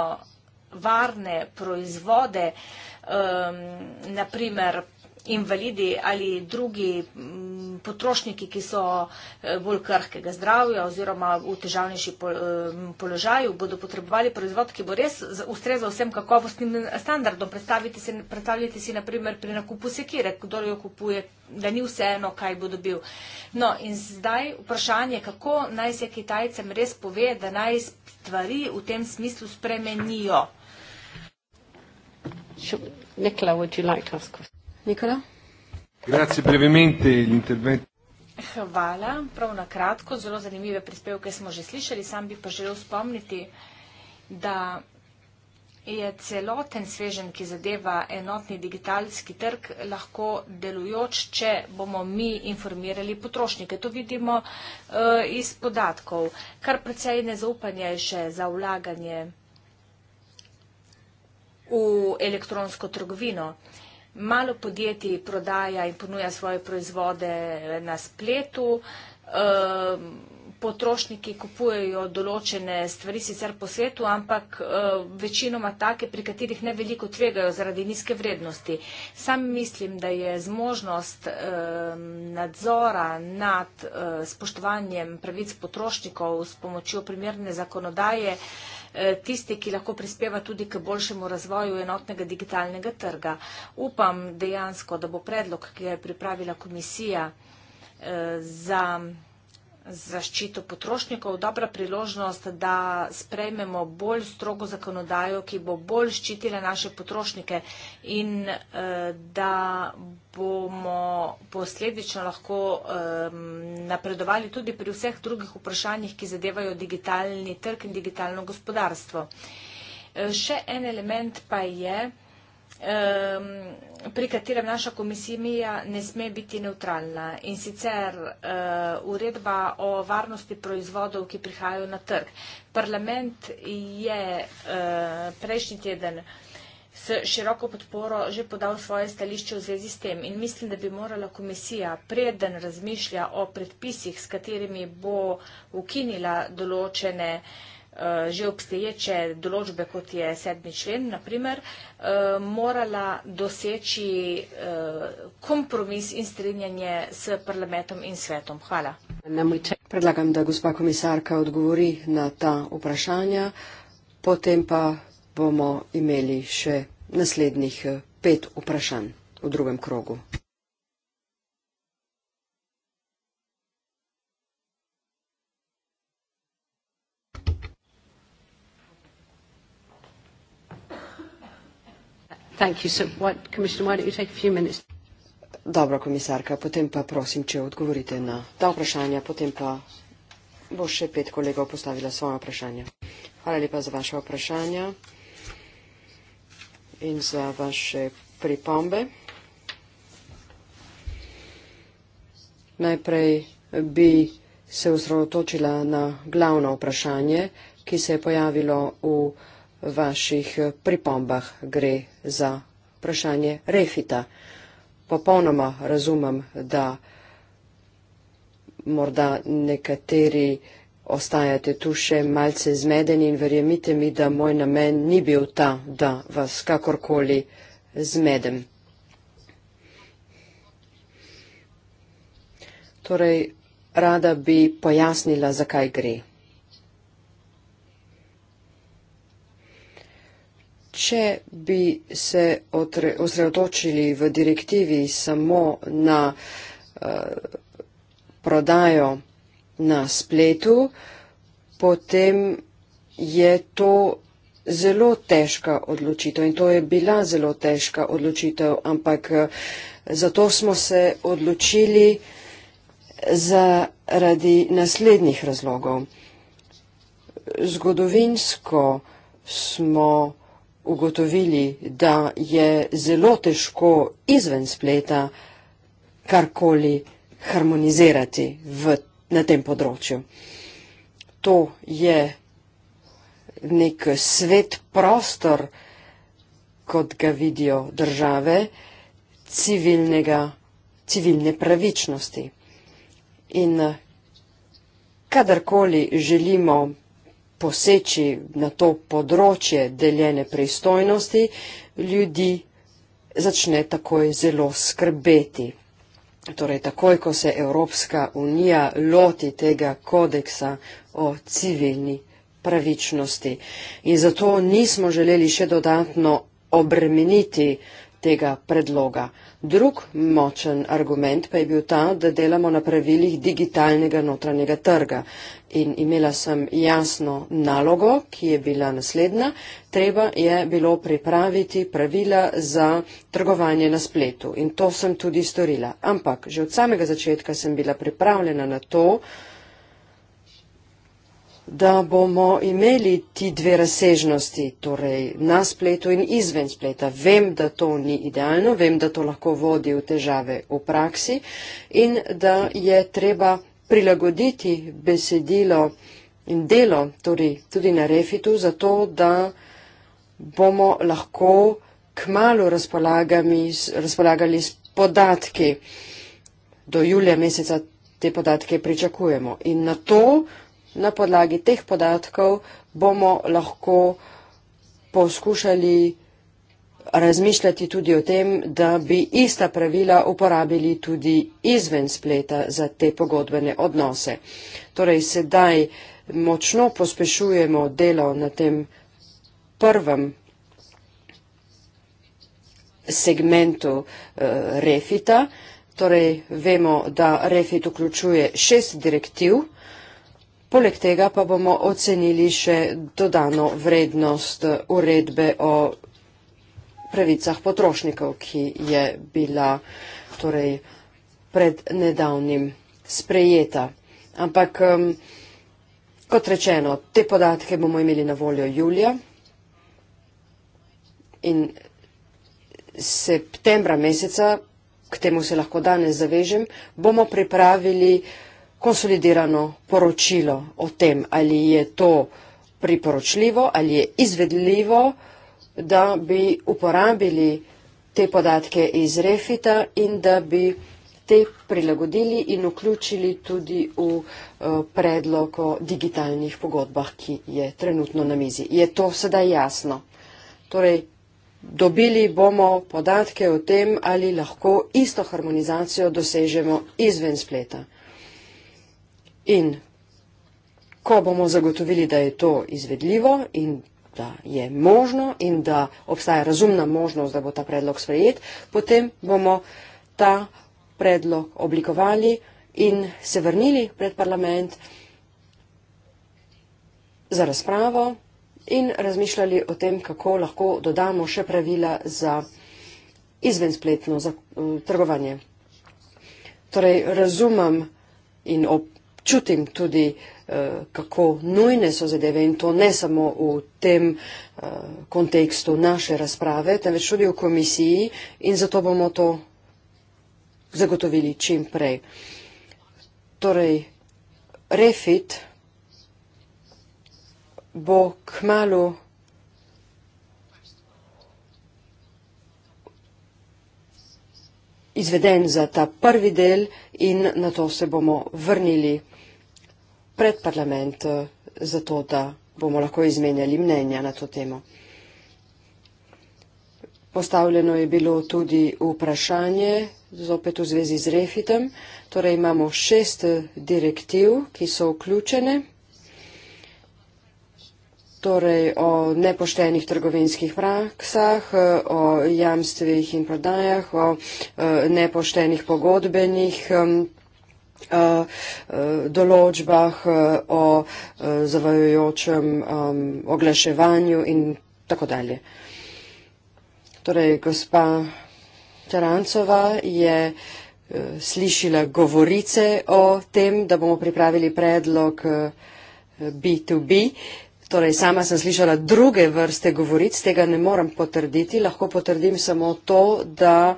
varne proizvode, eh, naprimer invalidi ali drugi mm, potrošniki, ki so eh, bolj krhkega zdravja oziroma v težavnejši eh, položaju, bodo potrebovali proizvod, ki bo res ustrezal vsem kakovostnim eh, standardom. Predstavite si, predstavite si naprimer pri nakupu sekire, kdo jo kupuje, da ni vseeno, kaj bo dobil. No in zdaj vprašanje, kako naj se Kitajcem res pove, da naj stvari v tem smislu spremenijo. Nikola, would you like to ask questions? Nikola? Grazie brevemente l'intervento. Hvala, prav na kratko, zelo zanimive prispevke smo že slišali, sam bi pa želel spomniti, da je celoten svežen, ki zadeva enotni digitalski trg, lahko delujoč, če bomo mi informirali potrošnike. To vidimo uh, iz podatkov, kar precej nezaupanje je še za vlaganje v elektronsko trgovino. Uh, Malo podjetij prodaja in ponuja svoje proizvode na spletu. Potrošniki kupujejo določene stvari sicer po svetu, ampak večinoma take, pri katerih ne veliko tvegajo zaradi nizke vrednosti. Sam mislim, da je zmožnost nadzora nad spoštovanjem pravic potrošnikov s pomočjo primerne zakonodaje Eh, tisti, ki lahko prispeva tudi k boljšemu razvoju enotnega digitalnega trga. Upam dejansko, da bo predlog, ki ga je pripravila komisija eh, za zaščito potrošnikov, dobra priložnost, da sprejmemo bolj strogo zakonodajo, ki bo bolj ščitila naše potrošnike in eh, da bomo posledično lahko ehm, napredovali tudi pri vseh drugih vprašanjih, ki zadevajo digitalni trg in digitalno gospodarstvo. Eh, še en element pa je, da je um, pri katerem naša komisija ne sme biti neutralna. In sicer uh, uredba o varnosti proizvodov, ki prihajajo na trg. Parlament je uh, prejšnji teden s široko podporo že podal svoje stališče v zvezi s tem. In mislim, da bi morala komisija, preden razmišlja o predpisih, s katerimi bo ukinila določene uh, Eh, že obstoječe določbe, kot je sedmi člen, naprimer, eh, morala doseči eh, kompromis in strinjanje s parlamentom in svetom. Hvala. Predlagam, da gospa komisarka odgovori na ta vprašanja, potem pa bomo imeli še naslednjih pet vprašanj v drugem krogu. Thank you. So what, Commissioner, why don't you take a few minutes? Dobro, komisarka, potem pa prosim, če odgovorite na ta vprašanja, potem pa bo še pet kolegov postavila svoje vprašanja. Hvala lepa za vaše vprašanja in za vaše pripombe. Najprej bi se osredotočila na glavno vprašanje, ki se je pojavilo v vaših eh, pripombah gre za vprašanje refita. Popolnoma razumem, da morda nekateri ostajate tu še malce zmedeni in verjemite mi, da moj namen ni bil ta, da vas kakorkoli zmedem. Torej, rada bi pojasnila, zakaj gre. Če bi se otre, osredotočili v direktivi samo na uh, prodajo na spletu, potem je to zelo težka odločitev in to je bila zelo težka odločitev, ampak eh, zato smo se odločili zaradi naslednjih razlogov. Zgodovinsko smo ugotovili, da je zelo težko izven spleta karkoli harmonizirati v, na tem področju. To je nek svet prostor, kot ga vidijo države, civilne pravičnosti. In kadarkoli želimo poseči na to področje deljene pristojnosti, ljudi začne takoj zelo skrbeti. Torej, takoj, ko se Evropska unija loti tega kodeksa o civilni pravičnosti. In zato nismo želeli še dodatno obremeniti tega predloga. Drug močen argument pa je bil ta, da delamo na pravilih digitalnega notranjega trga in imela sem jasno nalogo, ki je bila naslednja. Treba je bilo pripraviti pravila za trgovanje na spletu in to sem tudi storila. Ampak že od samega začetka sem bila pripravljena na to, da bomo imeli ti dve razsežnosti, torej na spletu in izven spleta. Vem, da to ni idealno, vem, da to lahko vodi v težave v praksi in da je treba prilagoditi besedilo in delo, torej tudi na refitu, zato da bomo lahko kmalo razpolagali s podatki. Do julija meseca te podatke pričakujemo. In na to, na podlagi teh podatkov, bomo lahko poskušali razmišljati tudi o tem, da bi ista pravila uporabili tudi izven spleta za te pogodbene odnose. Torej, sedaj močno pospešujemo delo na tem prvem segmentu uh, REFIT-a. Torej, vemo, da REFIT vključuje šest direktiv, poleg tega pa bomo ocenili še dodano vrednost uredbe o pravicah potrošnikov, ki je bila torej pred nedavnim sprejeta. Ampak, um, kot rečeno, te podatke bomo imeli na voljo julija in septembra meseca, k temu se lahko danes zavežem, bomo pripravili konsolidirano poročilo o tem, ali je to priporočljivo, ali je izvedljivo, da bi uporabili te podatke iz Refita in da bi te prilagodili in vključili tudi v eh, predlog o digitalnih pogodbah, ki je trenutno na mizi. Je to sedaj jasno? Torej, dobili bomo podatke o tem, ali lahko isto harmonizacijo dosežemo izven spleta. In ko bomo zagotovili, da je to izvedljivo in da je možno in da obstaja razumna možnost, da bo ta predlog sprejet, potem bomo ta predlog oblikovali in se vrnili pred parlament za razpravo in razmišljali o tem, kako lahko dodamo še pravila za izven spletno za, uh, trgovanje. Torej, razumem in občutim tudi uh, Eh, kako nujne so zadeve in to ne samo v tem eh, kontekstu naše razprave, temveč tudi v komisiji in zato bomo to zagotovili čim prej. Torej, refit bo k malu izveden za ta prvi del in na to se bomo vrnili pred parlament, eh, zato da bomo lahko izmenjali mnenja na to temo. Postavljeno je bilo tudi vprašanje, zopet v zvezi z refitem, torej imamo šest eh, direktiv, ki so vključene, torej o nepoštenih trgovinskih praksah, eh, o jamstvih in prodajah, o nepoštenih pogodbenih praksah, Eh, eh, določbah eh, o zavajojočem oglaševanju in tako dalje. Torej, gospa Tarancova je slišila govorice o tem, da bomo pripravili predlog B2B. Torej, sama sem slišala druge vrste govoric, tega ne moram potrditi. Lahko potrdim samo to, da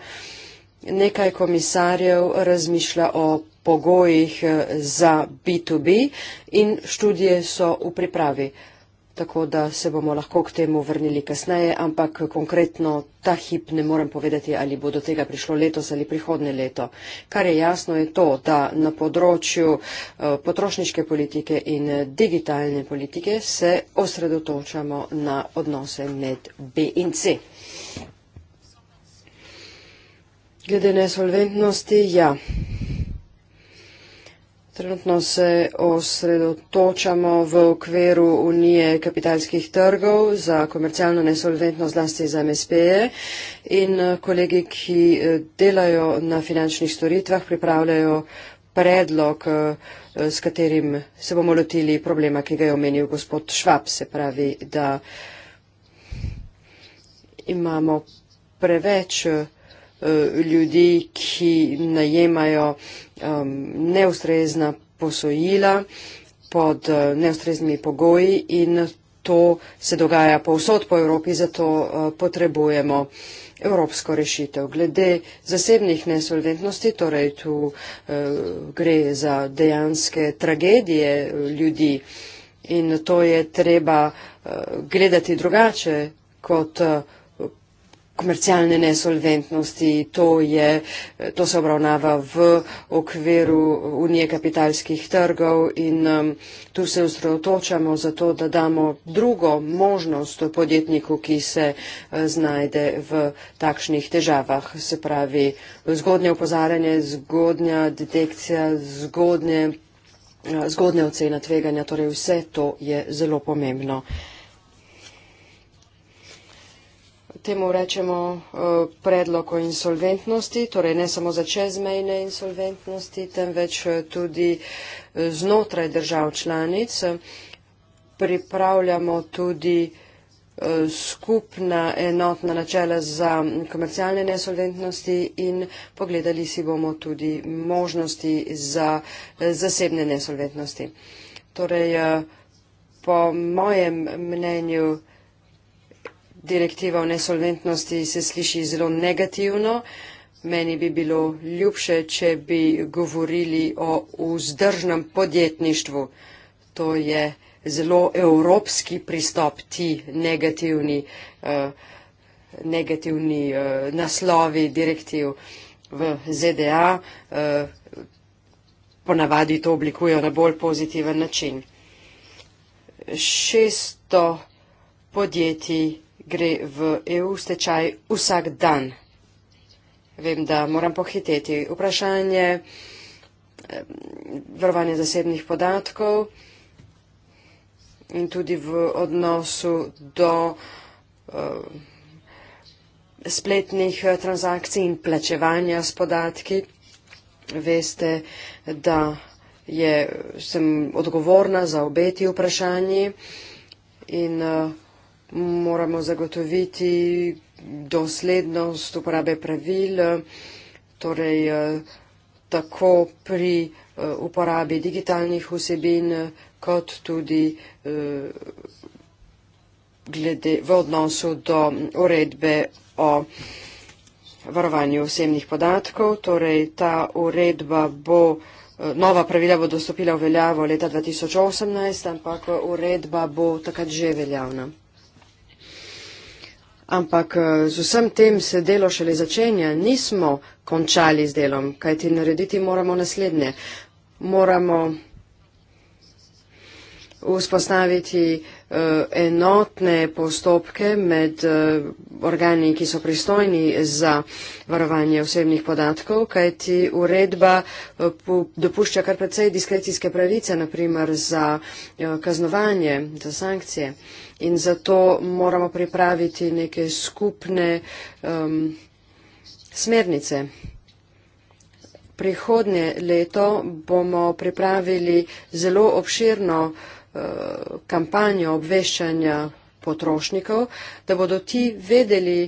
nekaj komisarjev razmišlja o pogojih eh, za B2B in študije so v pripravi. Tako da se bomo lahko k temu vrnili kasneje, ampak konkretno ta hip ne morem povedati, ali bo do tega prišlo letos ali prihodne leto. Kar je jasno je to, da na področju eh, potrošniške politike in digitalne politike se osredotočamo na odnose med B in C. Glede nesolventnosti, ja. Trenutno se osredotočamo v okviru Unije kapitalskih trgov za komercialno nesolventnost zlasti za MSP-je in eh, kolegi, ki eh, delajo na finančnih storitvah, pripravljajo predlog, eh, s katerim se bomo lotili problema, ki ga je omenil gospod Švab. Se pravi, da imamo preveč ljudi, ki najemajo um, neustrezna posojila pod uh, neustreznimi pogoji in to se dogaja povsod po Evropi, zato uh, potrebujemo evropsko rešitev. Glede zasebnih nesolventnosti, torej tu uh, gre za dejanske tragedije uh, ljudi in to je treba uh, gledati drugače kot uh, komercialne nesolventnosti, to, je, to se obravnava v okviru Unije kapitalskih trgov in um, tu se osredotočamo za to, da damo drugo možnost podjetniku, ki se uh, znajde v takšnih težavah. Se pravi, zgodnje upozarjanje, zgodnja detekcija, zgodnje, uh, zgodnja ocena tveganja, torej vse to je zelo pomembno. Uh, temu rečemo eh, predlog o insolventnosti, torej ne samo za čezmejne insolventnosti, temveč eh, tudi eh, znotraj držav članic. Pripravljamo tudi skupna enotna načela za komercialne nesolventnosti in pogledali si bomo tudi možnosti za zasebne nesolventnosti. Torej, po mojem mnenju, direktiva o nesolventnosti se sliši zelo negativno. Meni bi bilo ljubše, če bi govorili o vzdržnem podjetništvu. To je zelo evropski pristop, ti negativni, eh, negativni eh, naslovi direktiv v ZDA. Eh, ponavadi to oblikujejo na bolj pozitiven način. 600 podjetij gre v EU stečaj vsak dan. Vem, da moram pohiteti. Vprašanje varovanja zasebnih podatkov in tudi v odnosu do uh, spletnih eh, transakcij in plačevanja s podatki. Veste, da je, sem odgovorna za obeti vprašanji in uh, moramo zagotoviti doslednost uporabe pravil, torej eh, tako pri eh, uporabi digitalnih vsebin, kot tudi eh, glede, v odnosu do uredbe o varovanju osebnih podatkov. Torej, ta uredba bo, nova pravila bodo stopila v veljavo leta 2018, ampak uredba bo takrat že veljavna ampak eh, z vsem tem se delo šele začenja. Nismo končali z delom, kajti narediti moramo naslednje. Moramo vzpostaviti uh, Eh, enotne postopke med eh, organi, ki so pristojni za varovanje osebnih podatkov, kajti uredba eh, dopušča kar precej diskrecijske pravice, naprimer za kaznovanje, za sankcije. In zato moramo pripraviti neke skupne um, smernice. Prihodnje leto bomo pripravili zelo obširno uh, Eh, kampanjo obveščanja potrošnikov, da bodo ti vedeli,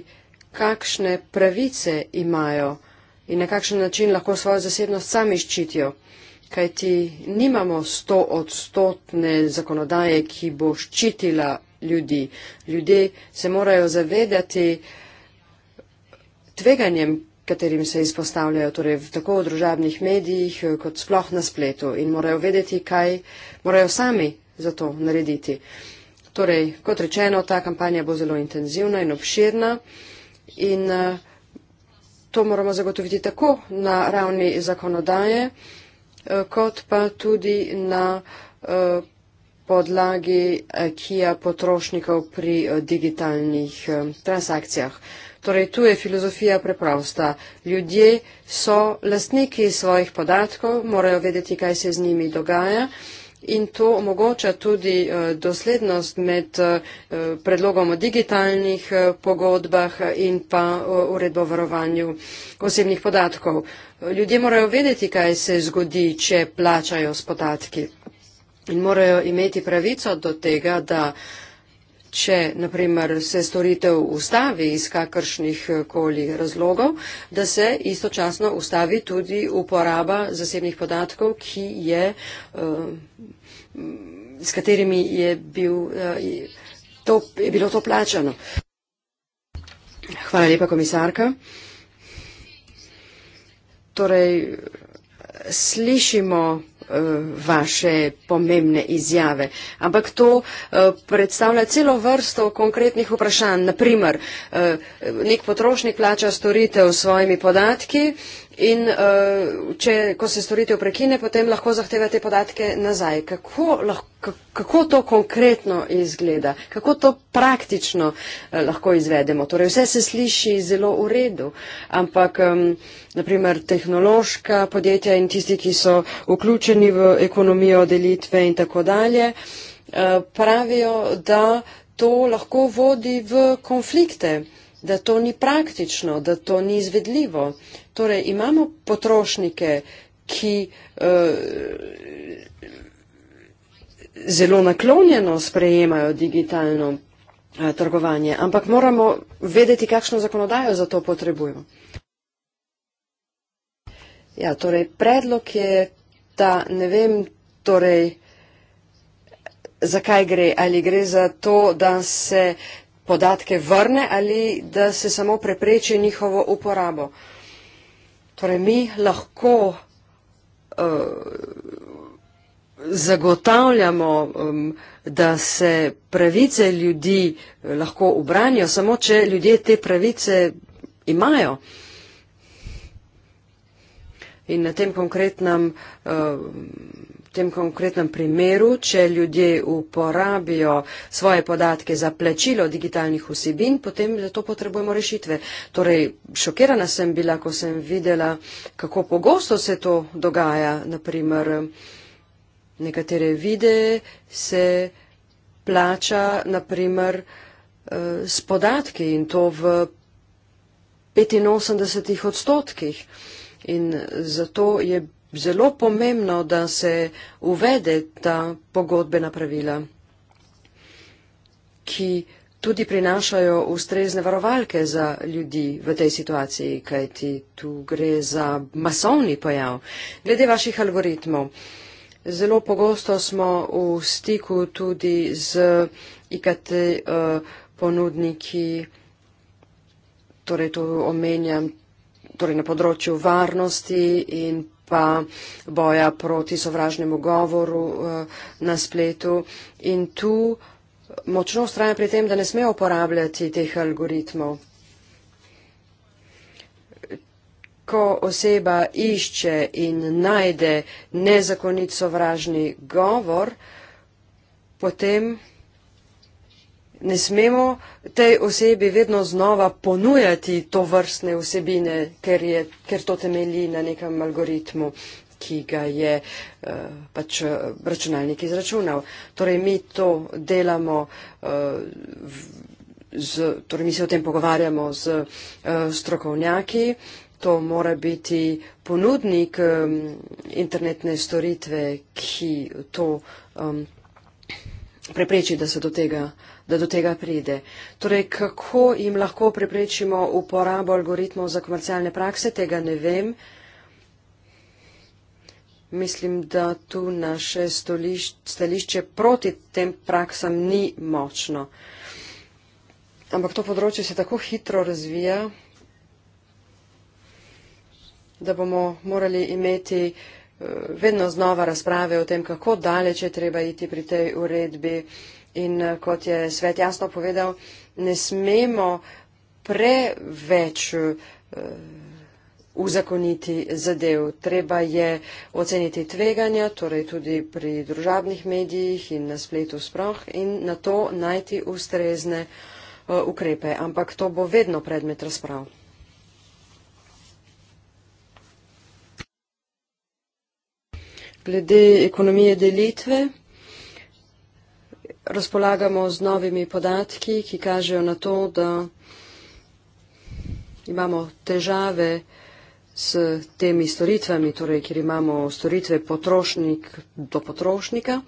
kakšne pravice imajo in na kakšen način lahko svojo zasebnost sami ščitijo. Kaj ti nimamo sto odstotne zakonodaje, ki bo ščitila ljudi. Ljudje se morajo zavedati tveganjem, katerim se izpostavljajo, torej tako v družabnih medijih, kot sploh na spletu in morajo vedeti, kaj morajo sami za to narediti. Torej, kot rečeno, ta kampanja bo zelo intenzivna in obširna in eh, to moramo zagotoviti tako na ravni zakonodaje, eh, kot pa tudi na eh, podlagi kija potrošnikov pri digitalnih transakcijah. Torej, tu je filozofija preprosta. Ljudje so lastniki svojih podatkov, morajo vedeti, kaj se z njimi dogaja in to omogoča tudi eh, doslednost med eh, predlogom o digitalnih eh, pogodbah in pa uredbo o varovanju osebnih podatkov. Ljudje morajo vedeti, kaj se zgodi, če plačajo s podatki in morajo imeti pravico do tega, da če naprimer se storitev ustavi iz kakršnih koli razlogov, da se istočasno ustavi tudi uporaba zasebnih podatkov, ki je uh, s katerimi je, bil, eh, to, je bilo to plačano. Hvala lepa, komisarka. Torej, slišimo eh, vaše pomembne izjave, ampak to eh, predstavlja celo vrsto konkretnih vprašanj. Naprimer, nek potrošnik plača storitev s svojimi podatki, in uh, če, ko se storitev prekine, potem lahko zahteva te podatke nazaj. Kako, lahko, kako to konkretno izgleda? Kako to praktično uh, lahko izvedemo? Torej, vse se sliši zelo v redu, ampak um, naprimer tehnološka podjetja in tisti, ki so vključeni v ekonomijo delitve in tako dalje, uh, pravijo, da to lahko vodi v konflikte da to ni praktično, da to ni izvedljivo. Torej, imamo potrošnike, ki uh, zelo naklonjeno sprejemajo digitalno uh, trgovanje, ampak moramo vedeti, kakšno zakonodajo za to potrebujemo. Ja, torej, predlog je ta, ne vem, torej, zakaj gre. Ali gre za to, da se podatke vrne ali da se samo prepreči njihovo uporabo. Torej, mi lahko uh, zagotavljamo, um, da se pravice ljudi eh, lahko obranijo, samo če ljudje te pravice imajo. In na tem konkretnem. Uh, tem konkretnem primeru, če ljudje uporabijo svoje podatke za plačilo digitalnih vsebin, potem za to potrebujemo rešitve. Torej, šokirana sem bila, ko sem videla, kako pogosto se to dogaja. Naprimer, nekatere videe se plača naprimer, eh, s podatki in to v 85 odstotkih. In zato je zelo pomembno, da se uvede ta pogodbena pravila, ki tudi prinašajo ustrezne varovalke za ljudi v tej situaciji, kajti tu gre za masovni pojav. Glede vaših algoritmov, zelo pogosto smo v stiku tudi z IKT uh, eh, ponudniki, torej tu omenjam, torej na področju varnosti in pa boja proti sovražnemu govoru eh, na spletu. In tu močno ustrajam pri tem, da ne smejo uporabljati teh algoritmov. Ko oseba išče in najde nezakonit sovražni govor, potem ne smemo tej osebi vedno znova ponujati to vrstne vsebine, ker, je, ker to temelji na nekem algoritmu, ki ga je uh, pač eh, računalnik izračunal. Torej, mi to delamo. Uh, eh, v, Z, torej mi se o tem pogovarjamo z uh, strokovnjaki, to mora biti ponudnik um, internetne storitve, ki to um, prepreči, da se do tega uh, da do tega pride. Torej, kako jim lahko preprečimo uporabo algoritmov za komercialne prakse, tega ne vem. Mislim, da tu naše stališče proti tem praksam ni močno. Ampak to področje se tako hitro razvija, da bomo morali imeti eh, vedno znova razprave o tem, kako daleč je treba iti pri tej uredbi. In eh, kot je svet jasno povedal, ne smemo preveč eh, uzakoniti zadev. Treba je oceniti tveganja, torej tudi pri družabnih medijih in na spletu sproh in na to najti ustrezne eh, ukrepe. Ampak to bo vedno predmet razprav. Glede ekonomije delitve razpolagamo z novimi podatki, ki kažejo na to, da imamo težave s temi storitvami, torej, kjer imamo storitve potrošnik do potrošnika,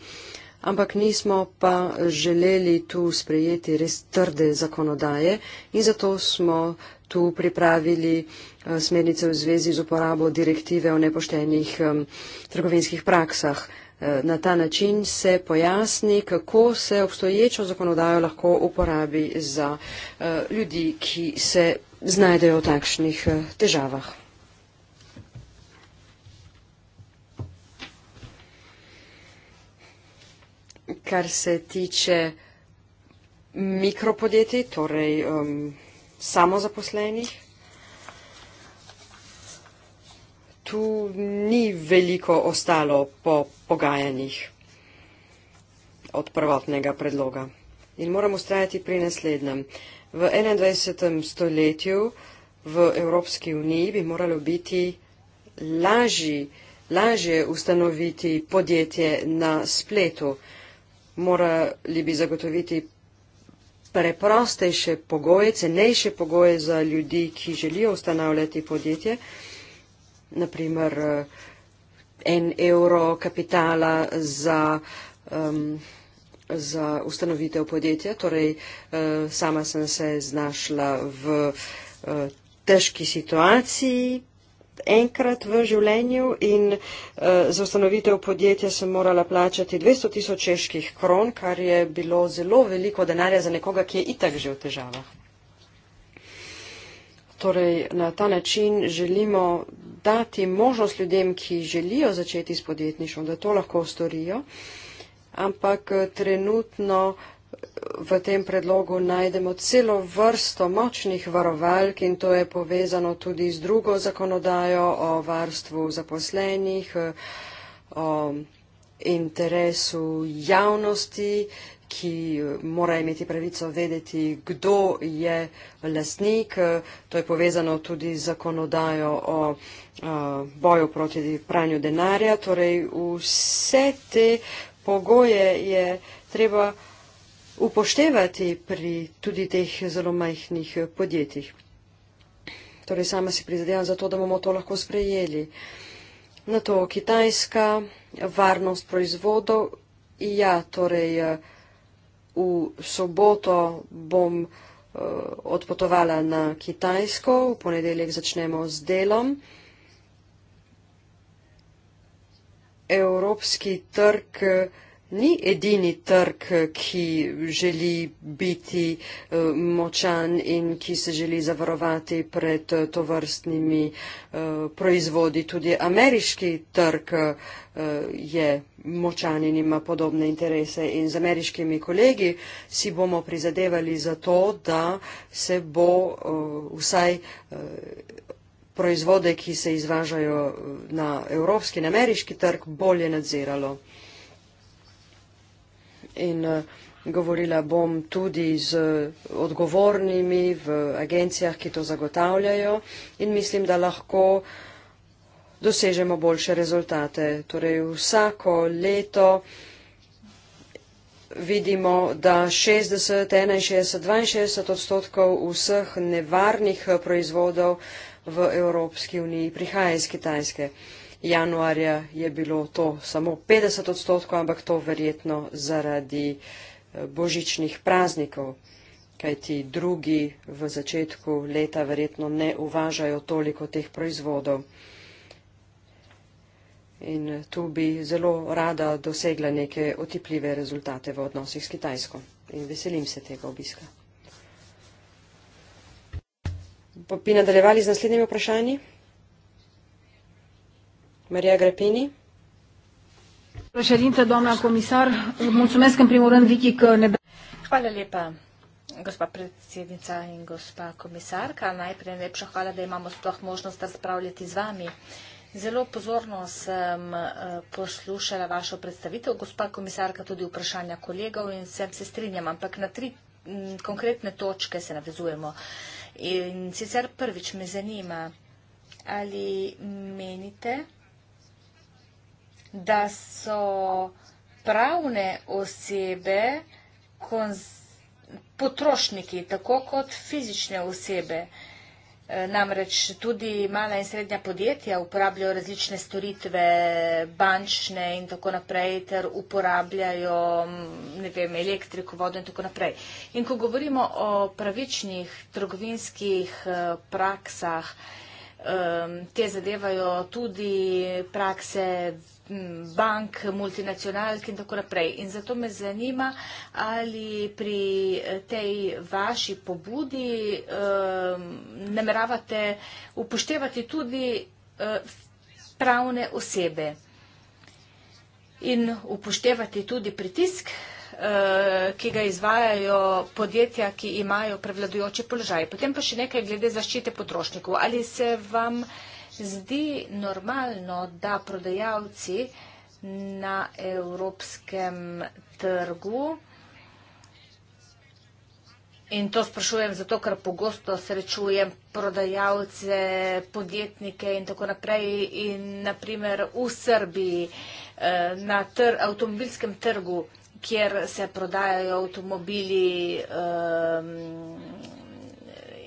ampak nismo pa želeli tu sprejeti res trde zakonodaje in zato smo tu pripravili eh, smernice v zvezi z uporabo direktive o nepoštenih eh, trgovinskih praksah na ta način se pojasni, kako se obstoječo zakonodajo lahko uporabi za eh, ljudi, ki se znajdejo v takšnih eh, težavah. Kar se tiče mikropodjetij, torej um, samozaposlenih. tu ni veliko ostalo po pogajanjih od prvotnega predloga. In moramo ustrajati pri naslednjem. V 21. stoletju v Evropski uniji bi moralo biti lažji, lažje ustanoviti podjetje na spletu. Morali bi zagotoviti preprostejše pogoje, cenejše pogoje za ljudi, ki želijo ustanavljati podjetje naprimer eh, en evro kapitala za, um, za ustanovitev podjetja. Torej, eh, sama sem se znašla v eh, težki situaciji enkrat v življenju in uh, za ustanovitev podjetja sem morala plačati 200 tisoč čeških kron, kar je bilo zelo veliko denarja za nekoga, ki je itak že v težavah. Torej, na ta način želimo dati možnost ljudem, ki želijo začeti s podjetništvom, da to lahko storijo, ampak eh, trenutno eh, v tem predlogu najdemo celo vrsto močnih varovalk in to je povezano tudi z drugo zakonodajo o varstvu zaposlenih, eh, o interesu javnosti, ki eh, mora imeti pravico vedeti, kdo je lasnik. Eh, to je povezano tudi z zakonodajo o eh, boju proti pranju denarja. Torej, vse te pogoje je treba upoštevati pri tudi teh zelo majhnih podjetjih. Torej, sama si prizadevam za to, da bomo to lahko sprejeli. Na to Kitajska, varnost proizvodov, ja, torej, v soboto bom uh, odpotovala na Kitajsko, v ponedeljek začnemo z delom. Evropski trg eh, ni edini trg, eh, ki želi biti močan in ki se želi zavarovati pred tovrstnimi proizvodi. Tudi ameriški trg je močanin ima podobne interese in z ameriškimi kolegi si bomo prizadevali za to, da se bo uh, vsaj uh, proizvode, ki se izvažajo eh, na evropski in ameriški trg, bolje nadziralo. In, uh, Govorila bom tudi z odgovornimi v agencijah, ki to zagotavljajo in mislim, da lahko uh, dosežemo boljše rezultate. Torej vsako leto vidimo, da 60, 61, 62 odstotkov vseh nevarnih proizvodov v Evropski uniji prihaja iz Kitajske. Januarja je bilo to samo 50 odstotkov, ampak to verjetno zaradi eh, božičnih praznikov, kajti drugi v začetku leta verjetno ne uvažajo toliko teh proizvodov. In tu bi zelo rada dosegla neke otipljive rezultate v odnosih s Kitajsko. In veselim se tega obiska. Bi nadaljevali z naslednjimi vprašanji? Marija Grepini. Președinte, doamna comisar, mulțumesc în primul rând, Vicky, că ne... Hvala lepa, gospa predsednica in gospa komisarka. Najprej najlepša hvala, da imamo sploh možnost razpravljati z vami. Uh, Zelo pozorno sem eh, poslušala vašo predstavitev, gospa komisarka, tudi vprašanja kolegov in sem se strinjam, ampak na tri konkretne točke se navezujemo. In sicer prvič me zanima, ali menite, da so pravne osebe potrošniki, tako kot fizične osebe, Eh, namreč tudi mala in srednja podjetja uporabljajo različne storitve, bančne in tako naprej, ter uporabljajo vem, elektriko, vodo in tako naprej. In ko govorimo o pravičnih trgovinskih eh, praksah, um, te zadevajo tudi prakse bank, multinacionalk in tako naprej. In zato me zanima, ali pri tej vaši pobudi um, nameravate upoštevati tudi uh, pravne osebe in upoštevati tudi pritisk uh, Eh, ki ga izvajajo podjetja, ki imajo prevladujoče položaje. Potem pa še nekaj glede zaščite potrošnikov. Ali se vam zdi normalno, da prodajalci na evropskem trgu In to sprašujem zato, ker pogosto srečujem prodajalce, podjetnike in tako naprej. In naprimer v Srbiji eh, na avtomobilskem trgu kjer se prodajajo avtomobili um,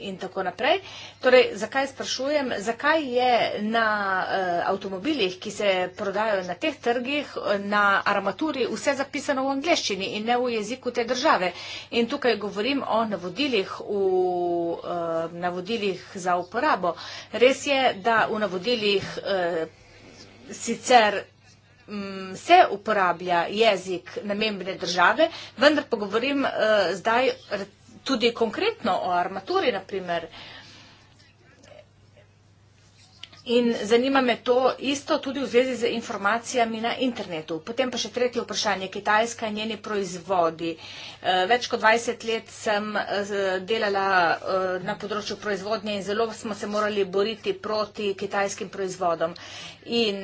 in tako naprej. Torej, zakaj sprašujem, zakaj je na uh, avtomobilih, ki se prodajo na teh trgih, na armaturi vse zapisano v angleščini in ne v jeziku te države. In tukaj govorim o navodilih, v, uh, navodilih za uporabo. Res je, da v navodilih uh, sicer Mm, se uporablja jezik namembne države, vendar pa govorim eh, zdaj tudi konkretno o armaturi, naprimer, In zanima me to isto tudi v zvezi z informacijami na internetu. Potem pa še tretje vprašanje, Kitajska in njeni proizvodi. Eh, več kot 20 let sem eh, delala eh, na področju proizvodnje in zelo smo se morali boriti proti kitajskim proizvodom. In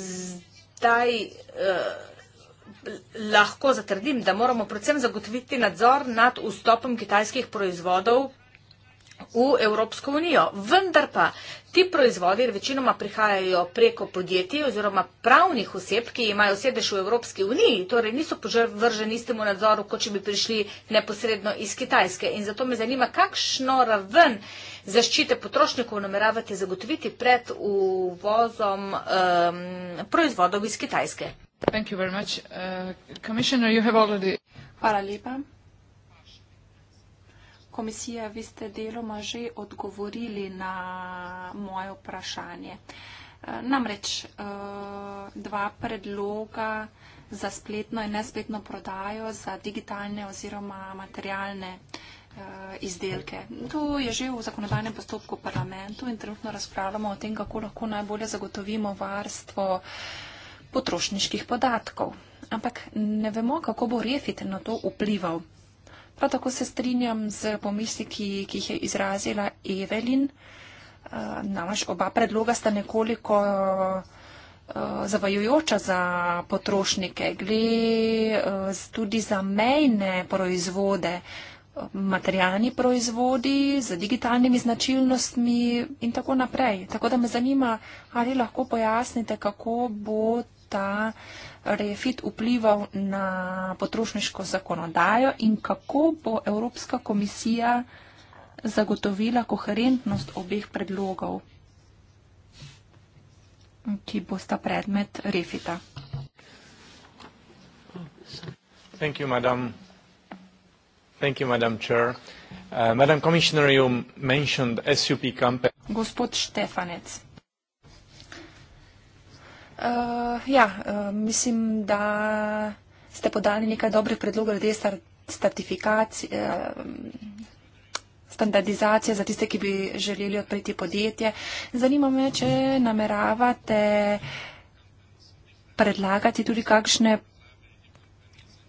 zdaj lahko zatrdim, da moramo predvsem zagotoviti nadzor nad vstopom kitajskih proizvodov v Evropsko unijo. Vendar pa ti proizvodi večinoma prihajajo preko podjetij oziroma pravnih oseb, ki imajo sedež v Evropski uniji, torej niso vrženi istemu nadzoru, kot če bi prišli neposredno iz Kitajske. In zato me zanima, kakšno raven zaščite potrošnikov nameravate zagotoviti pred uvozom um, proizvodov iz Kitajske. Uh, Hvala lepa komisija, vi ste deloma že odgovorili na moje vprašanje. Eh, namreč eh, dva predloga za spletno in nespletno prodajo za digitalne oziroma materialne eh, izdelke. To je že v zakonodajnem postopku parlamentu in trenutno razpravljamo o tem, kako lahko najbolje zagotovimo varstvo potrošniških podatkov. Ampak ne vemo, kako bo refit na to vplival. Prav tako se strinjam z pomisliki, ki jih je izrazila Evelin. Eh, Namreč oba predloga sta nekoliko eh, zavajojoča za potrošnike, gre eh, tudi za mejne proizvode, materialni proizvodi, za digitalnimi značilnostmi in tako naprej. Tako da me zanima, ali lahko pojasnite, kako bo ta refit vplival na potrošniško zakonodajo in kako bo Evropska komisija zagotovila koherentnost obeh predlogov, ki bosta predmet refita. Thank you, madam. Thank you, madam chair. Uh, madam commissioner, you mentioned SUP campaign. Gospod Štefanec. Uh, ja, uh, mislim, da ste podali nekaj dobrih predlogov glede certifikacije, uh, standardizacije za tiste, ki bi želeli odpreti podjetje. Zanima me, če nameravate predlagati tudi kakšne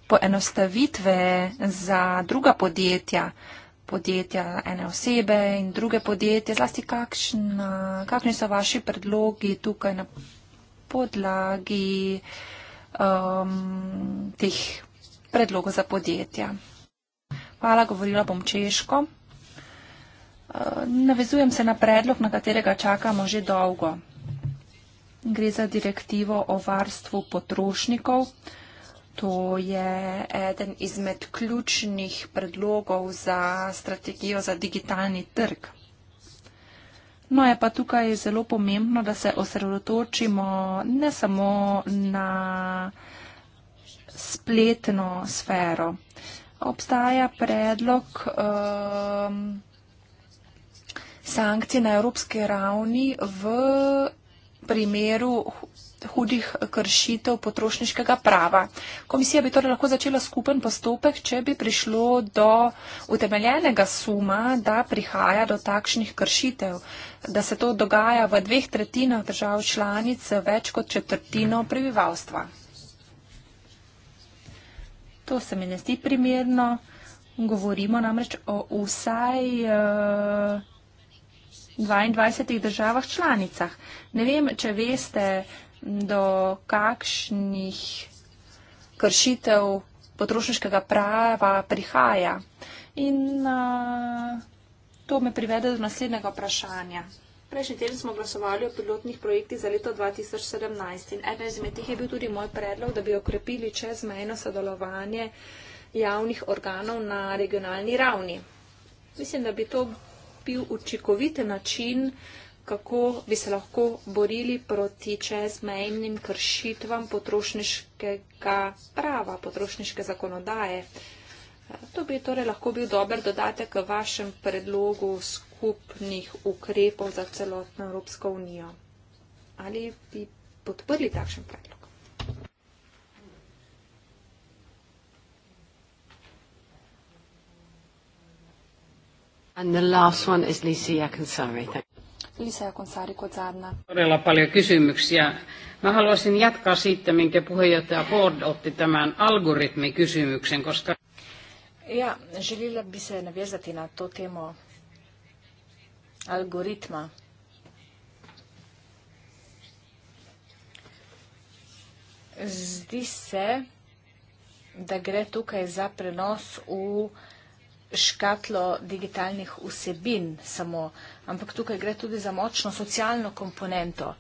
poenostavitve za druga podjetja, podjetja ene osebe in druge podjetje, zlasti kakšna, kakšni so vaši predlogi tukaj na podlagi um, teh predlogov za podjetja. Hvala, govorila bom češko. Uh, navezujem se na predlog, na katerega čakamo že dolgo. Gre za direktivo o varstvu potrošnikov. To je eden izmed ključnih predlogov za strategijo za digitalni trg. No je pa tukaj zelo pomembno, da se osredotočimo ne samo na spletno sfero. Obstaja predlog um, sankcij na evropske ravni v primeru hudih kršitev potrošniškega prava. Komisija bi torej lahko začela skupen postopek, če bi prišlo do utemeljenega suma, da prihaja do takšnih kršitev, da se to dogaja v dveh tretjinah držav članic več kot četrtino prebivalstva. To se mi ne zdi primerno. Govorimo namreč o vsaj uh, eh, 22 državah članicah. Ne vem, če veste, do kakšnih kršitev potrošniškega prava prihaja. In a, to me privede do naslednjega vprašanja. Prejšnji teden smo glasovali o pilotnih projektih za leto 2017 in eden izmed teh je bil tudi moj predlog, da bi okrepili čezmejno sodelovanje javnih organov na regionalni ravni. Mislim, da bi to bil učinkovit način, kako bi se lahko borili proti čezmejnim kršitvam potrošniškega prava, potrošniške zakonodaje. To bi torej lahko bil dober dodatek k vašem predlogu skupnih ukrepov za celotno Evropsko unijo. Ali bi podprli takšen predlog? And the last one is Lisa Yakinsari. Thank you. Lisa ja Konsari Kotsarna. Todella paljon kysymyksiä. Mä haluaisin jatkaa siitä, minkä puheenjohtaja Ford otti tämän algoritmikysymyksen, koska... Ja, želila bi se navezati na to temo algoritma. Zdi se, da gre tukaj za prenos v škatlo digitalnih vsebin samo, ampak tukaj gre tudi za močno socialno komponento,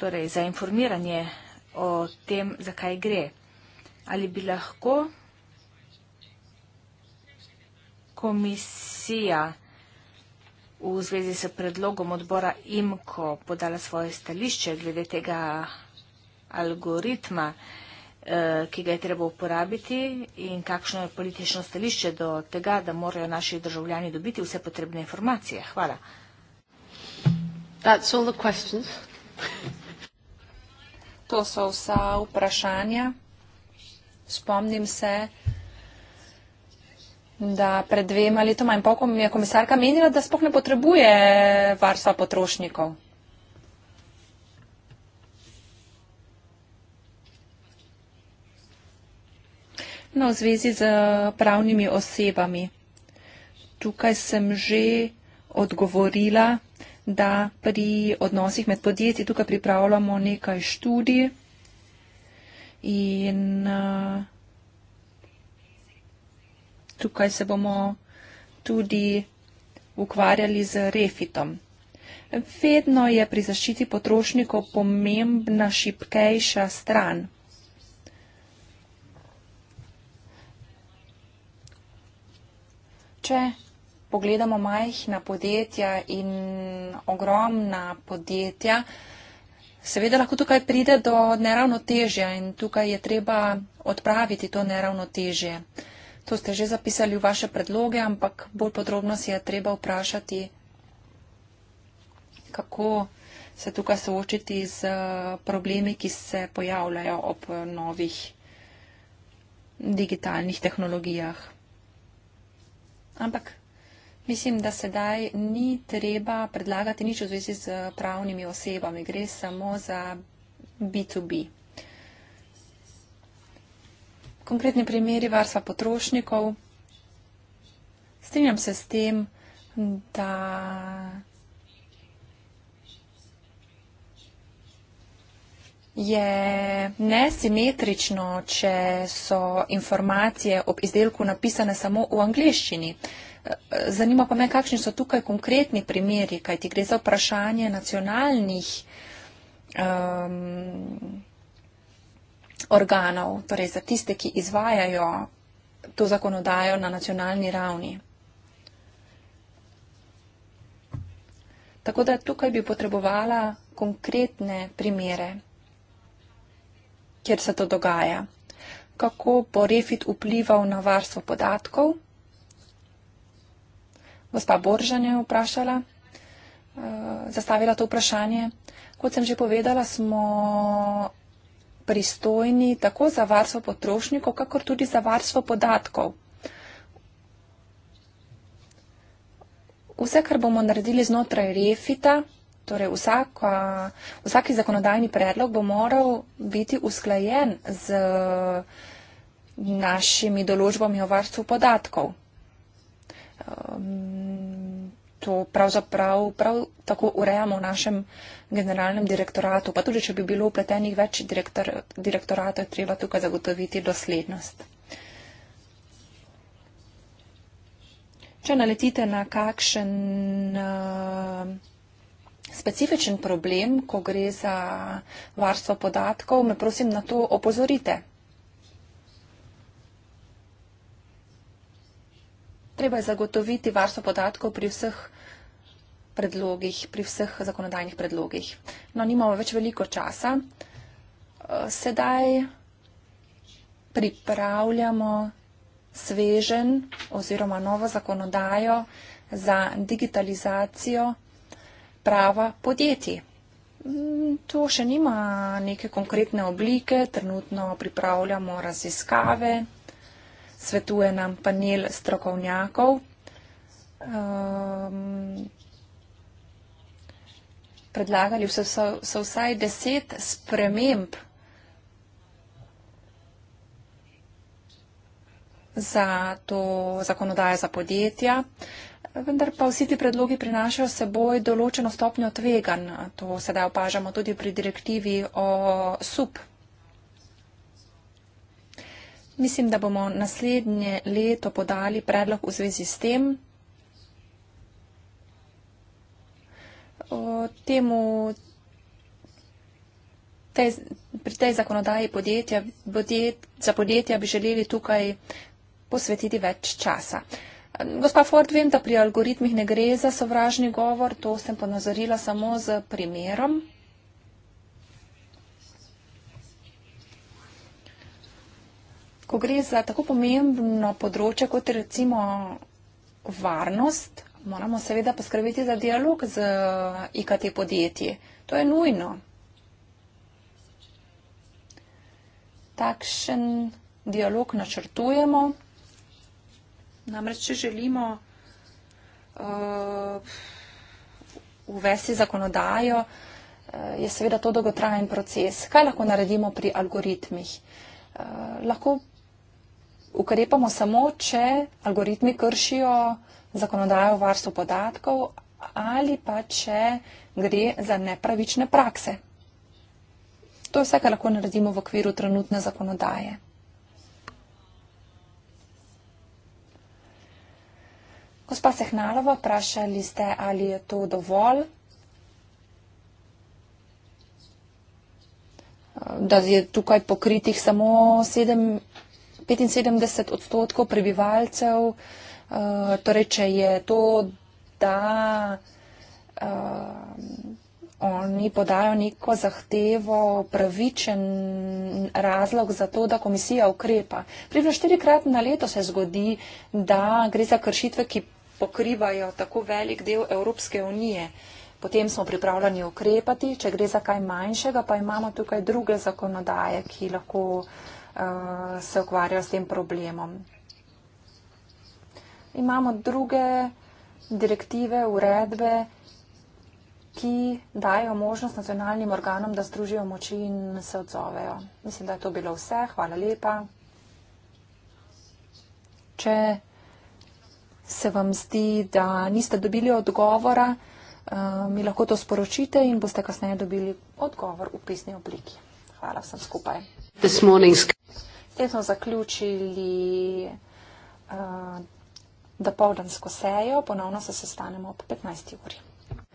torej za informiranje o tem, zakaj gre. Ali bi lahko komisija v zvezi s predlogom odbora IMKO podala svoje stališče glede tega algoritma, ki je Eh, ki ga je treba uporabiti in kakšno je politično stališče do tega, da morajo naši državljani dobiti vse potrebne informacije. Hvala. To so vsa vprašanja. Spomnim se, da pred dvema letoma in pol, ko mi je komisarka menila, da spoh ne potrebuje varstva potrošnikov. No, v zvezi z eh, pravnimi osebami. Tukaj sem že odgovorila, da pri odnosih med podjetji tukaj pripravljamo nekaj študij in eh, tukaj se bomo tudi ukvarjali z refitom. Vedno je pri zaščiti potrošnikov pomembna šipkejša stran. če pogledamo majhna podjetja in ogromna podjetja, seveda lahko tukaj pride do neravnotežja in tukaj je treba odpraviti to neravnotežje. To ste že zapisali v vaše predloge, ampak bolj podrobno si je treba vprašati, kako se tukaj soočiti z eh, problemi, ki se pojavljajo ob novih digitalnih tehnologijah ampak mislim, da sedaj ni treba predlagati nič v zvezi z pravnimi osebami, gre samo za B2B. Konkretni primeri varstva potrošnikov. Strinjam se s tem, da je nesimetrično, če so informacije ob izdelku napisane samo v angliščini. Zanima pa me, kakšni so tukaj konkretni primeri, kaj ti gre za vprašanje nacionalnih um, organov, torej za tiste, ki izvajajo to zakonodajo na nacionalni ravni. Tako da tukaj bi potrebovala konkretne primere kjer se to dogaja. Kako bo Refit vplival na varstvo podatkov? Gospa Boržan je vprašala, eh, zastavila to vprašanje. Kot sem že povedala, smo pristojni tako za varstvo potrošnikov, kakor tudi za varstvo podatkov. Vse, kar bomo naredili znotraj Refita, Torej, vsak, vsaki zakonodajni predlog bo moral biti usklajen z našimi določbami o varstvu podatkov. Ehm, to pravzaprav prav tako urejamo v našem generalnem direktoratu, pa tudi, če bi bilo upletenih več direktor, direktoratov, je treba tukaj zagotoviti doslednost. Če naletite na kakšen uh, specifičen problem, ko gre za varstvo podatkov, me prosim na to opozorite. Treba je zagotoviti varstvo podatkov pri vseh predlogih, pri vseh zakonodajnih predlogih. No, nimamo več veliko časa. Eh, sedaj pripravljamo svežen oziroma novo zakonodajo za digitalizacijo prava podjetij. Mm, to še nima neke konkretne oblike, trenutno pripravljamo raziskave, svetuje nam panel strokovnjakov. Um, predlagali so, so, so vsaj deset sprememb za to zakonodajo za podjetja vendar pa vsi ti predlogi prinašajo seboj določeno stopnjo tvegan. To sedaj opažamo tudi pri direktivi o sup. Mislim, da bomo naslednje leto podali predlog v zvezi s tem. Temu, tej, pri tej zakonodaji podjetja, podjet, za podjetja bi želeli tukaj posvetiti več časa. Gospa Ford, vem, da pri algoritmih ne gre za sovražni govor, to sem ponazorila samo z primerom. Ko gre za tako pomembno področje kot recimo varnost, moramo seveda poskrbeti za dialog z IKT podjetji. To je nujno. Takšen dialog načrtujemo. Namreč, če želimo uh, uvesti zakonodajo, uh, je seveda to dolgotrajen proces. Kaj lahko naredimo pri algoritmih? Uh, lahko ukrepamo samo, če algoritmi kršijo zakonodajo o varstvu podatkov ali pa če gre za nepravične prakse. To je vse, kar lahko naredimo v okviru trenutne zakonodaje. Gospa Sehnalova, vprašali ste, ali je to dovolj. da je tukaj pokritih samo 7, 75 odstotkov prebivalcev. Uh, torej, če je to, da uh, oni podajo neko zahtevo, pravičen razlog za to, da komisija ukrepa. Približno štirikrat na leto se zgodi, da gre za kršitve, ki pokrivajo tako velik del Evropske unije. Potem smo pripravljeni ukrepati, če gre za kaj manjšega, pa imamo tukaj druge zakonodaje, ki lahko uh, se ukvarjajo s tem problemom. Imamo druge direktive, uredbe, ki dajo možnost nacionalnim organom, da združijo moči in se odzovejo. Mislim, da je to bilo vse. Hvala lepa. Če se vam zdi, da niste dobili odgovora, eh, mi lahko to sporočite in boste kasneje dobili odgovor v pisni obliki. Hvala vsem skupaj. S tem smo zaključili uh, dopoldansko sejo, ponovno se sestanemo ob 15. uri.